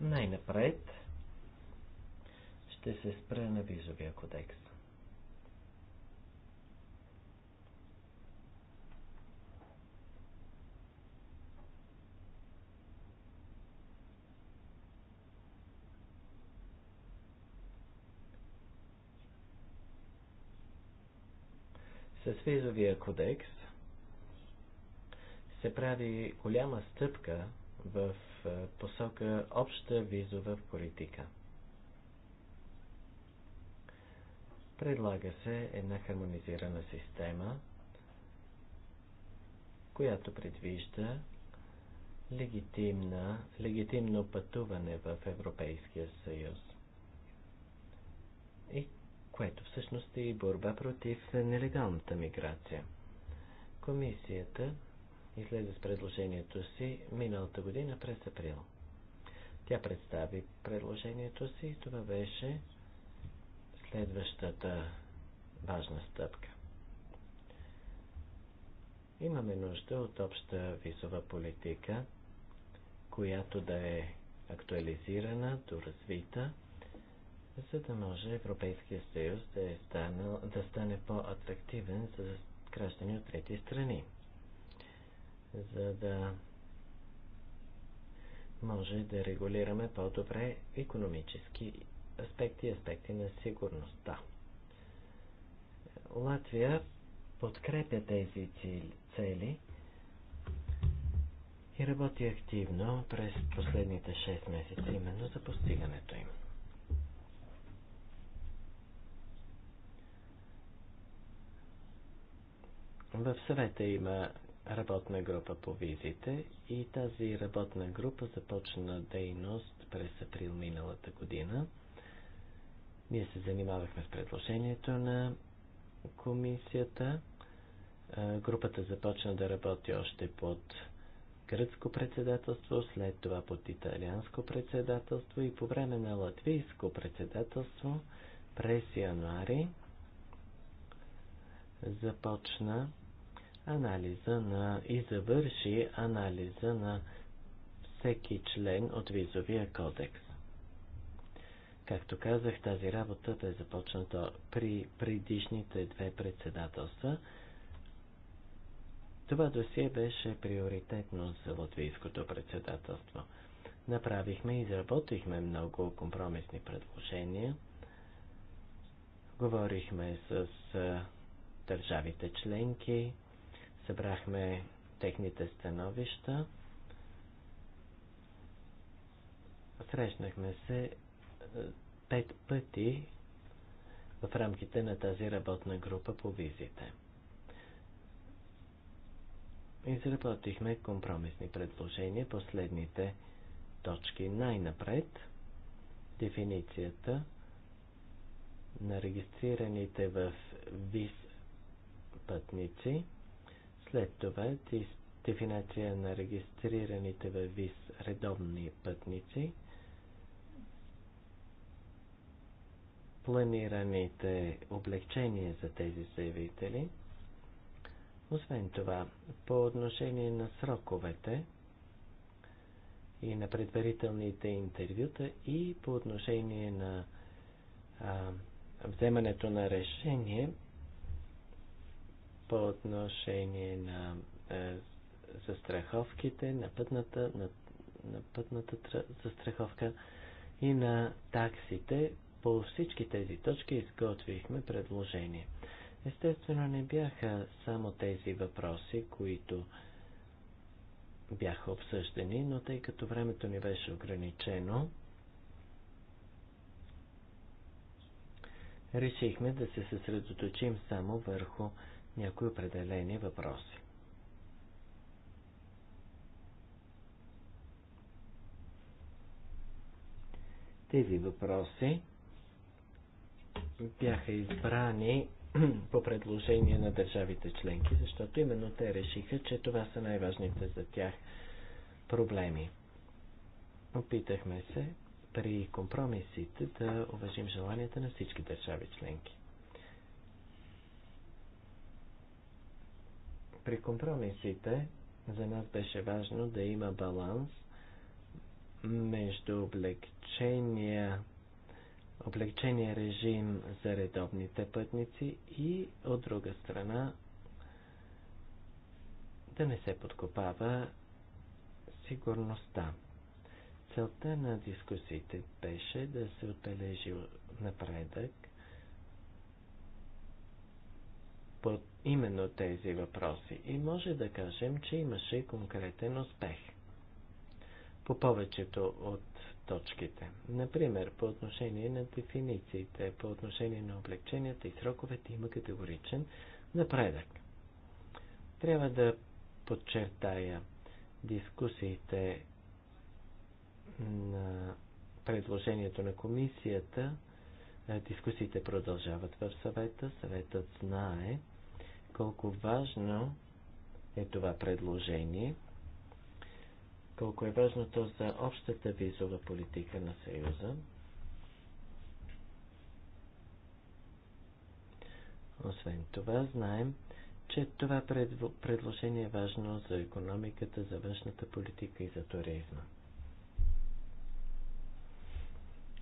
Най-напред ще се спра на визовия кодекс. С визовия кодекс се прави голяма стъпка в е, посока обща визова политика. Предлага се една хармонизирана система, която предвижда легитимна, легитимно пътуване в Европейския съюз което всъщност е и борба против нелегалната миграция. Комисията излезе с предложението си миналата година през април. Тя представи предложението си и това беше следващата важна стъпка. Имаме нужда от обща визова политика, която да е актуализирана, доразвита, за да може Европейския съюз да, е станал, да стане по-атрактивен за граждани от трети страни, за да може да регулираме по-добре економически аспекти и аспекти на сигурността. Латвия подкрепя тези цели и работи активно през последните 6 месеца именно за постигането им. В съвета има работна група по визите и тази работна група започна дейност през април миналата година. Ние се занимавахме с предложението на комисията. Групата започна да работи още под гръцко председателство, след това под италианско председателство и по време на латвийско председателство през януари започна анализа на и завърши анализа на всеки член от визовия кодекс. Както казах, тази работа бе започната при предишните две председателства. Това досие беше приоритетно за латвийското председателство. Направихме и изработихме много компромисни предложения. Говорихме с държавите членки, Събрахме техните становища. Срещнахме се е, пет пъти в рамките на тази работна група по визите. Изработихме компромисни предложения последните точки. Най-напред дефиницията на регистрираните в ВИЗ пътници – след това дефиниция на регистрираните във ВИС редовни пътници, планираните облегчения за тези заявители. Освен това, по отношение на сроковете и на предварителните интервюта и по отношение на а, вземането на решение, по отношение на е, застраховките, на пътната, на, на пътната застраховка и на таксите. По всички тези точки изготвихме предложение. Естествено не бяха само тези въпроси, които бяха обсъждани, но тъй като времето ни беше ограничено, решихме да се съсредоточим само върху някои определени въпроси. Тези въпроси бяха избрани по предложение на държавите членки, защото именно те решиха, че това са най-важните за тях проблеми. Опитахме се при компромисите да уважим желанията на всички държави членки. При компромисите за нас беше важно да има баланс между облегчения облегчения режим за редовните пътници и от друга страна да не се подкопава сигурността. Целта на дискусиите беше да се отбележи напредък по именно тези въпроси и може да кажем, че имаше конкретен успех по повечето от точките. Например, по отношение на дефинициите, по отношение на облегченията и сроковете има категоричен напредък. Трябва да подчертая дискусиите на предложението на комисията. Дискусиите продължават в съвета. Съветът знае, колко важно е това предложение, колко е важно то за общата визова политика на Съюза. Освен това, знаем, че това предложение е важно за економиката, за външната политика и за туризма.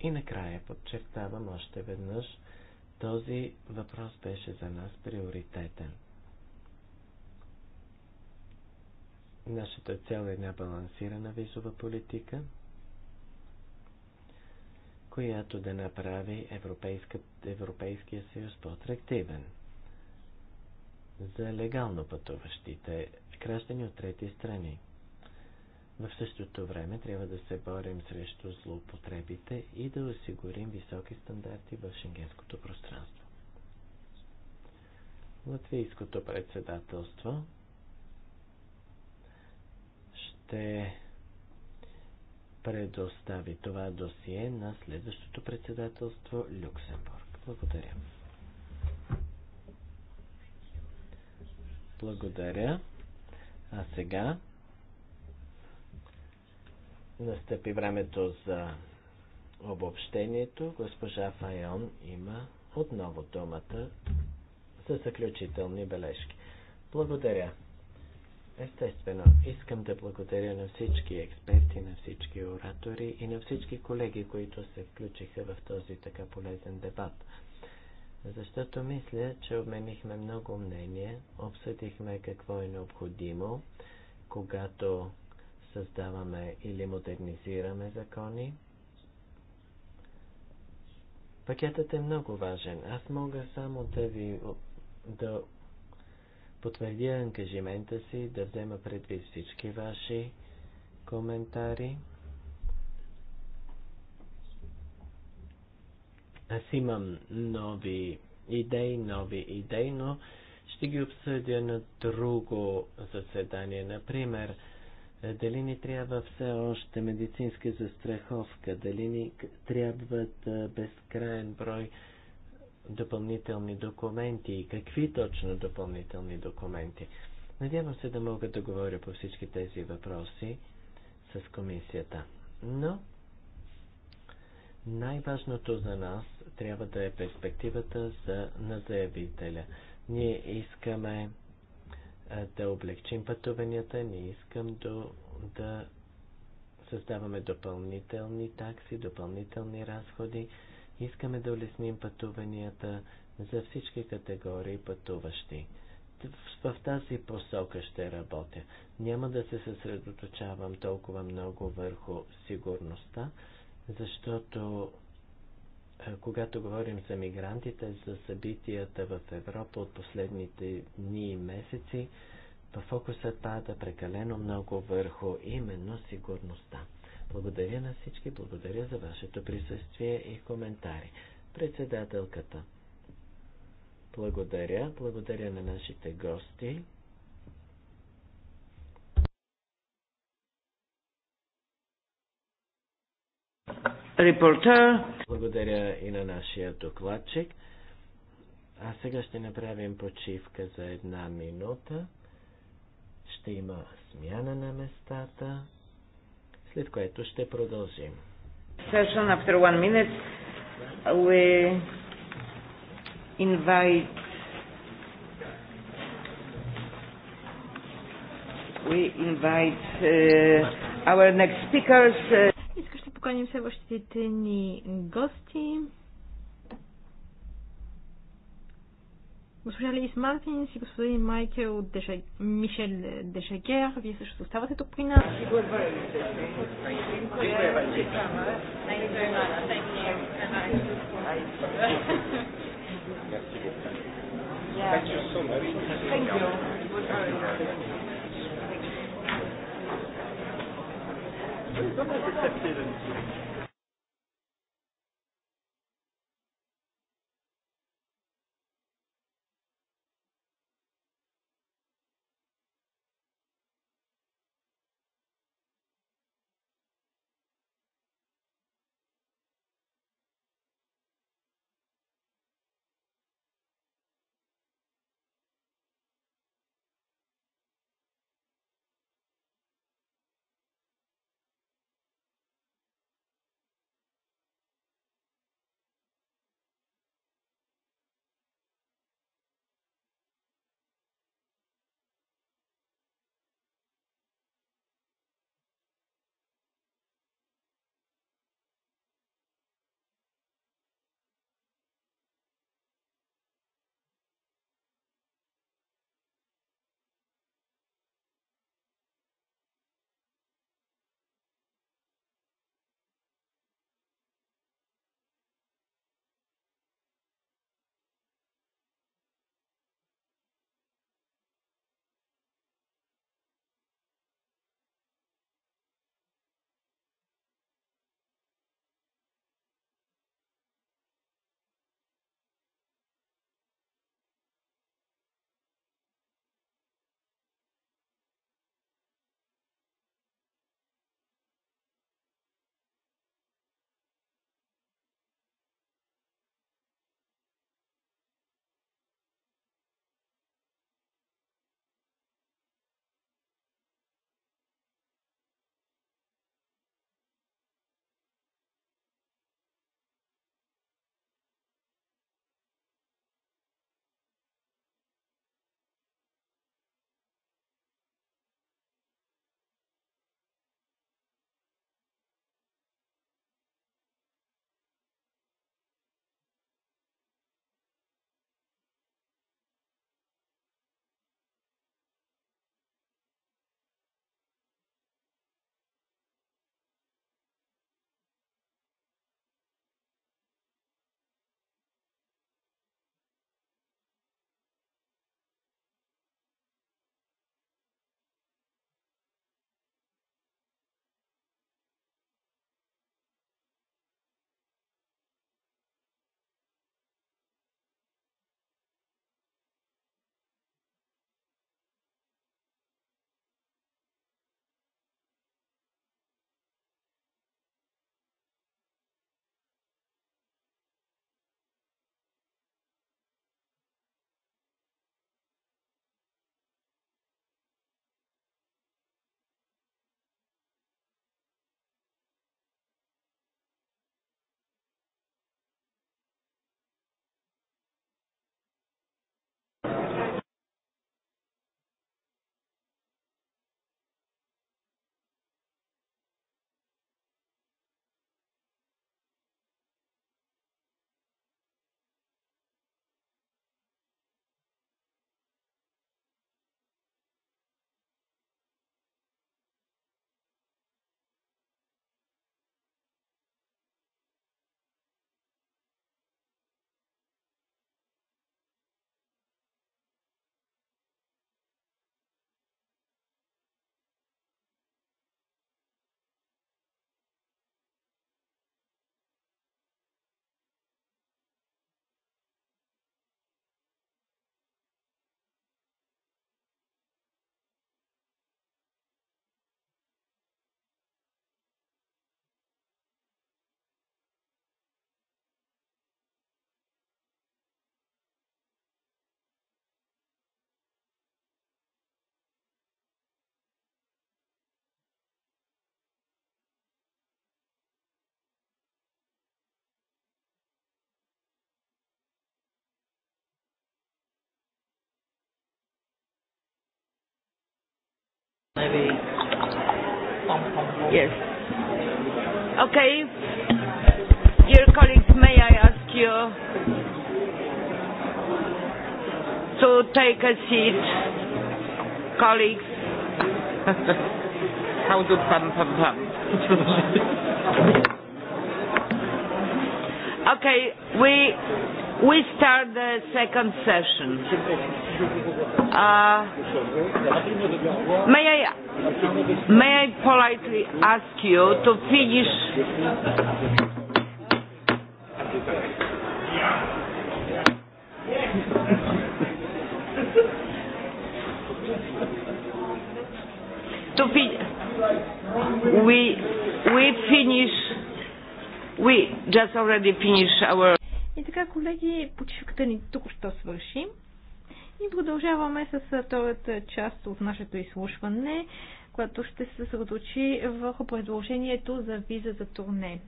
И накрая подчертавам още веднъж, този въпрос беше за нас приоритетен. Нашата цел е една балансирана визова политика, която да направи Европейския съюз по-атрактивен за легално пътуващите граждани от трети страни. В същото време трябва да се борим срещу злоупотребите и да осигурим високи стандарти в шенгенското пространство. Латвийското председателство ще предостави това досие на следващото председателство Люксембург. Благодаря. Благодаря. А сега настъпи времето за обобщението. Госпожа Файон има отново думата за заключителни бележки. Благодаря. Естествено, искам да благодаря на всички експерти, на всички оратори и на всички колеги, които се включиха в този така полезен дебат. Защото мисля, че обменихме много мнение, обсъдихме какво е необходимо, когато създаваме или модернизираме закони. Пакетът е много важен. Аз мога само да ви да потвърдя ангажимента си да взема предвид всички ваши коментари. Аз имам нови идеи, нови идеи, но ще ги обсъдя на друго заседание. Например, дали ни трябва все още медицинска застраховка, дали ни трябват безкрайен брой допълнителни документи и какви точно допълнителни документи. Надявам се да мога да говоря по всички тези въпроси с комисията. Но най-важното за нас трябва да е перспективата за, на заявителя. Ние искаме а, да облегчим пътуванията, не искам до, да създаваме допълнителни такси, допълнителни разходи. Искаме да улесним пътуванията за всички категории пътуващи. В тази посока ще работя. Няма да се съсредоточавам толкова много върху сигурността, защото е, когато говорим за мигрантите, за събитията в Европа от последните дни и месеци, фокусът пада прекалено много върху именно сигурността. Благодаря на всички, благодаря за вашето присъствие и коментари. Председателката. Благодаря, благодаря на нашите гости. Репортер. Благодаря и на нашия докладчик. А сега ще направим почивка за една минута. Ще има смяна на местата след което ще продължим. Session after one minute, we invite we invite uh, our next speakers. Uh... Искаш да поканим следващите ни гости. Госпожа Лис Мартинс и господин Майкел Деша... Мишел Дешагер, вие също оставате тук при нас. Thank you. Maybe. Yes. Okay. Dear colleagues, may I ask you to take a seat? Colleagues. How do pam pam pam? okay, we We start the second session. Uh, may I may I politely ask you to finish? to fi we we finish we just already finished our и така, колеги, почивката ни тук що свърши. И продължаваме с втората част от нашето изслушване, което ще се съсредоточи върху предложението за виза за турне.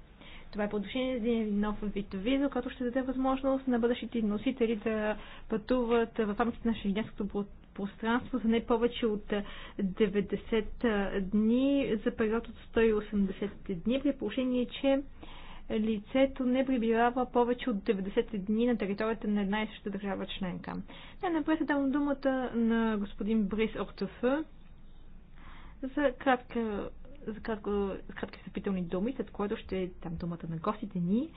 Това е предложение за един нов вид виза, който ще даде възможност на бъдещите носители да пътуват в рамките на шенгенското пространство за не повече от 90 дни за период от 180 дни, при положение, че лицето не прибирава повече от 90 дни на територията на една и съща държава членка. Не, напред давам думата на господин Брис Ортоф за кратка за кратко, за кратки встъпителни думи, след което ще дам думата на гостите ни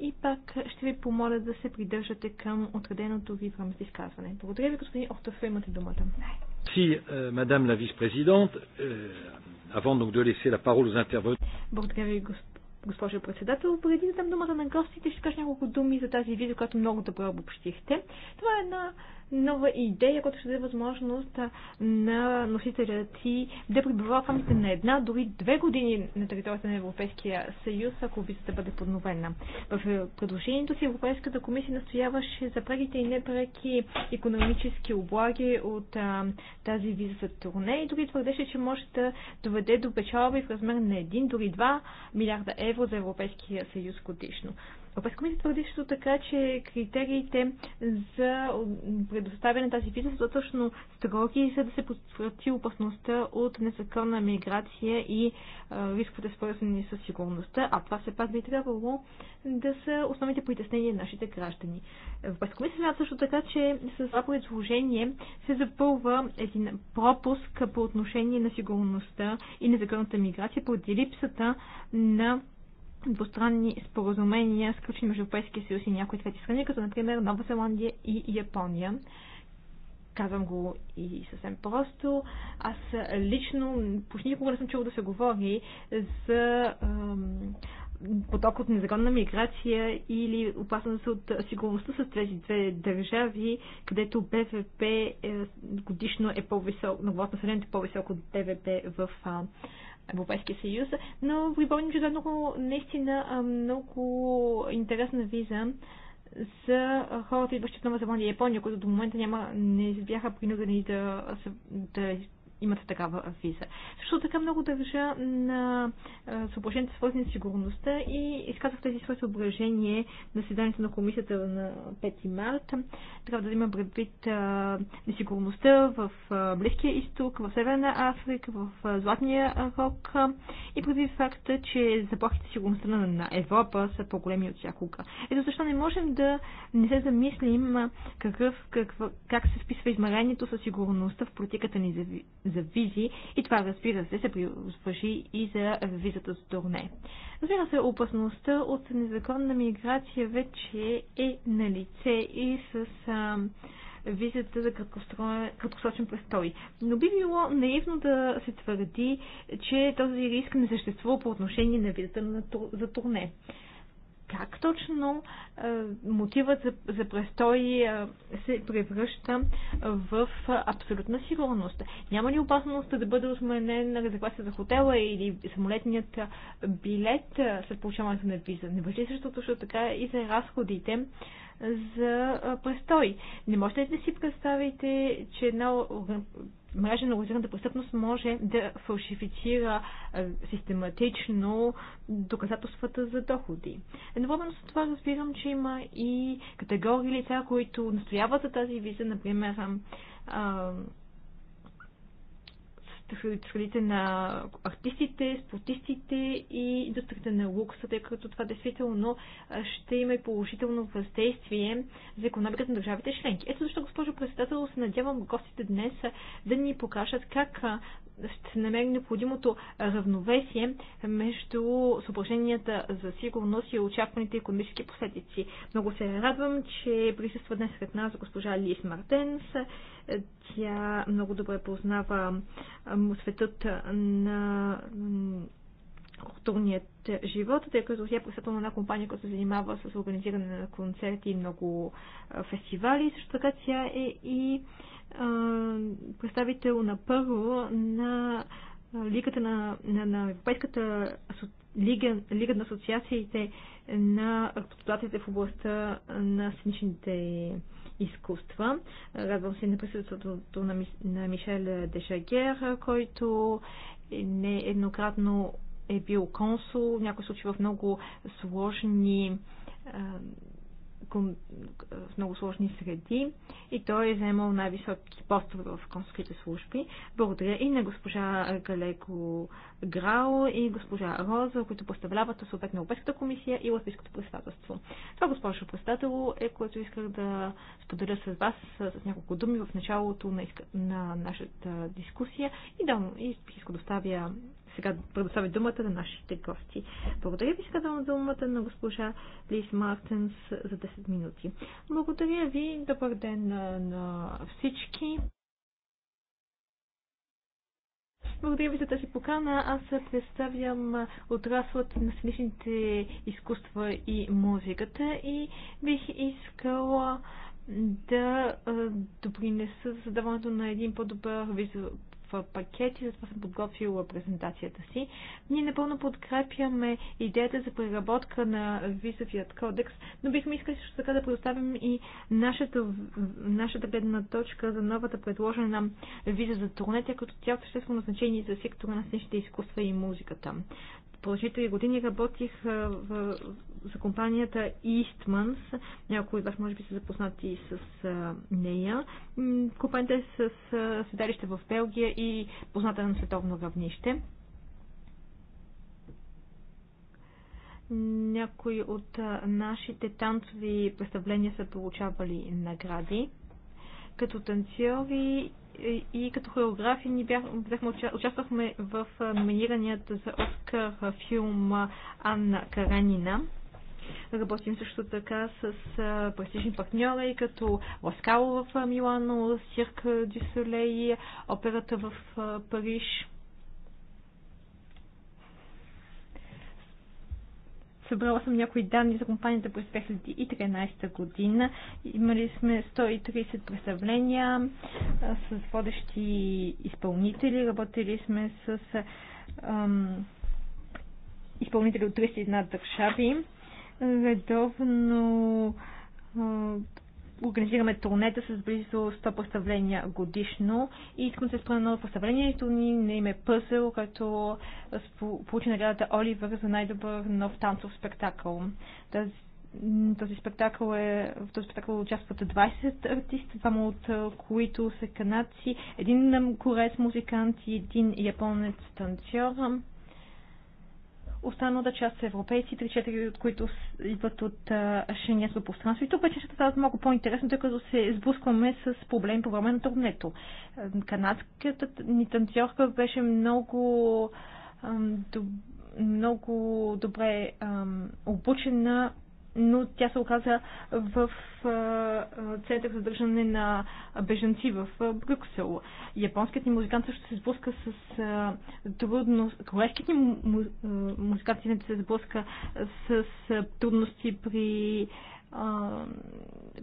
и пак ще ви помоля да се придържате към отреденото ви време за изказване. Благодаря ви, господин Охтов, имате думата. Си, мадам ла вице-президент, avant donc de laisser la parole aux intervenants. Благодаря ви, господин госпожа председател. Преди да дам думата на гостите, ще кажа няколко думи за тази виза, която много добре обобщихте. Това е една нова идея, която ще даде възможност на носителя ти да пребива в рамките на една, дори две години на територията на Европейския съюз, ако визата бъде подновена. В е, предложението си Европейската комисия настояваше за преките и непреки економически облаги от а, тази виза за турне и дори твърдеше, че може да доведе до печалби в размер на 1, дори 2 милиарда евро за Европейския съюз годишно. Европейска се твърди също така, че критериите за предоставяне на тази виза са точно строги, за да се предотврати опасността от незаконна миграция и рисковете свързани с сигурността, а това все пак би трябвало да са основните притеснения на нашите граждани. Европейска се смята също така, че с това предложение се запълва един пропуск по отношение на сигурността и незаконната миграция поради липсата на двустранни споразумения, сключени между Европейския съюз и някои трети страни, като например Нова Зеландия и Япония. Казвам го и съвсем просто. Аз лично почти никога не съм чувал да се говори за ем, поток от незаконна миграция или опасност от сигурността с тези две държави, където БВП е, годишно е по-висок, на населението е по-висок от БВП в Европейския съюз, но припомням, че това е много, наистина много интересна виза за хората, идващи от Нова Зеландия и Япония, които до момента няма, не бяха принудени да, да Имате такава виза. Също така много държа на съображенията, свързани с сигурността и изказах тези свои съображения на седанието на комисията на 5 марта. Трябва да има предвид несигурността в Близкия изток, в Северна Африка, в Златния рок и предвид факта, че заплахите сигурността на Европа са по-големи от всякога. Ето защо не можем да не се замислим какъв, какъв, как се вписва измерението със сигурността в политиката ни за за визи и това разбира се се приложи и за визата за турне. Разбира се, опасността от незаконна миграция вече е на лице и с а, визата за краткосрочен престой. Но би било наивно да се твърди, че този риск не съществува по отношение на визата за турне как точно е, мотивът за, за престой е, се превръща в абсолютна сигурност. Няма ли опасност да бъде осменен резервация за хотела или самолетният е, билет след получаването на виза? Не бъде същото също така и за разходите за престой. Не можете да си представите, че една мрежа на организираната престъпност може да фалшифицира систематично доказателствата за доходи. Едновременно с това разбирам, че има и категории лица, които настояват за тази виза, например средите на артистите, спортистите и индустрията на лукса, тъй като това действително ще има и положително въздействие за економиката на държавите членки. Ето защо, госпожо председател, се надявам гостите днес да ни покажат как ще намери необходимото равновесие между съображенията за сигурност и очакваните економически последици. Много се радвам, че присъства днес сред нас госпожа Лис Мартенс, тя много добре познава светът на културният живот, тъй като тя е председател на една компания, която се занимава с организиране на концерти и много фестивали. Също така тя е и представител на първо на Лигата на, на, на Европейската лига, лига на асоциациите на работодателите в областта на сценичните изкуства. Радвам се на присъствието на, Мишел Дешагер, който нееднократно е бил консул, в някои случаи в много сложни в много сложни среди и той е вземал най-високи постове в конските служби. Благодаря и на госпожа Галеко Грао и госпожа Роза, които представляват съответно Европейската комисия и Латвийското председателство. Това, госпожо председател, е което исках да споделя с вас с няколко думи в началото на, на нашата дискусия и, да, и искам да оставя сега предоставя думата на нашите гости. Благодаря ви, сега давам думата на госпожа Лис Мартенс за 10 минути. Благодаря ви, добър ден на, на всички. Благодаря ви за тази покана. Аз представям отраслът на сценичните изкуства и музиката и бих искала да допринеса за на един по-добър пакет и затова съм подготвила презентацията си. Ние напълно подкрепяме идеята за преработка на Висовият кодекс, но бихме искали също така да предоставим и нашата, нашата гледна точка за новата предложена виза за турне, като тя е съществено значение за сектора на сценичните изкуства и музиката продължителни години работих в, за компанията Eastmans. Някои от вас може би са запознати с а, нея. Компанията е с а, седалище в Белгия и позната на световно равнище. Някои от а, нашите танцови представления са получавали награди. Като танцьори и като хореографи ни бях, бяхме, участвахме в номинираният за Оскар филм Анна Каранина. Работим също така с престижни партньори, като Ласкало в Милано, Сирк Дюсолей, операта в Париж. Събрала съм някои данни за компанията през 2013 година. Имали сме 130 представления с водещи изпълнители. Работили сме с ам, изпълнители от 31 държави. Редовно организираме турнета с близо 100 представления годишно и искам да се спра на ново представлението ни на име Пъсел, като получи наградата Оливър за най-добър нов танцов спектакъл. този спектакъл е, в този спектакъл участват 20 артисти, двама от които са канадци, един корец музикант и един японец танцор останалата част са европейци, 3-4 от които идват от шенгенското пространство. И тук вече нещата стават много по-интересно, тъй като се сблъскваме с проблеми по време на турнето. Канадската ни танцорка беше много, много добре обучена но тя се оказа в център за държане на беженци в Брюксел. Японският ни музикант също се сблъска с трудност. Корейският ни музикант се сблъска с трудности при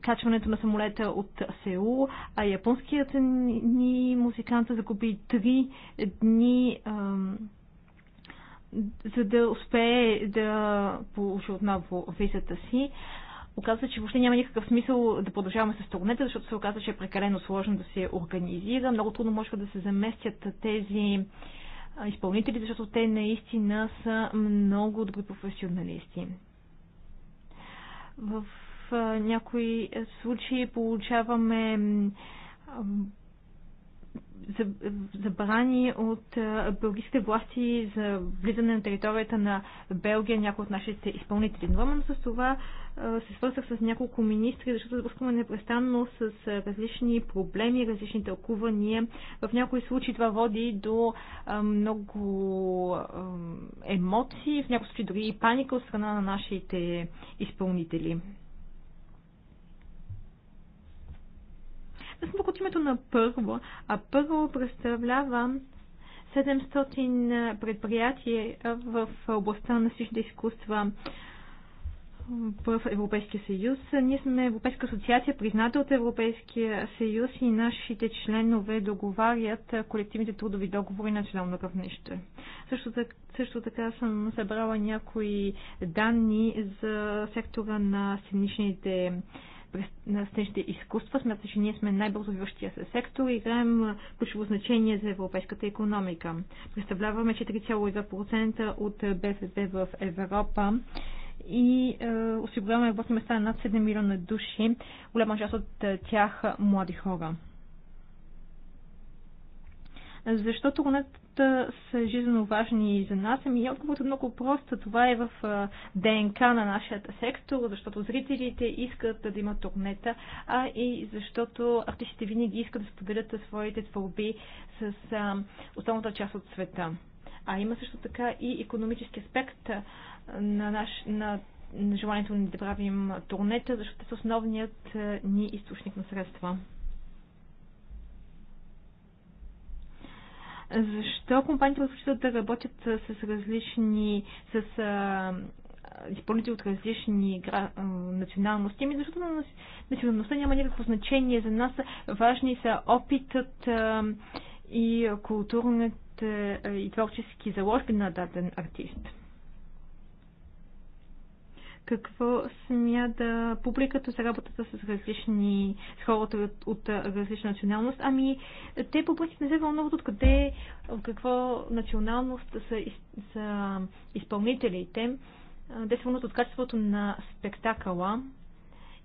качването на самолета от Сеул, а японският ни музикант загуби три дни за да успее да получи отново визата си. Оказва, че въобще няма никакъв смисъл да продължаваме с турнета, защото се оказва, че е прекалено сложно да се организира. Много трудно може да се заместят тези изпълнители, защото те наистина са много добри професионалисти. В някои случаи получаваме забрани от белгийските власти за влизане на територията на Белгия някои от нашите изпълнители. Но с това се свързах с няколко министри, защото сблъскваме непрестанно с различни проблеми, различни тълкувания. В някои случаи това води до много емоции, в някои случаи дори и паника от страна на нашите изпълнители. Аз съм от името на Първо, а Първо представлява 700 предприятия в областта на всички изкуства в Европейския съюз. Ние сме Европейска асоциация, призната от Европейския съюз и нашите членове договарят колективните трудови договори на национално равнище. Също, така, също така съм събрала някои данни за сектора на сценичните на сценичните изкуства. Смята, че ние сме най-бързо се сектор и играем ключово значение за европейската економика. Представляваме 4,2% от БВП в Европа и е, осигуряваме работни места на над 7 милиона души, голяма част от тях млади хора защото лунетата са жизненно важни и за нас. Ами отговорът е много прост. Това е в ДНК на нашия сектор, защото зрителите искат да имат турнета, а и защото артистите винаги искат да споделят своите творби с основната част от света. А има също така и економически аспект на, наш, на желанието ни да правим турнета, защото е основният ни източник на средства. Защо компаниите предпочитат да работят с различни, с а, изпълнители от различни гра, а, националности? Ами защото на националността няма никакво значение за нас. Важни са опитът а, и културната и творчески заложби на даден артист какво смята публиката за работата с различни с хората от, от различна националност. Ами, те по принцип не се вълнуват откъде, от какво националност са, из, са изпълнителите. Те се вълнуват от качеството на спектакъла,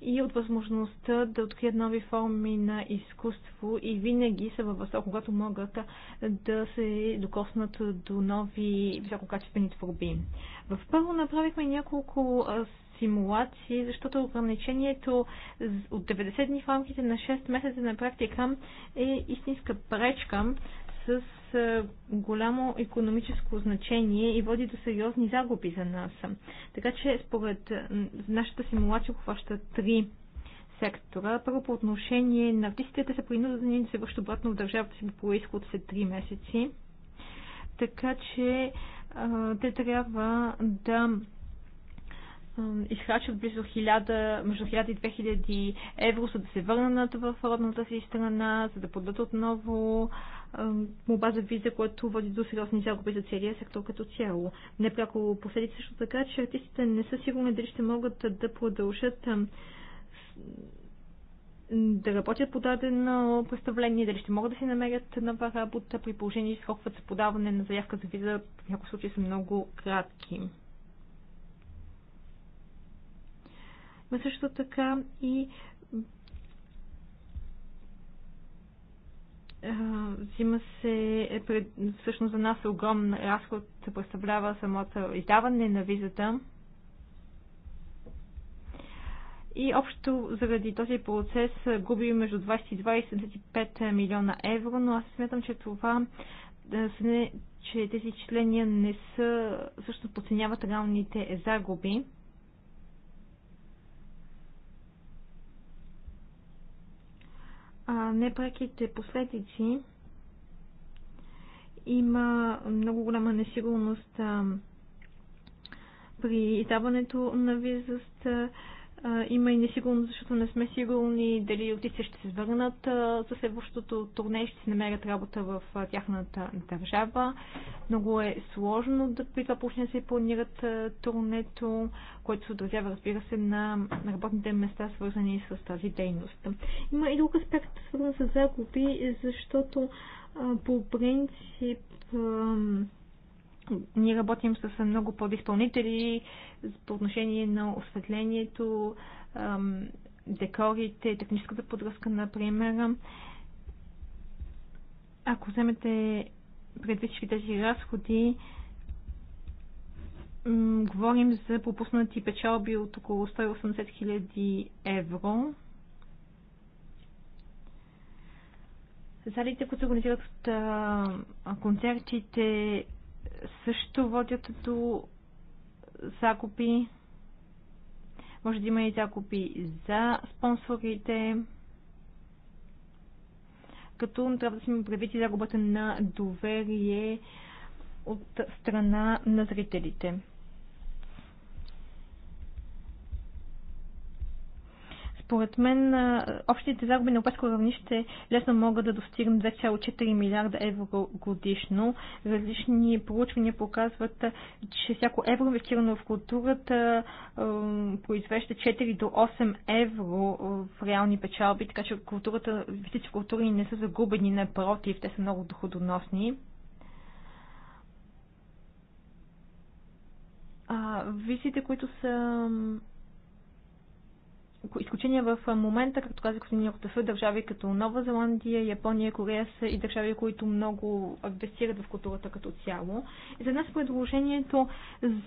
и от възможността да открият нови форми на изкуство и винаги са във възток, когато могат да се докоснат до нови висококачествени творби. В първо направихме няколко симулации, защото ограничението от 90 дни в рамките на 6 месеца на практика е истинска пречка с е, голямо економическо значение и води до сериозни загуби за нас. Така че според нашата симулация обхваща три сектора. Първо по отношение на артистите са принудени да се връщат обратно в държавата си по происход след три месеци. Така че а, те трябва да изхарчат близо 1000, между 1000 и 2000 евро, за да се върнат в родната си страна, за да подадат отново моба за виза, което води до сериозни загуби за целия сектор като цяло. Непряко последици също така, че артистите не са сигурни дали ще могат да продължат да работят по дадено представление, дали ще могат да си намерят нова работа при положение, че сроковете за подаване на заявка за виза в някои случаи са много кратки. Но също така и Е, взима се, е, пред, всъщност за нас е огромен разход, се представлява самото издаване на визата. И общо заради този процес губи между 22 и 75 милиона евро, но аз смятам, че това че тези числения не са, всъщност подценяват реалните загуби. а, непреките последици има много голяма несигурност а, при издаването на А, има и несигурност, защото не сме сигурни дали отица ще се върнат за следващото турне, ще се намерят работа в тяхната държава. Много е сложно да при това да се планират турнето, което се отразява, разбира се, на работните места, свързани с тази дейност. Има и друг аспект, свързан с загуби, защото по принцип ние работим с много подизпълнители по отношение на осветлението, декорите, техническата подръзка, например. Ако вземете предвид всички тези разходи, говорим за пропуснати печалби от около 180 000 евро. Залите, които се организират концертите, също водят до закупи, Може да има и закупи за спонсорите. Като трябва да сме предвид и загубата на доверие от страна на зрителите. Според мен общите загуби на европейско равнище лесно могат да достигнат 2,4 милиарда евро годишно. Различни проучвания показват, че всяко евро инвестирано в културата произвежда 4 до 8 евро в реални печалби, така че културата, всички култури не са загубени, напротив, те са много доходоносни. А, визите, които са изключения в момента, както казах, господин Йоркотафе, държави като Нова Зеландия, Япония, Корея са и държави, които много инвестират в културата като цяло. И за нас предложението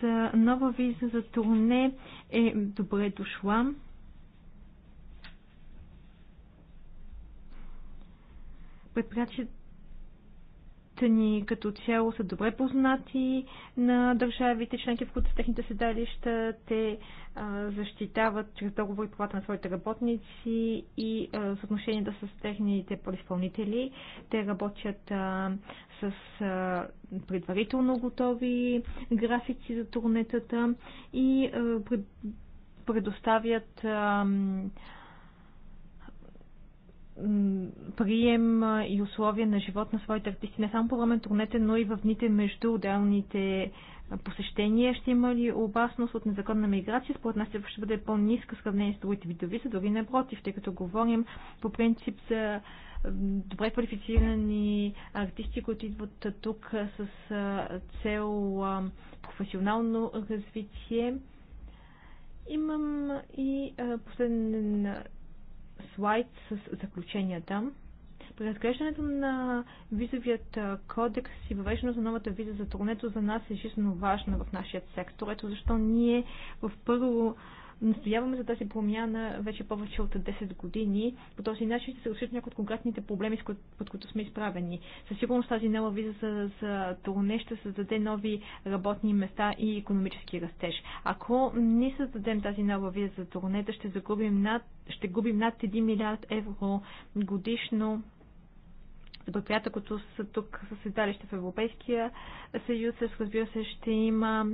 за нова виза за турне е добре дошла. Предприятието ни като цяло са добре познати на държавите, членки в които са техните седалища. Те а, защитават чрез договори правата на своите работници и а, съотношенията с техните подизпълнители. Те работят а, с а, предварително готови графици за турнетата и а, предоставят а, прием и условия на живот на своите артисти, не само по време на турнете, но и в дните между отделните посещения. Ще има ли опасност от незаконна миграция? Според нас ще бъде по-ниска в сравнение с другите за дори напротив, тъй като говорим по принцип за добре квалифицирани артисти, които идват тук с цел професионално развитие. Имам и последен слайд с заключенията. разглеждането на визовият кодекс и въвеждането на новата виза за труднето за нас е жизненно важна в нашия сектор. Ето защо ние в първо Настояваме за тази промяна вече повече от 10 години. По този начин ще се решат някои от конкретните проблеми, под които сме изправени. Със сигурност тази нова виза за, за турне ще създаде нови работни места и економически растеж. Ако не създадем тази нова виза за турнета, ще загубим над, ще губим над 1 милиард евро годишно за предприятия, които са тук със седалище в Европейския съюз. Разбира се, ще има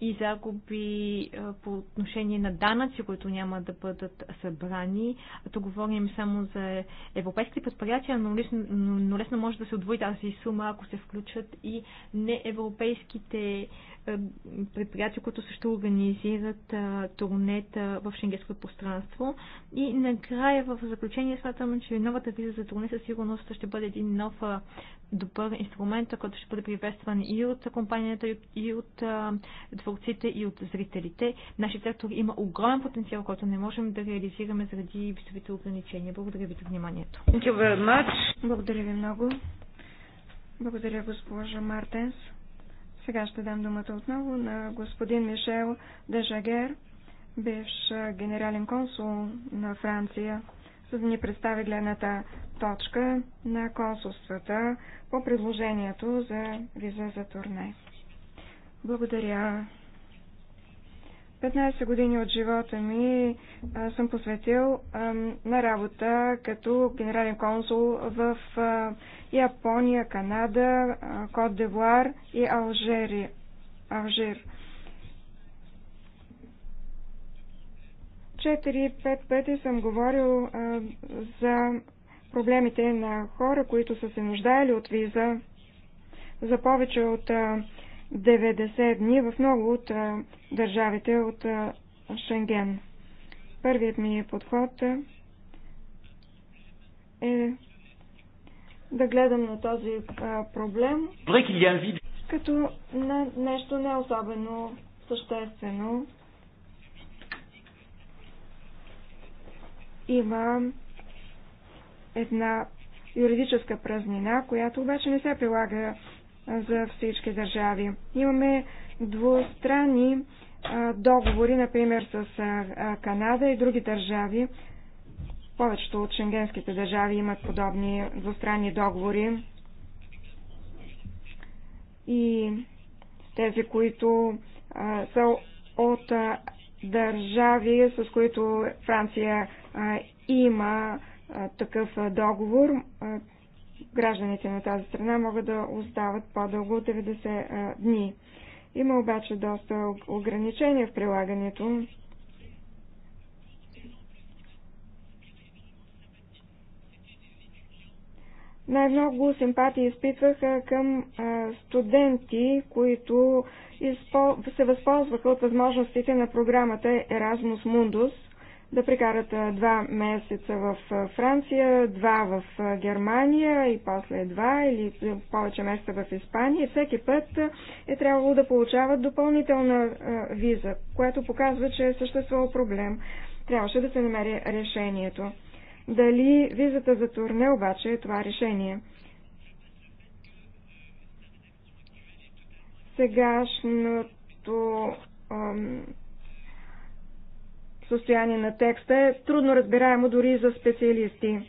и загуби по отношение на данъци, които няма да бъдат събрани. Тук говорим само за европейски предприятия, но лесно, но лесно може да се отвои тази сума, ако се включат и неевропейските предприятия, които също организират турнета в шенгенското пространство. И накрая в заключение смятам, че новата виза за турне със сигурност ще бъде един нов добър инструмент, който ще бъде приветстван и от компанията, и от творците, и от зрителите. Нашият сектор има огромен потенциал, който не можем да реализираме заради висовите ограничения. Благодаря ви за вниманието. Благодаря ви много. Благодаря, госпожа Мартенс. Сега ще дам думата отново на господин Мишел Дежагер, бивш генерален консул на Франция за да ни представи гледната точка на консулствата по предложението за виза за турне. Благодаря. 15 години от живота ми а, съм посветил а, на работа като генерален консул в а, Япония, Канада, Кот де вуар и Алжери, Алжир. 4-5 пъти съм говорил а, за проблемите на хора, които са се нуждаели от виза за повече от а, 90 дни в много от а, държавите от а, Шенген. Първият ми подход е да гледам на този а, проблем като на нещо не особено съществено има една юридическа празнина, която обаче не се прилага за всички държави. Имаме двустранни договори, например с Канада и други държави. Повечето от шенгенските държави имат подобни двустранни договори. И тези, които са от държави, с които Франция има такъв договор, гражданите на тази страна могат да остават по-дълго от 90 дни. Има обаче доста ограничения в прилагането. Най-много симпатии изпитваха към студенти, които се възползваха от възможностите на програмата Erasmus Mundus да прекарат два месеца в Франция, два в Германия и после два или повече месеца в Испания. Всеки път е трябвало да получават допълнителна виза, което показва, че е съществувал проблем. Трябваше да се намери решението. Дали визата за турне обаче е това решение? Сегашното ам, състояние на текста е трудно разбираемо дори за специалисти.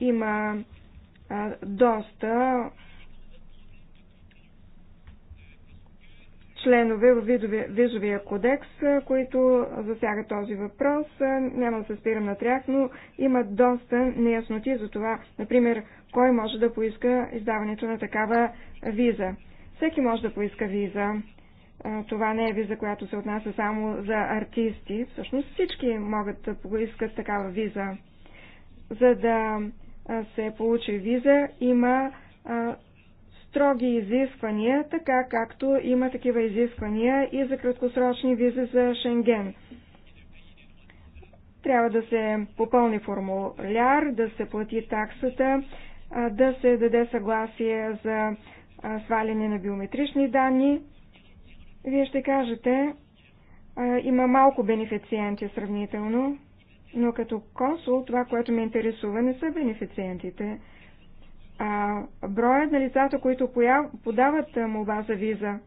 Има а, доста членове от Визовия кодекс, които засягат този въпрос. Няма да се спирам на тях, но има доста неясноти за това, например, кой може да поиска издаването на такава виза. Всеки може да поиска виза. Това не е виза, която се отнася само за артисти. Всъщност всички могат да поискат такава виза. За да се получи виза, има строги изисквания, така както има такива изисквания и за краткосрочни визи за Шенген. Трябва да се попълни формуляр, да се плати таксата, да се даде съгласие за сваляне на биометрични данни. Вие ще кажете, има малко бенефициенти сравнително, но като консул това, което ме интересува, не са бенефициентите, а, броят на лицата, които подават молба за виза,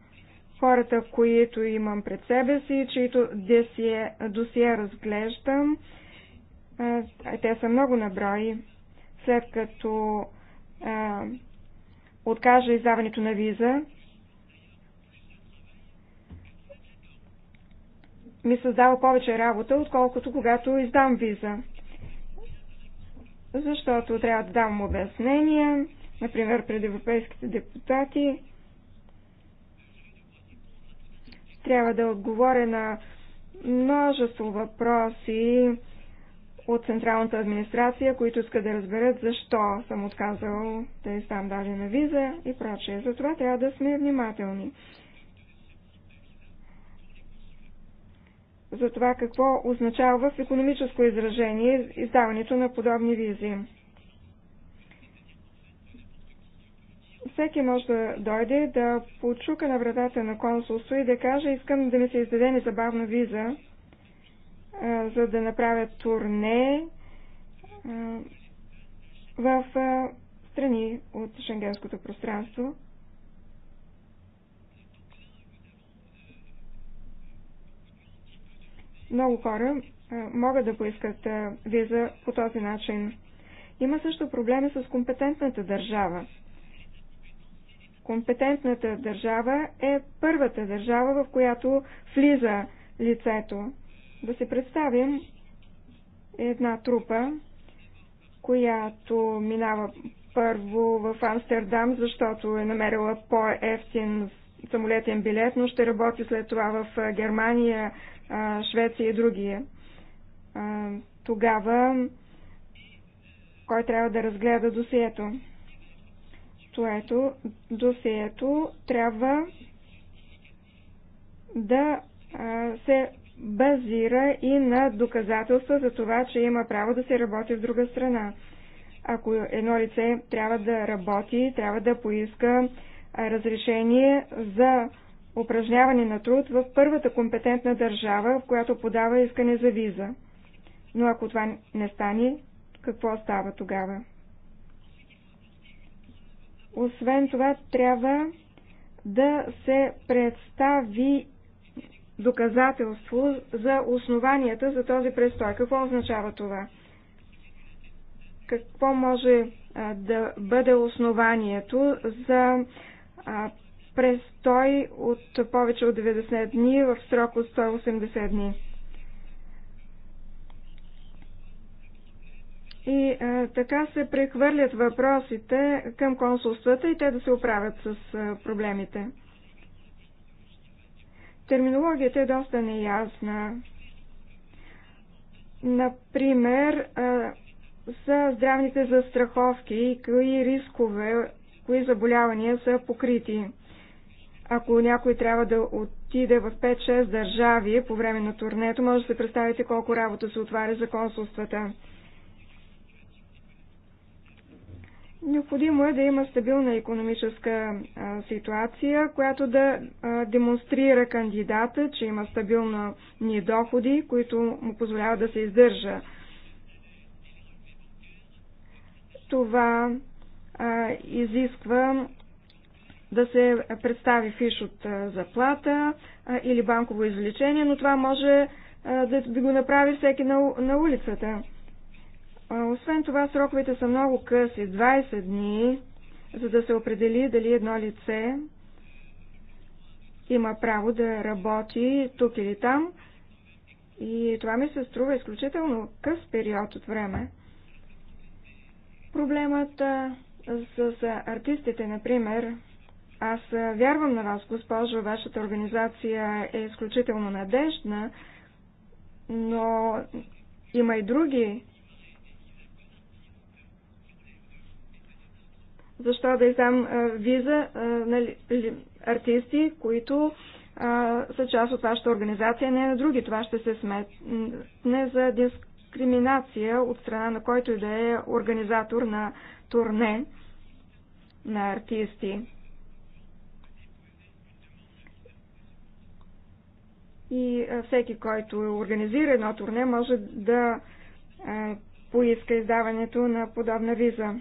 хората, които имам пред себе си, чието досие, досие разглеждам, а, те са много наброи. След като а, откажа издаването на виза, ми създава повече работа, отколкото когато издам виза защото трябва да давам обяснения, например, пред европейските депутати. Трябва да отговоря на множество въпроси от централната администрация, които искат да разберат защо съм отказал да издам дадена виза и прочее. Затова трябва да сме внимателни. за това какво означава в економическо изражение издаването на подобни визи. Всеки може да дойде да почука на вратата на консулство и да каже, искам да ми се издаде незабавна виза, за да направя турне в страни от шенгенското пространство. Много хора могат да поискат виза по този начин. Има също проблеми с компетентната държава. Компетентната държава е първата държава, в която влиза лицето. Да си представим една трупа, която минава първо в Амстердам, защото е намерила по-ефтин самолетен билет, но ще работи след това в Германия, Швеция и други. Тогава кой трябва да разгледа досието? Тоето, досието трябва да се базира и на доказателства за това, че има право да се работи в друга страна. Ако едно лице трябва да работи, трябва да поиска разрешение за упражняване на труд в първата компетентна държава, в която подава искане за виза. Но ако това не стане, какво става тогава? Освен това, трябва да се представи доказателство за основанията за този престой. Какво означава това? Какво може да бъде основанието за а престой от повече от 90 дни в срок от 180 дни. И а, така се прехвърлят въпросите към консулствата и те да се оправят с а, проблемите. Терминологията е доста неясна. Например, а, за здравните застраховки и кои рискове кои заболявания са покрити. Ако някой трябва да отиде в 5-6 държави по време на турнето, може да се представите колко работа се отваря за консулствата. Необходимо е да има стабилна економическа а, ситуация, която да а, демонстрира кандидата, че има стабилни доходи, които му позволяват да се издържа. Това изисква да се представи фиш от заплата или банково извлечение, но това може да би го направи всеки на, на улицата. Освен това, сроковете са много къси, 20 дни, за да се определи дали едно лице има право да работи тук или там. И това ми се струва изключително къс период от време. Проблемът с, с артистите, например, аз вярвам на вас, госпожо, вашата организация е изключително надежна, но има и други. Защо да издам виза на нали, артисти, които са част от вашата организация, не на други. Това ще се сметне за дискриминация от страна на който и да е организатор на турне на артисти. И всеки, който организира едно турне, може да поиска издаването на подобна виза.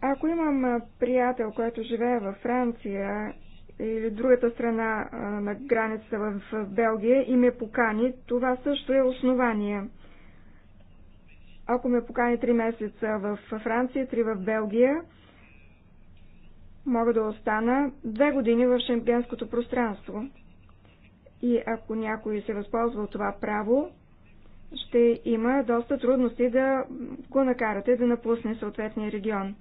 Ако имам приятел, който живее във Франция или другата страна на границата в Белгия и ме покани, това също е основание. Ако ме покани три месеца в Франция, три в Белгия, мога да остана две години в шенгенското пространство. И ако някой се възползва от това право, ще има доста трудности да го накарате да напусне съответния регион.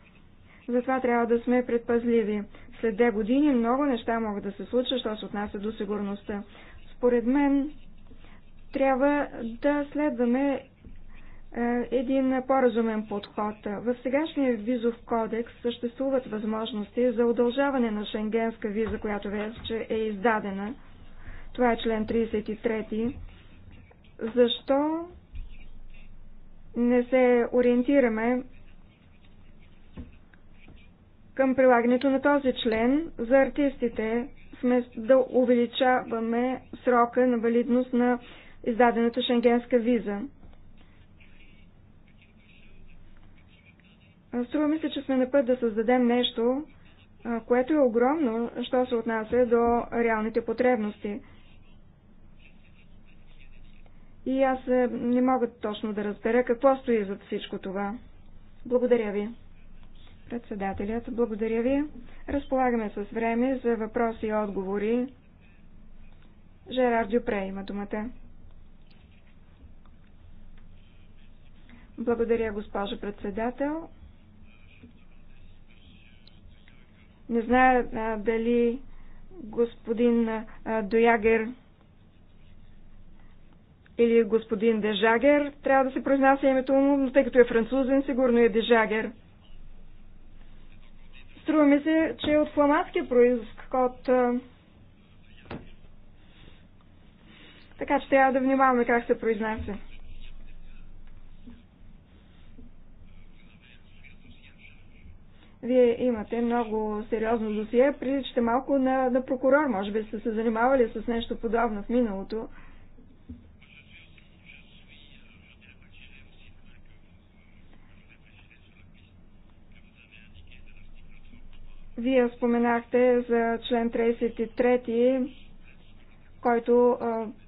Затова трябва да сме предпазливи. След две години много неща могат да се случат, що се отнася до сигурността. Според мен трябва да следваме е, един по-разумен подход. В сегашния визов кодекс съществуват възможности за удължаване на шенгенска виза, която вече е издадена. Това е член 33. Защо не се ориентираме към прилагането на този член за артистите, вместо да увеличаваме срока на валидност на издадената шенгенска виза? Е, струва ми се, че сме на път да създадем нещо, е, което е огромно, що се отнася до реалните потребности. И аз е, не мога точно да разбера какво стои зад всичко това. Благодаря ви. Председателят, благодаря ви. Разполагаме с време за въпроси и отговори. Жерар Дюпре има думата. Благодаря, госпожо председател. Не зная а, дали господин а, Доягер или господин Дежагер, трябва да се произнася името му, но тъй като е французен, сигурно е Дежагер. Струва ми се, че е от фламандския происход. Така че трябва да внимаваме как се произнася. Вие имате много сериозно досие, приличате малко на, на прокурор. Може би сте се занимавали с нещо подобно в миналото. Вие споменахте за член 33, който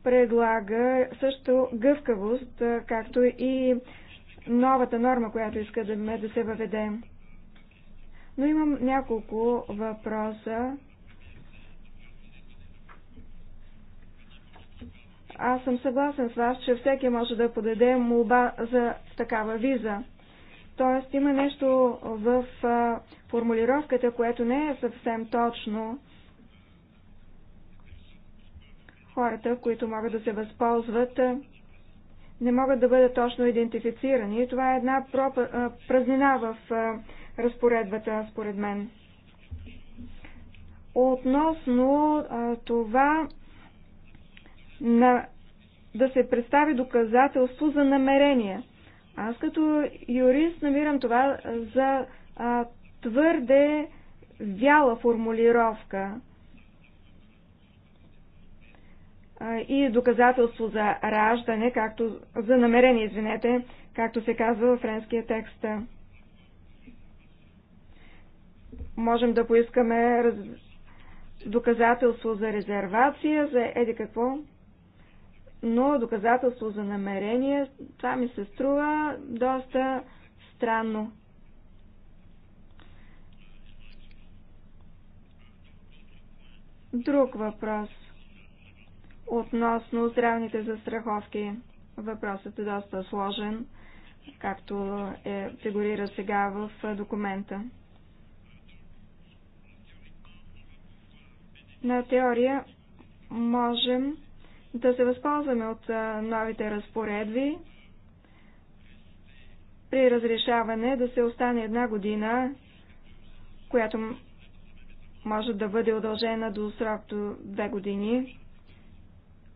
предлага също гъвкавост, както и новата норма, която искаме да, да се въведе. Но имам няколко въпроса. Аз съм съгласен с вас, че всеки може да подаде молба за такава виза. Тоест има нещо в формулировката, което не е съвсем точно. Хората, които могат да се възползват, не могат да бъдат точно идентифицирани. Това е една празнина в разпоредбата, според мен. Относно а, това на, да се представи доказателство за намерение. Аз като юрист намирам това за а, твърде вяла формулировка и доказателство за раждане, както за намерение, извинете, както се казва във френския текст можем да поискаме раз... доказателство за резервация, за еди какво, но доказателство за намерение, това ми се струва доста странно. Друг въпрос относно здравните застраховки. Въпросът е доста сложен, както е, фигурира сега в документа. на теория можем да се възползваме от новите разпоредби при разрешаване да се остане една година, която може да бъде удължена до срок до две години,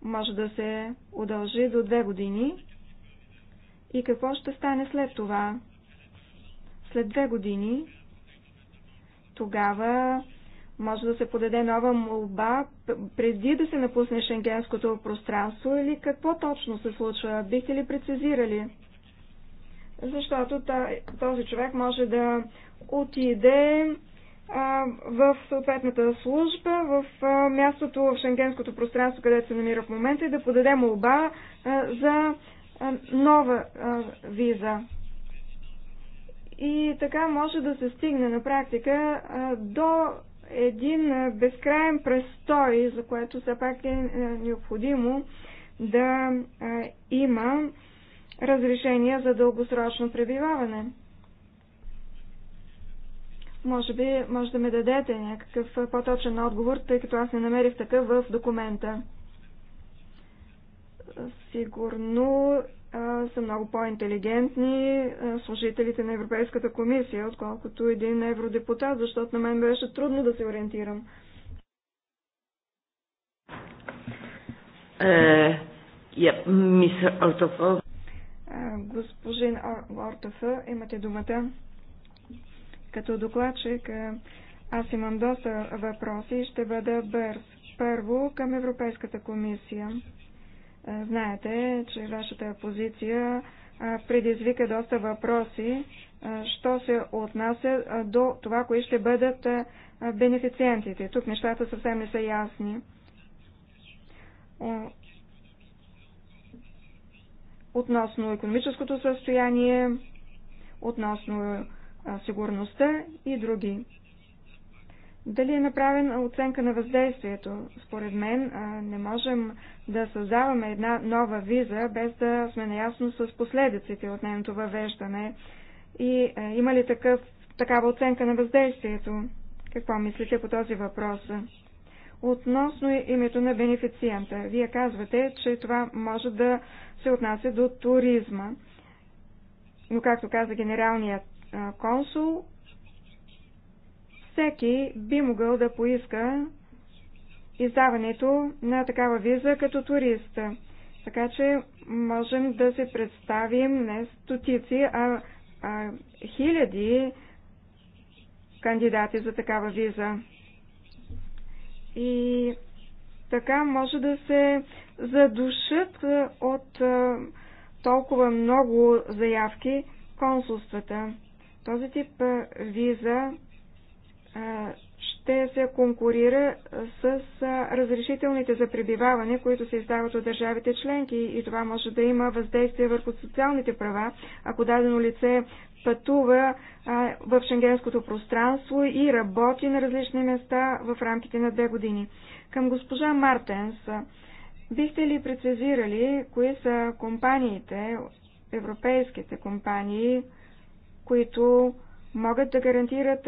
може да се удължи до две години. И какво ще стане след това? След две години, тогава може да се подаде нова молба преди да се напусне шенгенското пространство или какво точно се случва? Бихте ли прецизирали? Защото този човек може да отиде в съответната служба, в мястото в шенгенското пространство, където се намира в момента и да подаде молба за нова виза. И така може да се стигне на практика до един е, безкрайен престой, за което все пак е, е необходимо да е, има разрешение за дългосрочно пребиваване. Може би може да ми дадете някакъв по-точен отговор, тъй като аз не намерих такъв в документа. Сигурно са много по-интелигентни служителите на Европейската комисия, отколкото един евродепутат, защото на мен беше трудно да се ориентирам. Е, господин я, мисър Ортофа. Госпожин Ортофа, имате думата. Като докладчик, аз имам доста въпроси и ще бъда бърз. Първо към Европейската комисия е, знаете, че вашата позиция е, предизвика доста въпроси, е, що се отнася до това, кои ще бъдат бенефициентите. Тук нещата съвсем не са ясни. Относно економическото състояние, относно сигурността и други. Дали е направена оценка на въздействието? Според мен не можем да създаваме една нова виза, без да сме наясно с последиците от нейното въвеждане. И има ли такъв, такава оценка на въздействието? Какво мислите по този въпрос? Относно името на бенефициента, вие казвате, че това може да се отнася до туризма. Но както каза генералният консул, всеки би могъл да поиска издаването на такава виза като турист. Така че можем да се представим не стотици, а, а хиляди кандидати за такава виза. И така може да се задушат от толкова много заявки консулствата. Този тип виза ще се конкурира с разрешителните за пребиваване, които се издават от държавите членки и това може да има въздействие върху социалните права, ако дадено лице пътува в шенгенското пространство и работи на различни места в рамките на две години. Към госпожа Мартенс, бихте ли прецизирали кои са компаниите, европейските компании, които могат да гарантират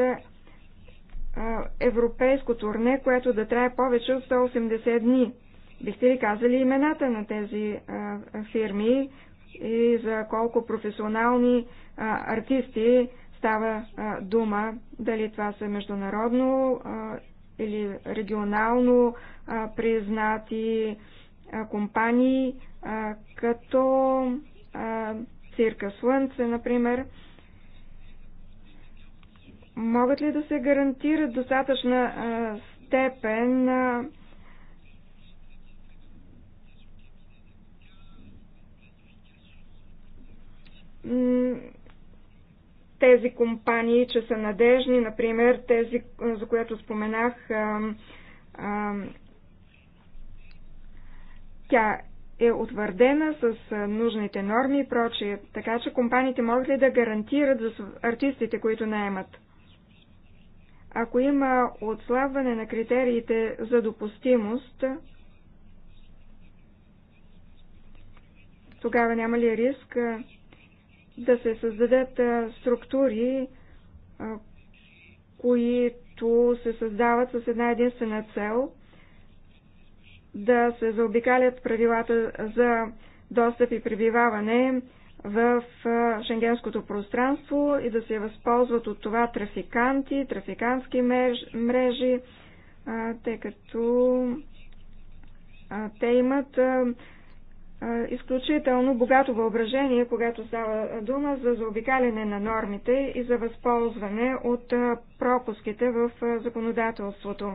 европейско турне, което да трае повече от 180 дни. Бихте ли казали имената на тези а, фирми и за колко професионални а, артисти става а, дума, дали това са международно а, или регионално а, признати а, компании, а, като а, Цирка Слънце, например могат ли да се гарантират достатъчна а, степен а, тези компании, че са надежни, например, тези, за която споменах, а, а, тя е утвърдена с нужните норми и прочие. Така че компаниите могат ли да гарантират за артистите, които наемат? Ако има отслабване на критериите за допустимост, тогава няма ли риск да се създадат структури, които се създават с една единствена цел да се заобикалят правилата за достъп и пребиваване в шенгенското пространство и да се възползват от това трафиканти, трафикантски мрежи, тъй като те имат изключително богато въображение, когато става дума за заобикаляне на нормите и за възползване от пропуските в законодателството.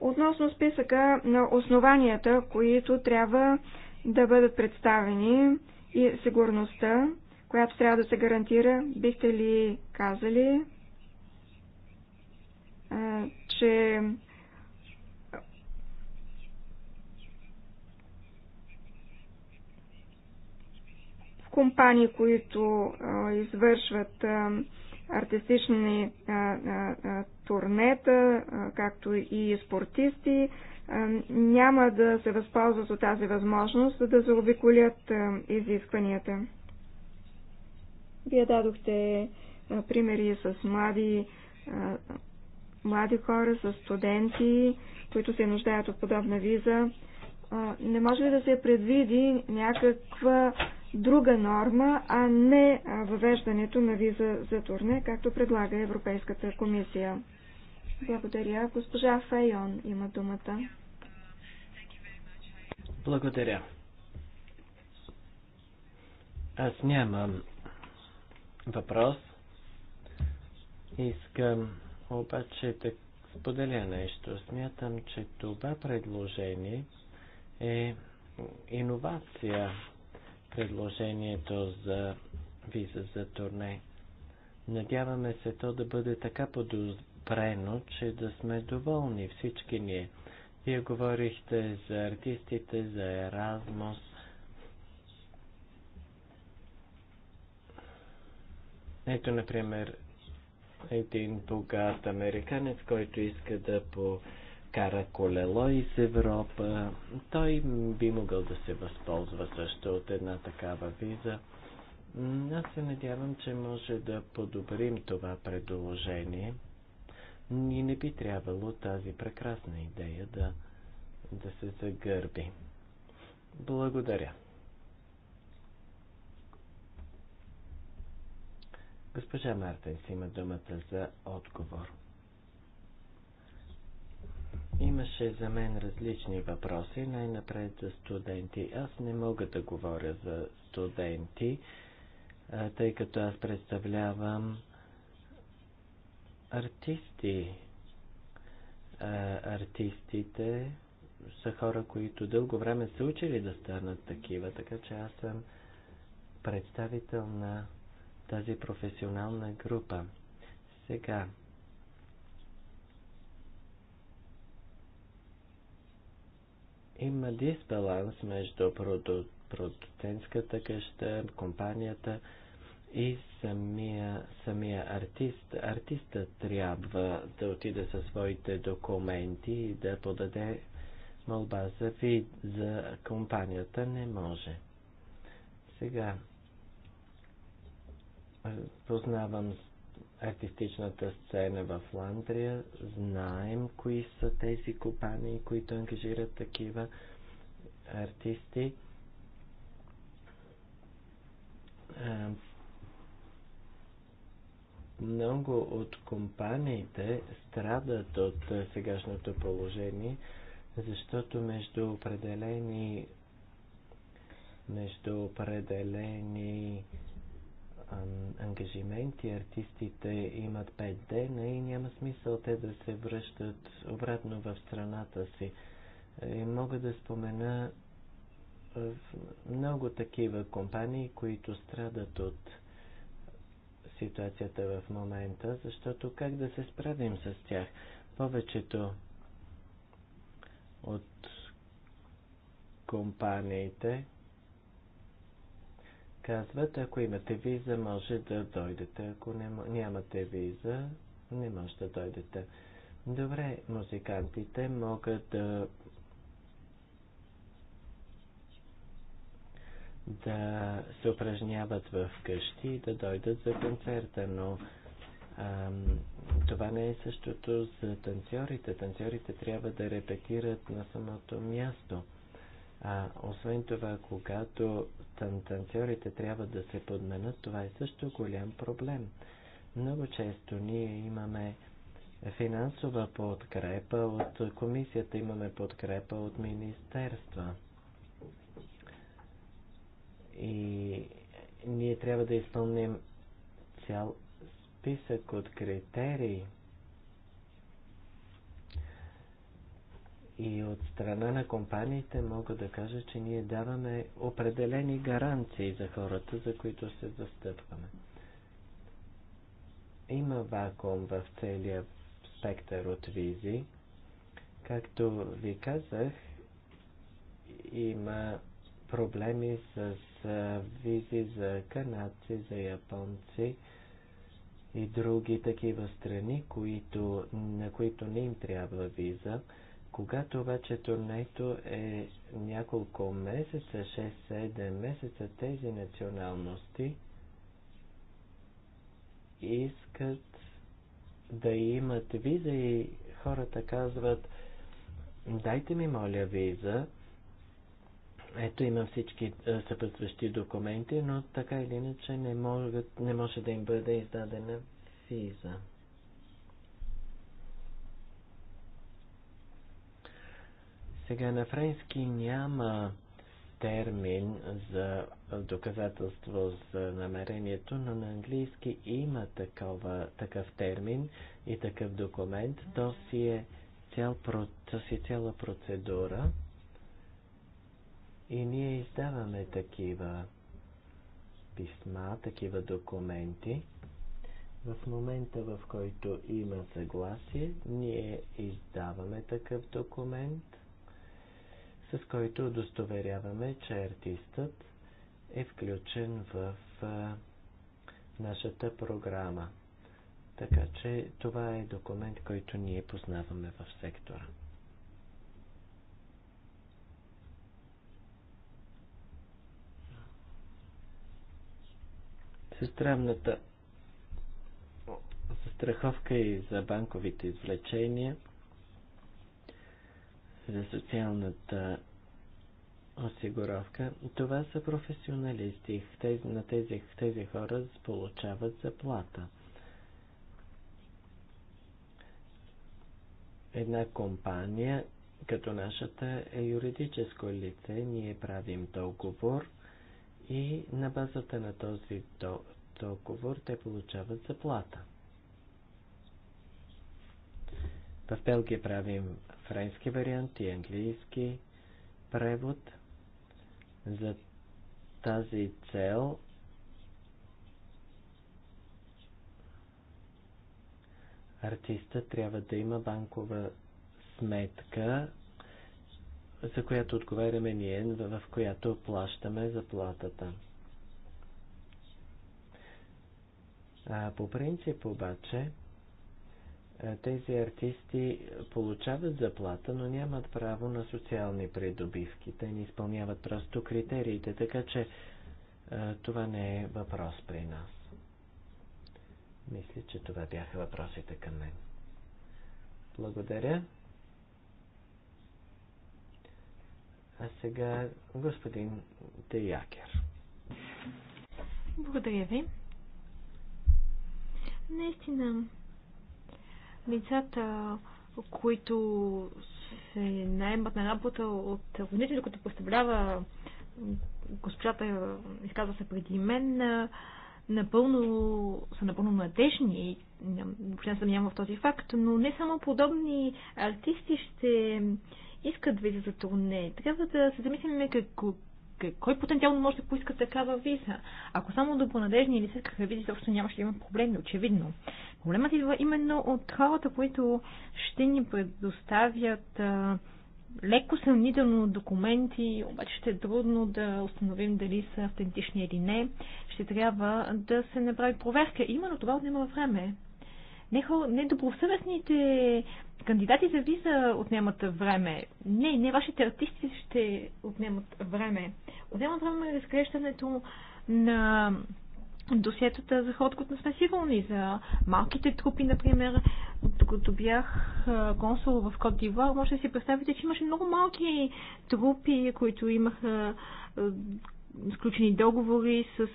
Относно списъка на основанията, които трябва да бъдат представени и сигурността, която трябва да се гарантира. Бихте ли казали, че в компании, които извършват артистични турнета, както и спортисти, няма да се възползват от тази възможност, за да заобиколят изискванията. Вие дадохте примери с млади, млади хора, с студенти, които се нуждаят от подобна виза. Не може ли да се предвиди някаква друга норма, а не въвеждането на виза за турне, както предлага Европейската комисия? Благодаря. Госпожа Файон има думата. Благодаря. Аз нямам въпрос. Искам обаче да споделя нещо. Смятам, че това предложение е иновация. Предложението за виза за турне. Надяваме се то да бъде така подозрено спрено, че да сме доволни всички ние. Вие говорихте за артистите, за Еразмус. Ето, например, един богат американец, който иска да покара колело из Европа. Той би могъл да се възползва също от една такава виза. Аз се надявам, че може да подобрим това предложение – ни не би трябвало тази прекрасна идея да, да се загърби. Благодаря. Госпожа Мартин си има думата за отговор. Имаше за мен различни въпроси, най-напред за студенти. Аз не мога да говоря за студенти, тъй като аз представлявам артисти. А, артистите са хора, които дълго време са учили да станат такива, така че аз съм представител на тази професионална група. Сега, има дисбаланс между продуцентската къща, компанията, и самия, самия артист. Артистът трябва да отиде със своите документи и да подаде молба за вид за компанията не може. Сега познавам артистичната сцена в Ландрия, знаем кои са тези компании, които ангажират такива артисти много от компаниите страдат от е, сегашното положение, защото между определени между определени ангажименти артистите имат 5 дена и няма смисъл те да се връщат обратно в страната си. И мога да спомена е, много такива компании, които страдат от ситуацията в момента, защото как да се справим с тях? Повечето от компаниите казват, ако имате виза, може да дойдете. Ако нямате виза, не може да дойдете. Добре, музикантите могат да да се упражняват в къщи и да дойдат за концерта, но ам, това не е същото за танцорите. Танцорите трябва да репетират на самото място. А, освен това, когато тан- танцорите трябва да се подменят, това е също голям проблем. Много често ние имаме финансова подкрепа от комисията, имаме подкрепа от министерства. И ние трябва да изпълним цял списък от критерии и от страна на компаниите мога да кажа, че ние даваме определени гаранции за хората, за които се застъпваме. Има вакуум в целия спектър от визи. Както ви казах, има проблеми с визи за канадци, за японци и други такива страни, които, на които не им трябва виза. Когато обаче турнето е няколко месеца, 6-7 месеца, тези националности искат да имат виза и хората казват, дайте ми моля виза, ето имам всички е, съпътстващи документи, но така или иначе не, могат, не може да им бъде издадена виза. Сега на френски няма термин за доказателство за намерението, но на английски има такова, такъв термин и такъв документ. То си е, цял, то си е цяла процедура. И ние издаваме такива писма, такива документи. В момента, в който има съгласие, ние издаваме такъв документ, с който удостоверяваме, че артистът е включен в нашата програма. Така че това е документ, който ние познаваме в сектора. Сестрамната застраховка и за банковите извлечения, за социалната осигуровка. Това са професионалисти. Тези, на тези, тези хора получават заплата. Една компания, като нашата, е юридическо лице. Ние правим договор и на базата на този договор те получават заплата. В Белгия правим френски вариант и английски превод. За тази цел артиста трябва да има банкова сметка за която отговаряме ние, в която плащаме заплатата. А, по принцип обаче, тези артисти получават заплата, но нямат право на социални придобивки. Те не изпълняват просто критериите, така че това не е въпрос при нас. Мисля, че това бяха въпросите към мен. Благодаря. А сега господин Теякер. Благодаря ви. Наистина, лицата, които се наймат на работа от родители, които представлява госпожата, изказва се преди мен, напълно, са напълно надежни и въобще не съм в този факт, но не само подобни артисти ще искат виза за турне. Трябва да се замислим какво, кой потенциално може да поиска такава виза? Ако само добронадежни или искаха визи, защото нямаше да има проблеми, очевидно. Проблемът идва именно от хората, които ще ни предоставят а, леко съмнително документи, обаче ще е трудно да установим дали са автентични или не. Ще трябва да се направи проверка. Именно това отнема време. Не, хора, добросъвестните кандидати за виза отнемат време. Не, не вашите артисти ще отнемат време. Отнемат време разкрещането на досиетата за ход, които не сме сигурни, за малките трупи, например, докато бях консул в Кот Дивуар, може да си представите, че имаше много малки трупи, които имаха сключени договори с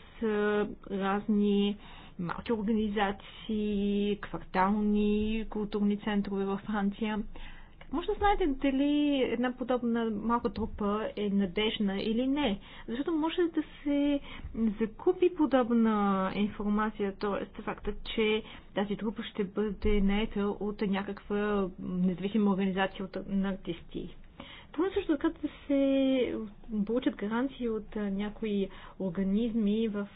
разни малки организации, квартални културни центрове във Франция. Може да знаете дали една подобна малка трупа е надежна или не, защото може да се закупи подобна информация, т.е. факта, че тази трупа ще бъде наета от някаква независима организация на артисти. Това също така да се получат гаранции от някои организми в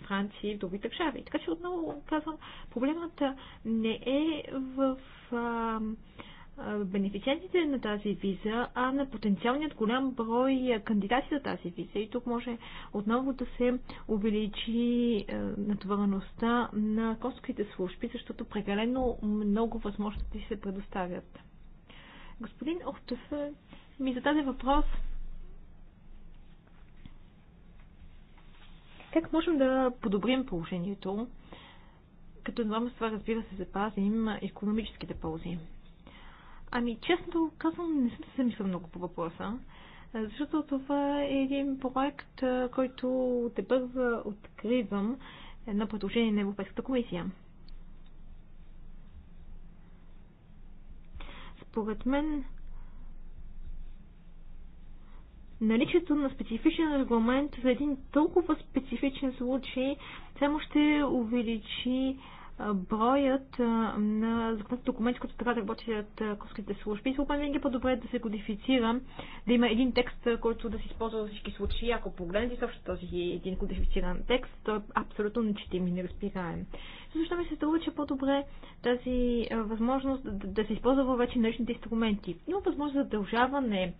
Франция и в други държави. Така че отново казвам, проблемът не е в а, бенефициентите на тази виза, а на потенциалният голям брой кандидати за тази виза. И тук може отново да се увеличи натовареността на консулските служби, защото прекалено много възможности се предоставят. Господин Охтефе ми зададе въпрос как можем да подобрим положението, като едновременно с това, разбира се, запазим економическите ползи. Ами, честно казвам, не съм се мисля много по въпроса, защото това е един проект, който те бърза откривам на предложение на Европейската комисия. Според мен, наличието на специфичен регламент за един толкова специфичен случай само ще увеличи броят на законните документи, които трябва да работят курските служби. Според винаги е по-добре да се кодифицира, да има един текст, който да се използва във всички случаи. Ако погледнете също, този един кодифициран текст, той е абсолютно нечетим и неразбираем. Защо ми се струва, че е по-добре тази възможност да, да се използва вече наличните инструменти? Има възможност за задължаване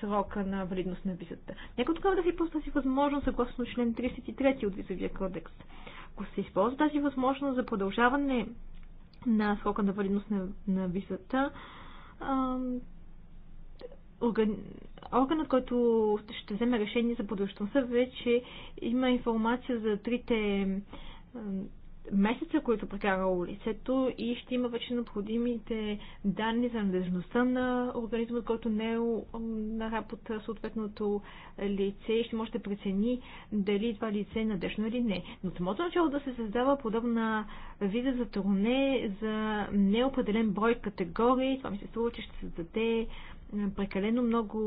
срока на валидност на визата. Нека тогава да се използва тази възможност съгласно член 33 от визовия кодекс. Ако се използва тази възможност за продължаване на срока на валидност на, на визата, орган, органът, който ще вземе решение за продължителността, вече има информация за трите месеца, които прекарало лицето и ще има вече необходимите данни за надежността на организма, който не е на работа съответното лице и ще може да прецени дали това лице е надежно или не. Но самото начало да се създава подобна виза за троне за неопределен брой категории, това ми се струва, че ще създаде прекалено много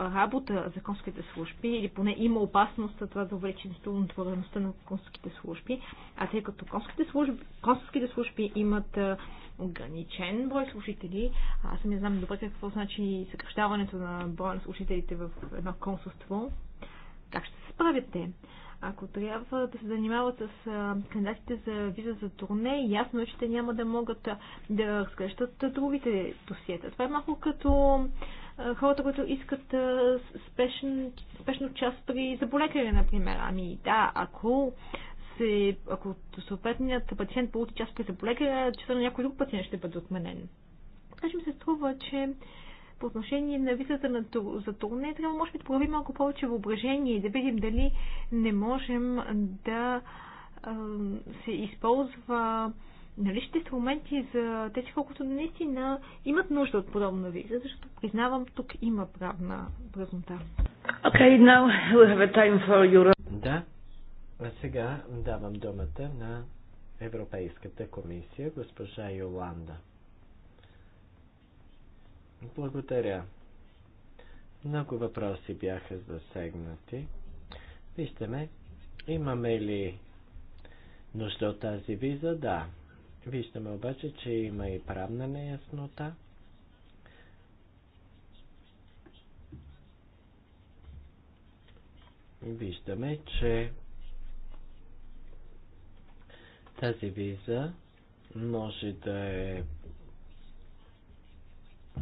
работа за конските служби, или поне има опасност това да увеличи натовареността на конските служби, а тъй като конските служби, конските служби имат ограничен брой служители, аз не знам добре какво значи съкръщаването на броя на служителите в едно консулство, как ще се справят те? Ако трябва да се занимават с кандидатите за виза за турне, ясно е, че те няма да могат да разкрещат другите досиета. Това е малко като хората, които искат спешен, спешно част при заболекаря, например. Ами да, ако се, ако съответният пациент получи част при заболекаря, часа на някой друг пациент ще бъде отменен. Така че ми се струва, че по отношение на визата на, за Турне, трябва може би да проявим малко повече въображение и да видим дали не можем да се използва наличните инструменти за тези, колкото наистина имат нужда от подобна виза, защото признавам, тук има правна празнота. Okay, now we have a time for Да, а сега давам думата на Европейската комисия, госпожа Йоланда. Благодаря. Много въпроси бяха засегнати. Вижте ме, имаме ли нужда от тази виза? Да. Виждаме обаче, че има и правна неяснота. Виждаме, че тази виза може да е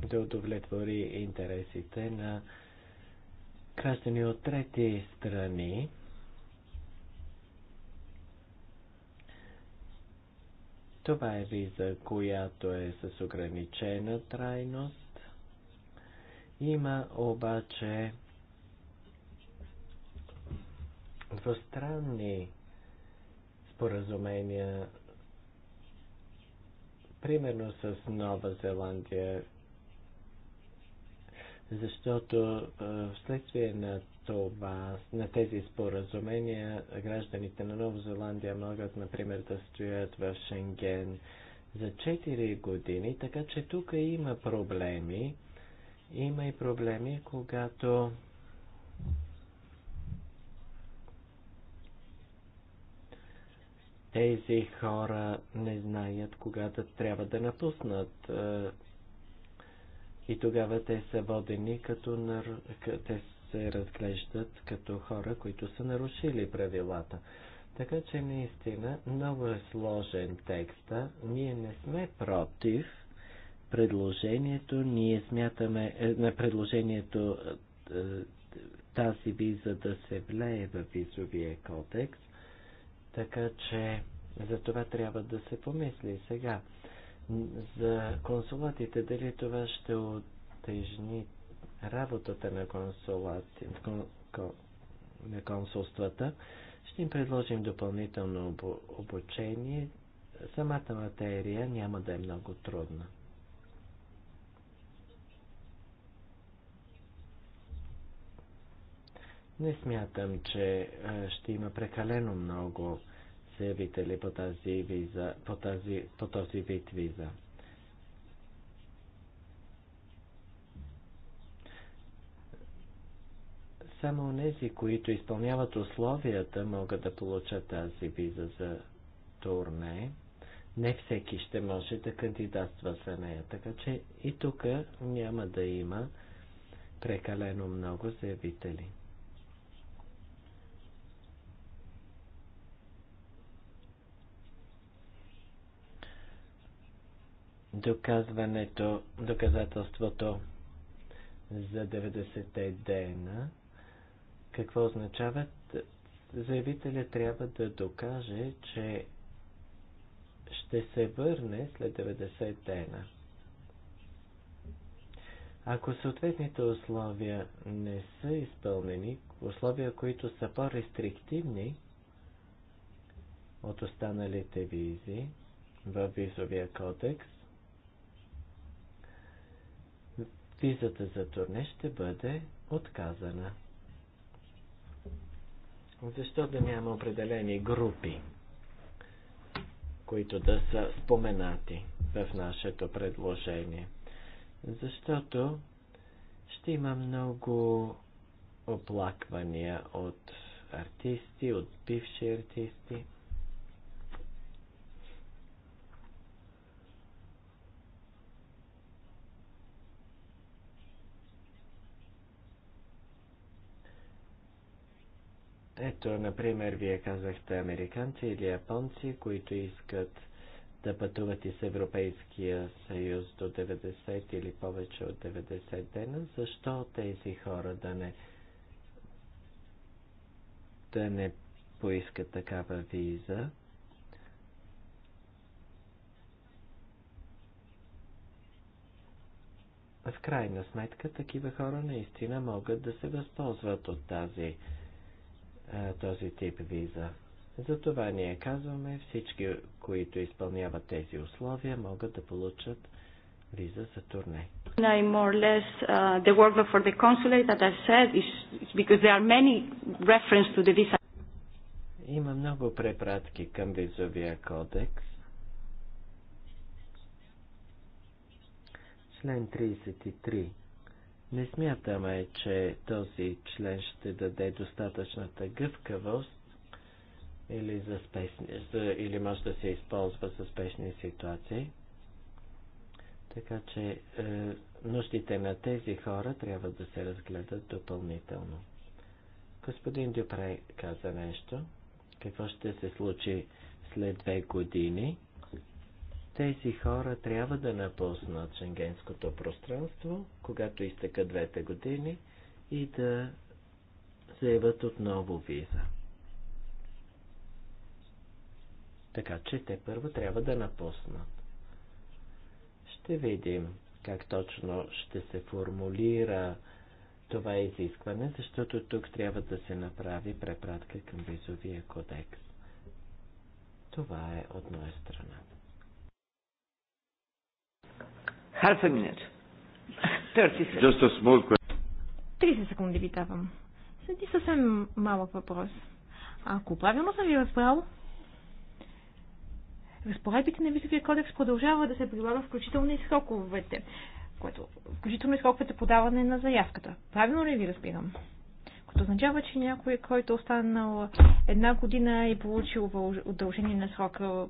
да удовлетвори интересите на граждани от трети страни. Това е виза, която е с ограничена трайност. Има обаче двустранни споразумения, примерно с Нова Зеландия, защото вследствие на това, на тези споразумения, гражданите на Нова Зеландия могат, например, да стоят в Шенген за 4 години, така че тук има проблеми. Има и проблеми, когато тези хора не знаят кога да трябва да напуснат и тогава те са водени като нар... те се разглеждат като хора, които са нарушили правилата. Така че наистина много е сложен текста. Ние не сме против предложението. Ние смятаме е, на предложението е, тази виза да се влее в визовия кодекс. Така че за това трябва да се помисли сега за консулатите, дали това ще отежни работата на, консулати, кон, кон, на консулствата, ще им предложим допълнително обучение. Самата материя няма да е много трудна. Не смятам, че ще има прекалено много заявители по тази, виза, по тази, по този вид виза. Само тези, които изпълняват условията, могат да получат тази виза за турне. Не всеки ще може да кандидатства за нея, така че и тук няма да има прекалено много заявители. доказването, доказателството за 90-те дена, какво означава? Заявителя трябва да докаже, че ще се върне след 90 дена. Ако съответните условия не са изпълнени, условия, които са по-рестриктивни от останалите визи в визовия кодекс, визата за турне ще бъде отказана. Защо да няма определени групи, които да са споменати в нашето предложение? Защото ще има много оплаквания от артисти, от бивши артисти. Ето, например, вие казахте американци или японци, които искат да пътуват из Европейския съюз до 90 или повече от 90 дена, защо тези хора да не, да не поискат такава виза? В крайна сметка такива хора наистина могат да се възползват от тази този тип виза. Затова ние казваме, всички, които изпълняват тези условия, могат да получат виза за турне. More or less, uh, the workload for the consulate, I said, is because there are many reference to the visa. Има много препратки към визовия кодекс. Член 33 не смятаме, че този член ще даде достатъчната гъвкавост или, за спешни, за, или може да се използва за спешни ситуации. Така че е, нуждите на тези хора трябва да се разгледат допълнително. Господин Дюпре каза нещо. Какво ще се случи след две години? Тези хора трябва да напуснат шенгенското пространство, когато изтъкат двете години и да заявят отново виза. Така че те първо трябва да напуснат. Ще видим как точно ще се формулира това е изискване, защото тук трябва да се направи препратка към визовия кодекс. Това е от моя страна. Half a minute. 30 seconds. Just a small question. 30 секунди ви давам. Съди съвсем малък въпрос. Ако правилно съм ви разбрал, разпоредбите на Висовия кодекс продължава да се прилага включително и сроковете, което, включително и сроковете подаване на заявката. Правилно ли ви разбирам? Което означава, че някой, който е останал една година и получил удължение на срока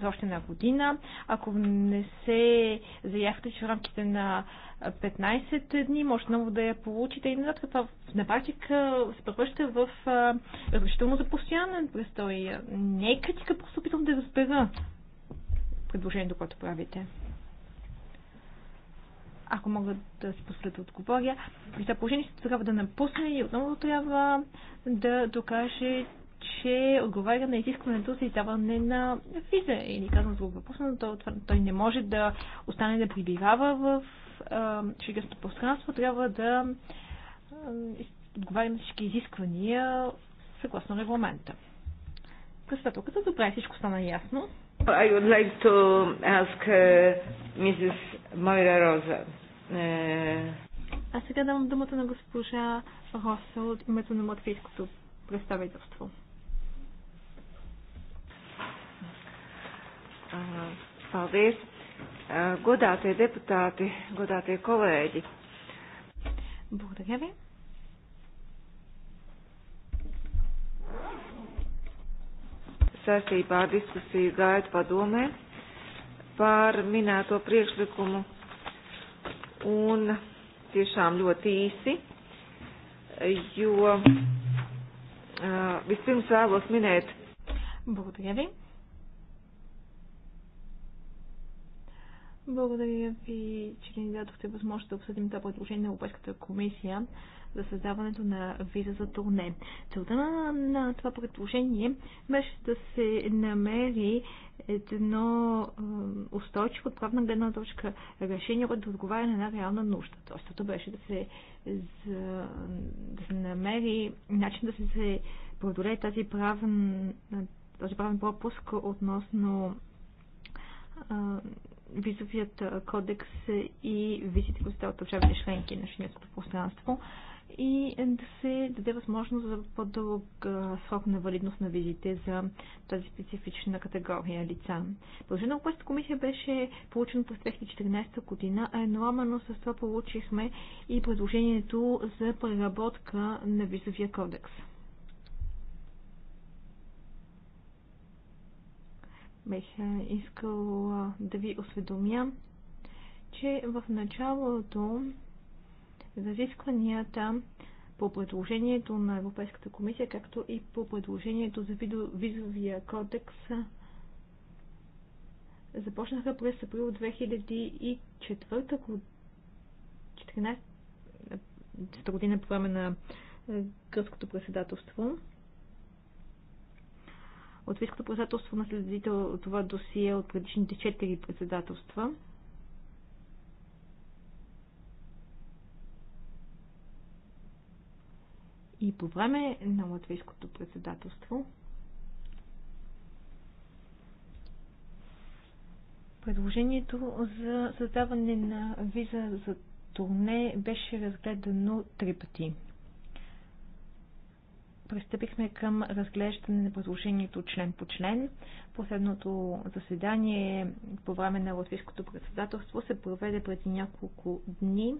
за още една година. Ако не се заявите, че в рамките на 15 дни може много да я получите и нататък. Това на практика се превръща в разрешително за постоянен престой. Не е критика, просто опитвам да разбера предложението, което правите ако мога да си позволя да отговоря. При това положение ще трябва да напусне и отново трябва да докаже, че отговаря на изискването за издаване на виза. Или казвам друг въпрос, но той, той не може да остане да прибивава в шенгенското пространство, трябва да отговаря на всички изисквания съгласно регламента. Председателката, добре, всичко стана ясно. I would like to ask uh, Mrs. Moira Rosa. Uh... А сега давам думата на госпожа Роса от името на Матвийското представителство. Paldies. Godātie deputāti, godātie kolēģi. Благодаря ви. diskusiju gaidu padomē par minēto priekšlikumu un tiešām ļoti īsi, jo vispirms vēlos minēt. Благодаря ви. Благодаря ви, че ни дадохте възможност да обсъдим това предложение на Европейската комисия за създаването на виза за турне. Целта на, на това предложение беше да се намери едно е, устойчиво от правна гледна точка решение, което да отговаря на една реална нужда. Тоест, това беше да се, за, да се намери начин да се, се преодолее тази правен, този правен пропуск относно е, визовият кодекс и визите, които стават държавите членки на шенгенското пространство и е, да се даде възможност за по-дълъг срок на валидност на визите за тази специфична категория лица. Дължина Европейската комисия беше получено през 2014 година, а едновременно с това получихме и предложението за преработка на визовия кодекс. бих е, искала да ви осведомя, че в началото разискванията по предложението на Европейската комисия, както и по предложението за визовия кодекс започнаха през април 2004 година 14 година по време на е, гръцкото председателство от Латвийското председателство на следител това досие от предишните четири председателства. И по време на Латвийското председателство предложението за създаване на виза за турне беше разгледано три пъти пристъпихме към разглеждане на предложението член по член. Последното заседание по време на латвийското председателство се проведе преди няколко дни.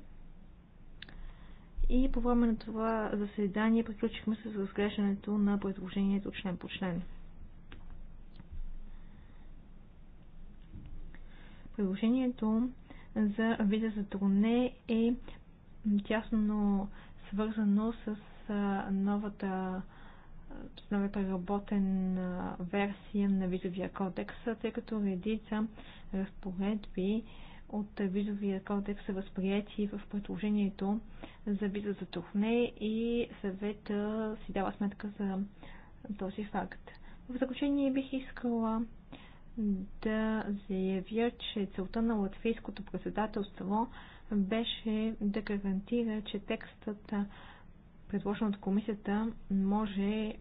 И по време на това заседание приключихме с разглеждането на предложението член по член. Предложението за виза за троне е тясно свързано с новата с новата преработен версия на визовия кодекс, тъй като редица разпоредби от визовия кодекс са възприяти в предложението за виза за турне и съвета си дава сметка за този факт. В заключение бих искала да заявя, че целта на латвийското председателство беше да гарантира, че текстът предложен от комисията, може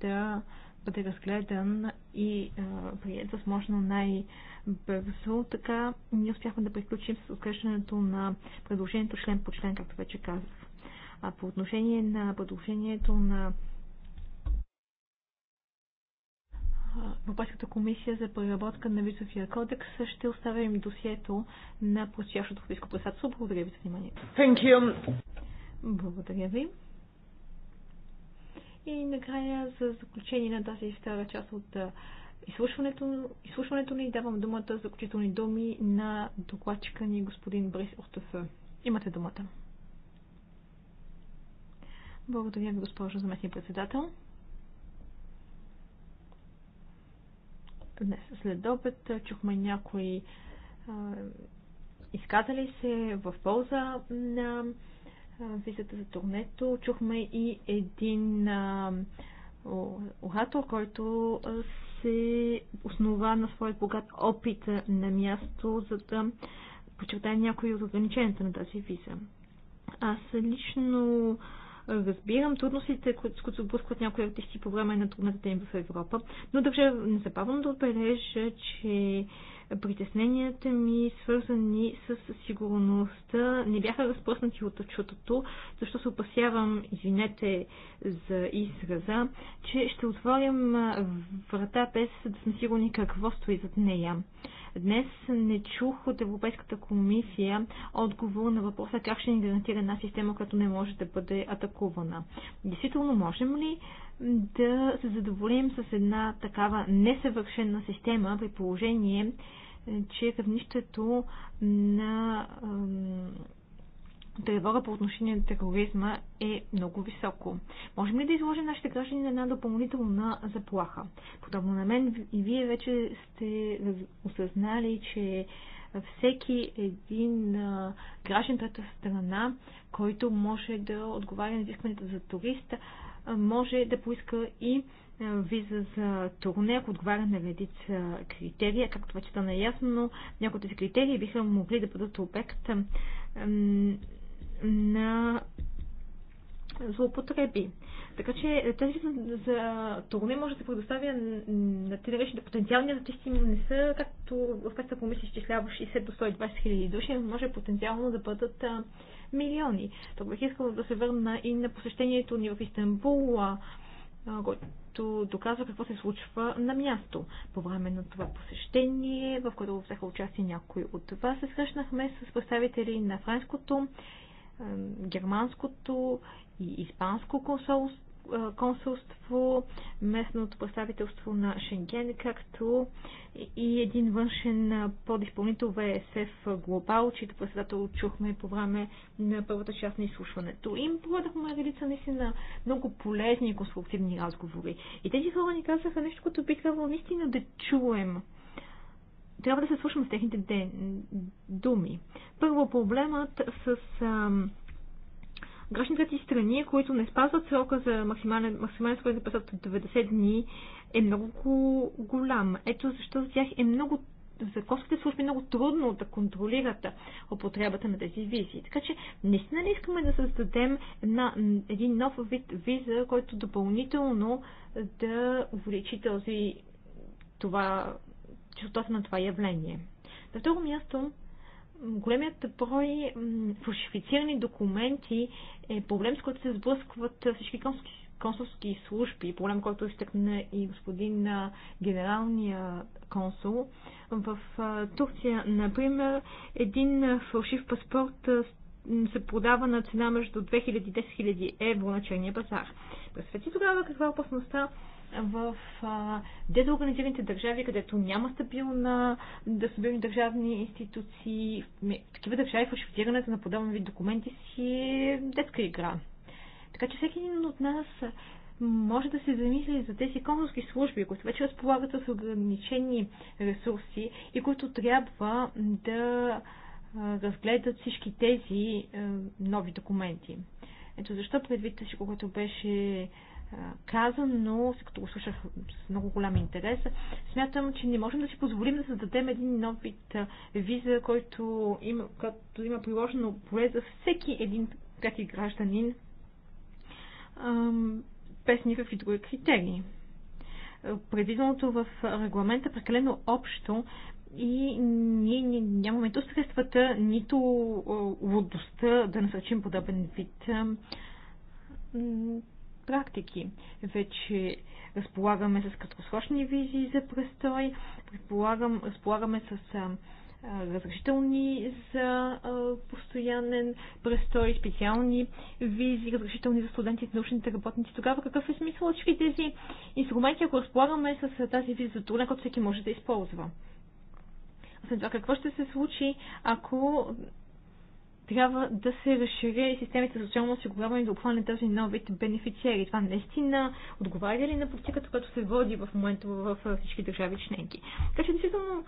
да бъде разгледан и прият възможно най-бързо. Така ние успяхме да приключим с отглеждането на предложението член по член, както вече казах. А по отношение на предложението на Европейската комисия за преработка на визовия кодекс ще оставим досието на предстоящото физическо председателство. Благодаря ви за вниманието. Благодаря ви. И накрая, за заключение на тази втора част от изслушването, изслушването ни, давам думата за заключителни думи на докладчика ни господин Брис Ортефе. Имате думата. Благодаря ви, госпожо заместник председател. Днес след обед чухме някои изказали се в полза на визата за турнето. Чухме и един а, оратор, който се основа на своя богат опит на място, за да почертая някои от ограниченията на тази виза. Аз лично разбирам трудностите, с които се блъскват някои артисти по време на турнетата им в Европа, но държа незабавно да отбележа, че притесненията ми, свързани с сигурността, не бяха разпръснати от чутото, защото се опасявам, извинете за израза, че ще отворим врата без да сме сигурни какво стои зад нея. Днес не чух от Европейската комисия отговор на въпроса как ще ни гарантира една система, която не може да бъде атакувана. Действително можем ли да се задоволим с една такава несъвършена система при положение, е, че равнището на тревога по отношение на тероризма е много високо. Можем ли да изложим нашите граждани на една допълнителна заплаха? Подобно на мен и вие вече сте осъзнали, че всеки един граждан трета страна, който може да отговаря на изискването за туриста, може да поиска и е, виза за турне, ако отговаря на редица критерия, както вече стана ясно, но някои от тези критерии биха могли да бъдат обект на злоупотреби. Така че тази виза за турне може да се предоставя на тези наречени потенциални артисти, но не са, както в песта комисия изчислява 60 до 120 хиляди души, може потенциално да бъдат милиони. Тук бих искала да се върна и на посещението ни в Истанбул, който доказва какво се случва на място. По време на това посещение, в което взеха участие някои от вас, се срещнахме с представители на френското, германското и испанско консулство консулство, местното представителство на Шенген, както и един външен подиспълнител ВСФ Глобал, чието председател чухме по време на първата част на изслушването. Им проведахме редица наистина много полезни и конструктивни разговори. И тези хора ни казаха нещо, което би трябвало наистина да чуем трябва да се слушам с техните думи. Първо, проблемът с ам, грешните ти страни, които не спазват срока за максимален, максимален срок за пасат от 90 дни, е много голям. Ето защо за тях е много за коските служби е много трудно да контролират употребата на тези визи. Така че наистина не искаме да създадем една, един нов вид виза, който допълнително да увеличи този, това, частота на това явление. На второ място, големият брой фалшифицирани документи е проблем, с който се сблъскват всички консулски, консулски служби, проблем, който изтъкна и господин генералния консул. В Турция, например, един фалшив паспорт се продава на цена между 2000 и 10 000 евро на черния пазар. Представете тогава каква е опасността в а, дезорганизираните държави, където няма стабилна, да стабилни държавни институции, в такива държави фалшифицирането на подобен вид документи си е детска игра. Така че всеки един от нас може да се замисли за тези консулски служби, които вече разполагат с ограничени ресурси и които трябва да разгледат всички тези нови документи. Ето защо предвид всичко, което беше каза, но като го слушах с много голям интерес, смятам, че не можем да си позволим да създадем един нов вид виза, който има, като има приложено поле за всеки един трети гражданин без никакви други критерии. Предвиденото в регламента е прекалено общо и ние, нямаме нито средствата, нито лудостта да насъчим подобен вид практики. Вече разполагаме с краткосрочни визии за престой, разполагаме с а, разрешителни за а, постоянен престой, специални визи, разрешителни за студентите, научните работници. Тогава какъв е смисъл от всички тези инструменти, ако разполагаме с тази виза за трудна, която всеки може да използва? Освен това, какво ще се случи, ако трябва да се разшири системите за социално осигуряване да обхване този нов вид бенефициери. Това наистина отговаря ли на политиката, която се води в момента в всички държави членки. Така че, действително,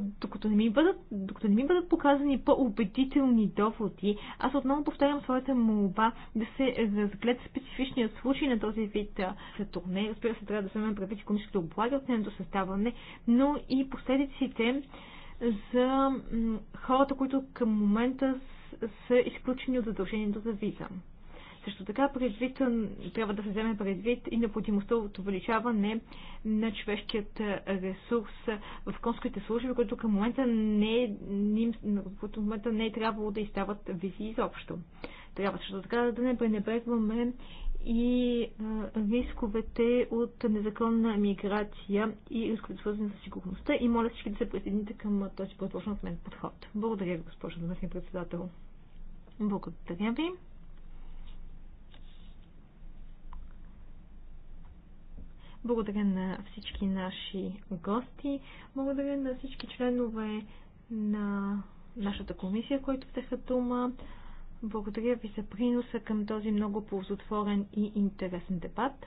докато не ми бъдат, докато не ми бъдат показани по-убедителни доводи, аз отново повтарям своята молба да се разгледа специфичния случай на този вид сатурне. Разбира се, трябва да вземем предвид економическото облаги от нейното съставане, но и последиците за хората, които към момента са изключени от задължението за виза. Също така предвид, трябва да се вземе предвид и необходимостта от увеличаване на човешкият ресурс в конските служби, които към момента не, ним, в момента не е трябвало да издават визи изобщо. Трябва също така да не пренебрегваме и рисковете от незаконна миграция и рисковете свързани с сигурността и моля всички да се присъедините към този предложен от мен подход. Благодаря ви, госпожо заместник председател. Благодаря ви. Благодаря на всички наши гости. Благодаря на всички членове на нашата комисия, които взеха дума. Благодаря ви за приноса към този много ползотворен и интересен дебат.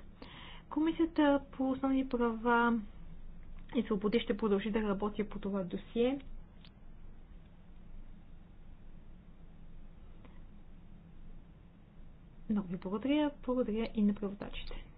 Комисията по основни права и свободи ще продължи да работи по това досие. Много ви благодаря. Благодаря и на преводачите.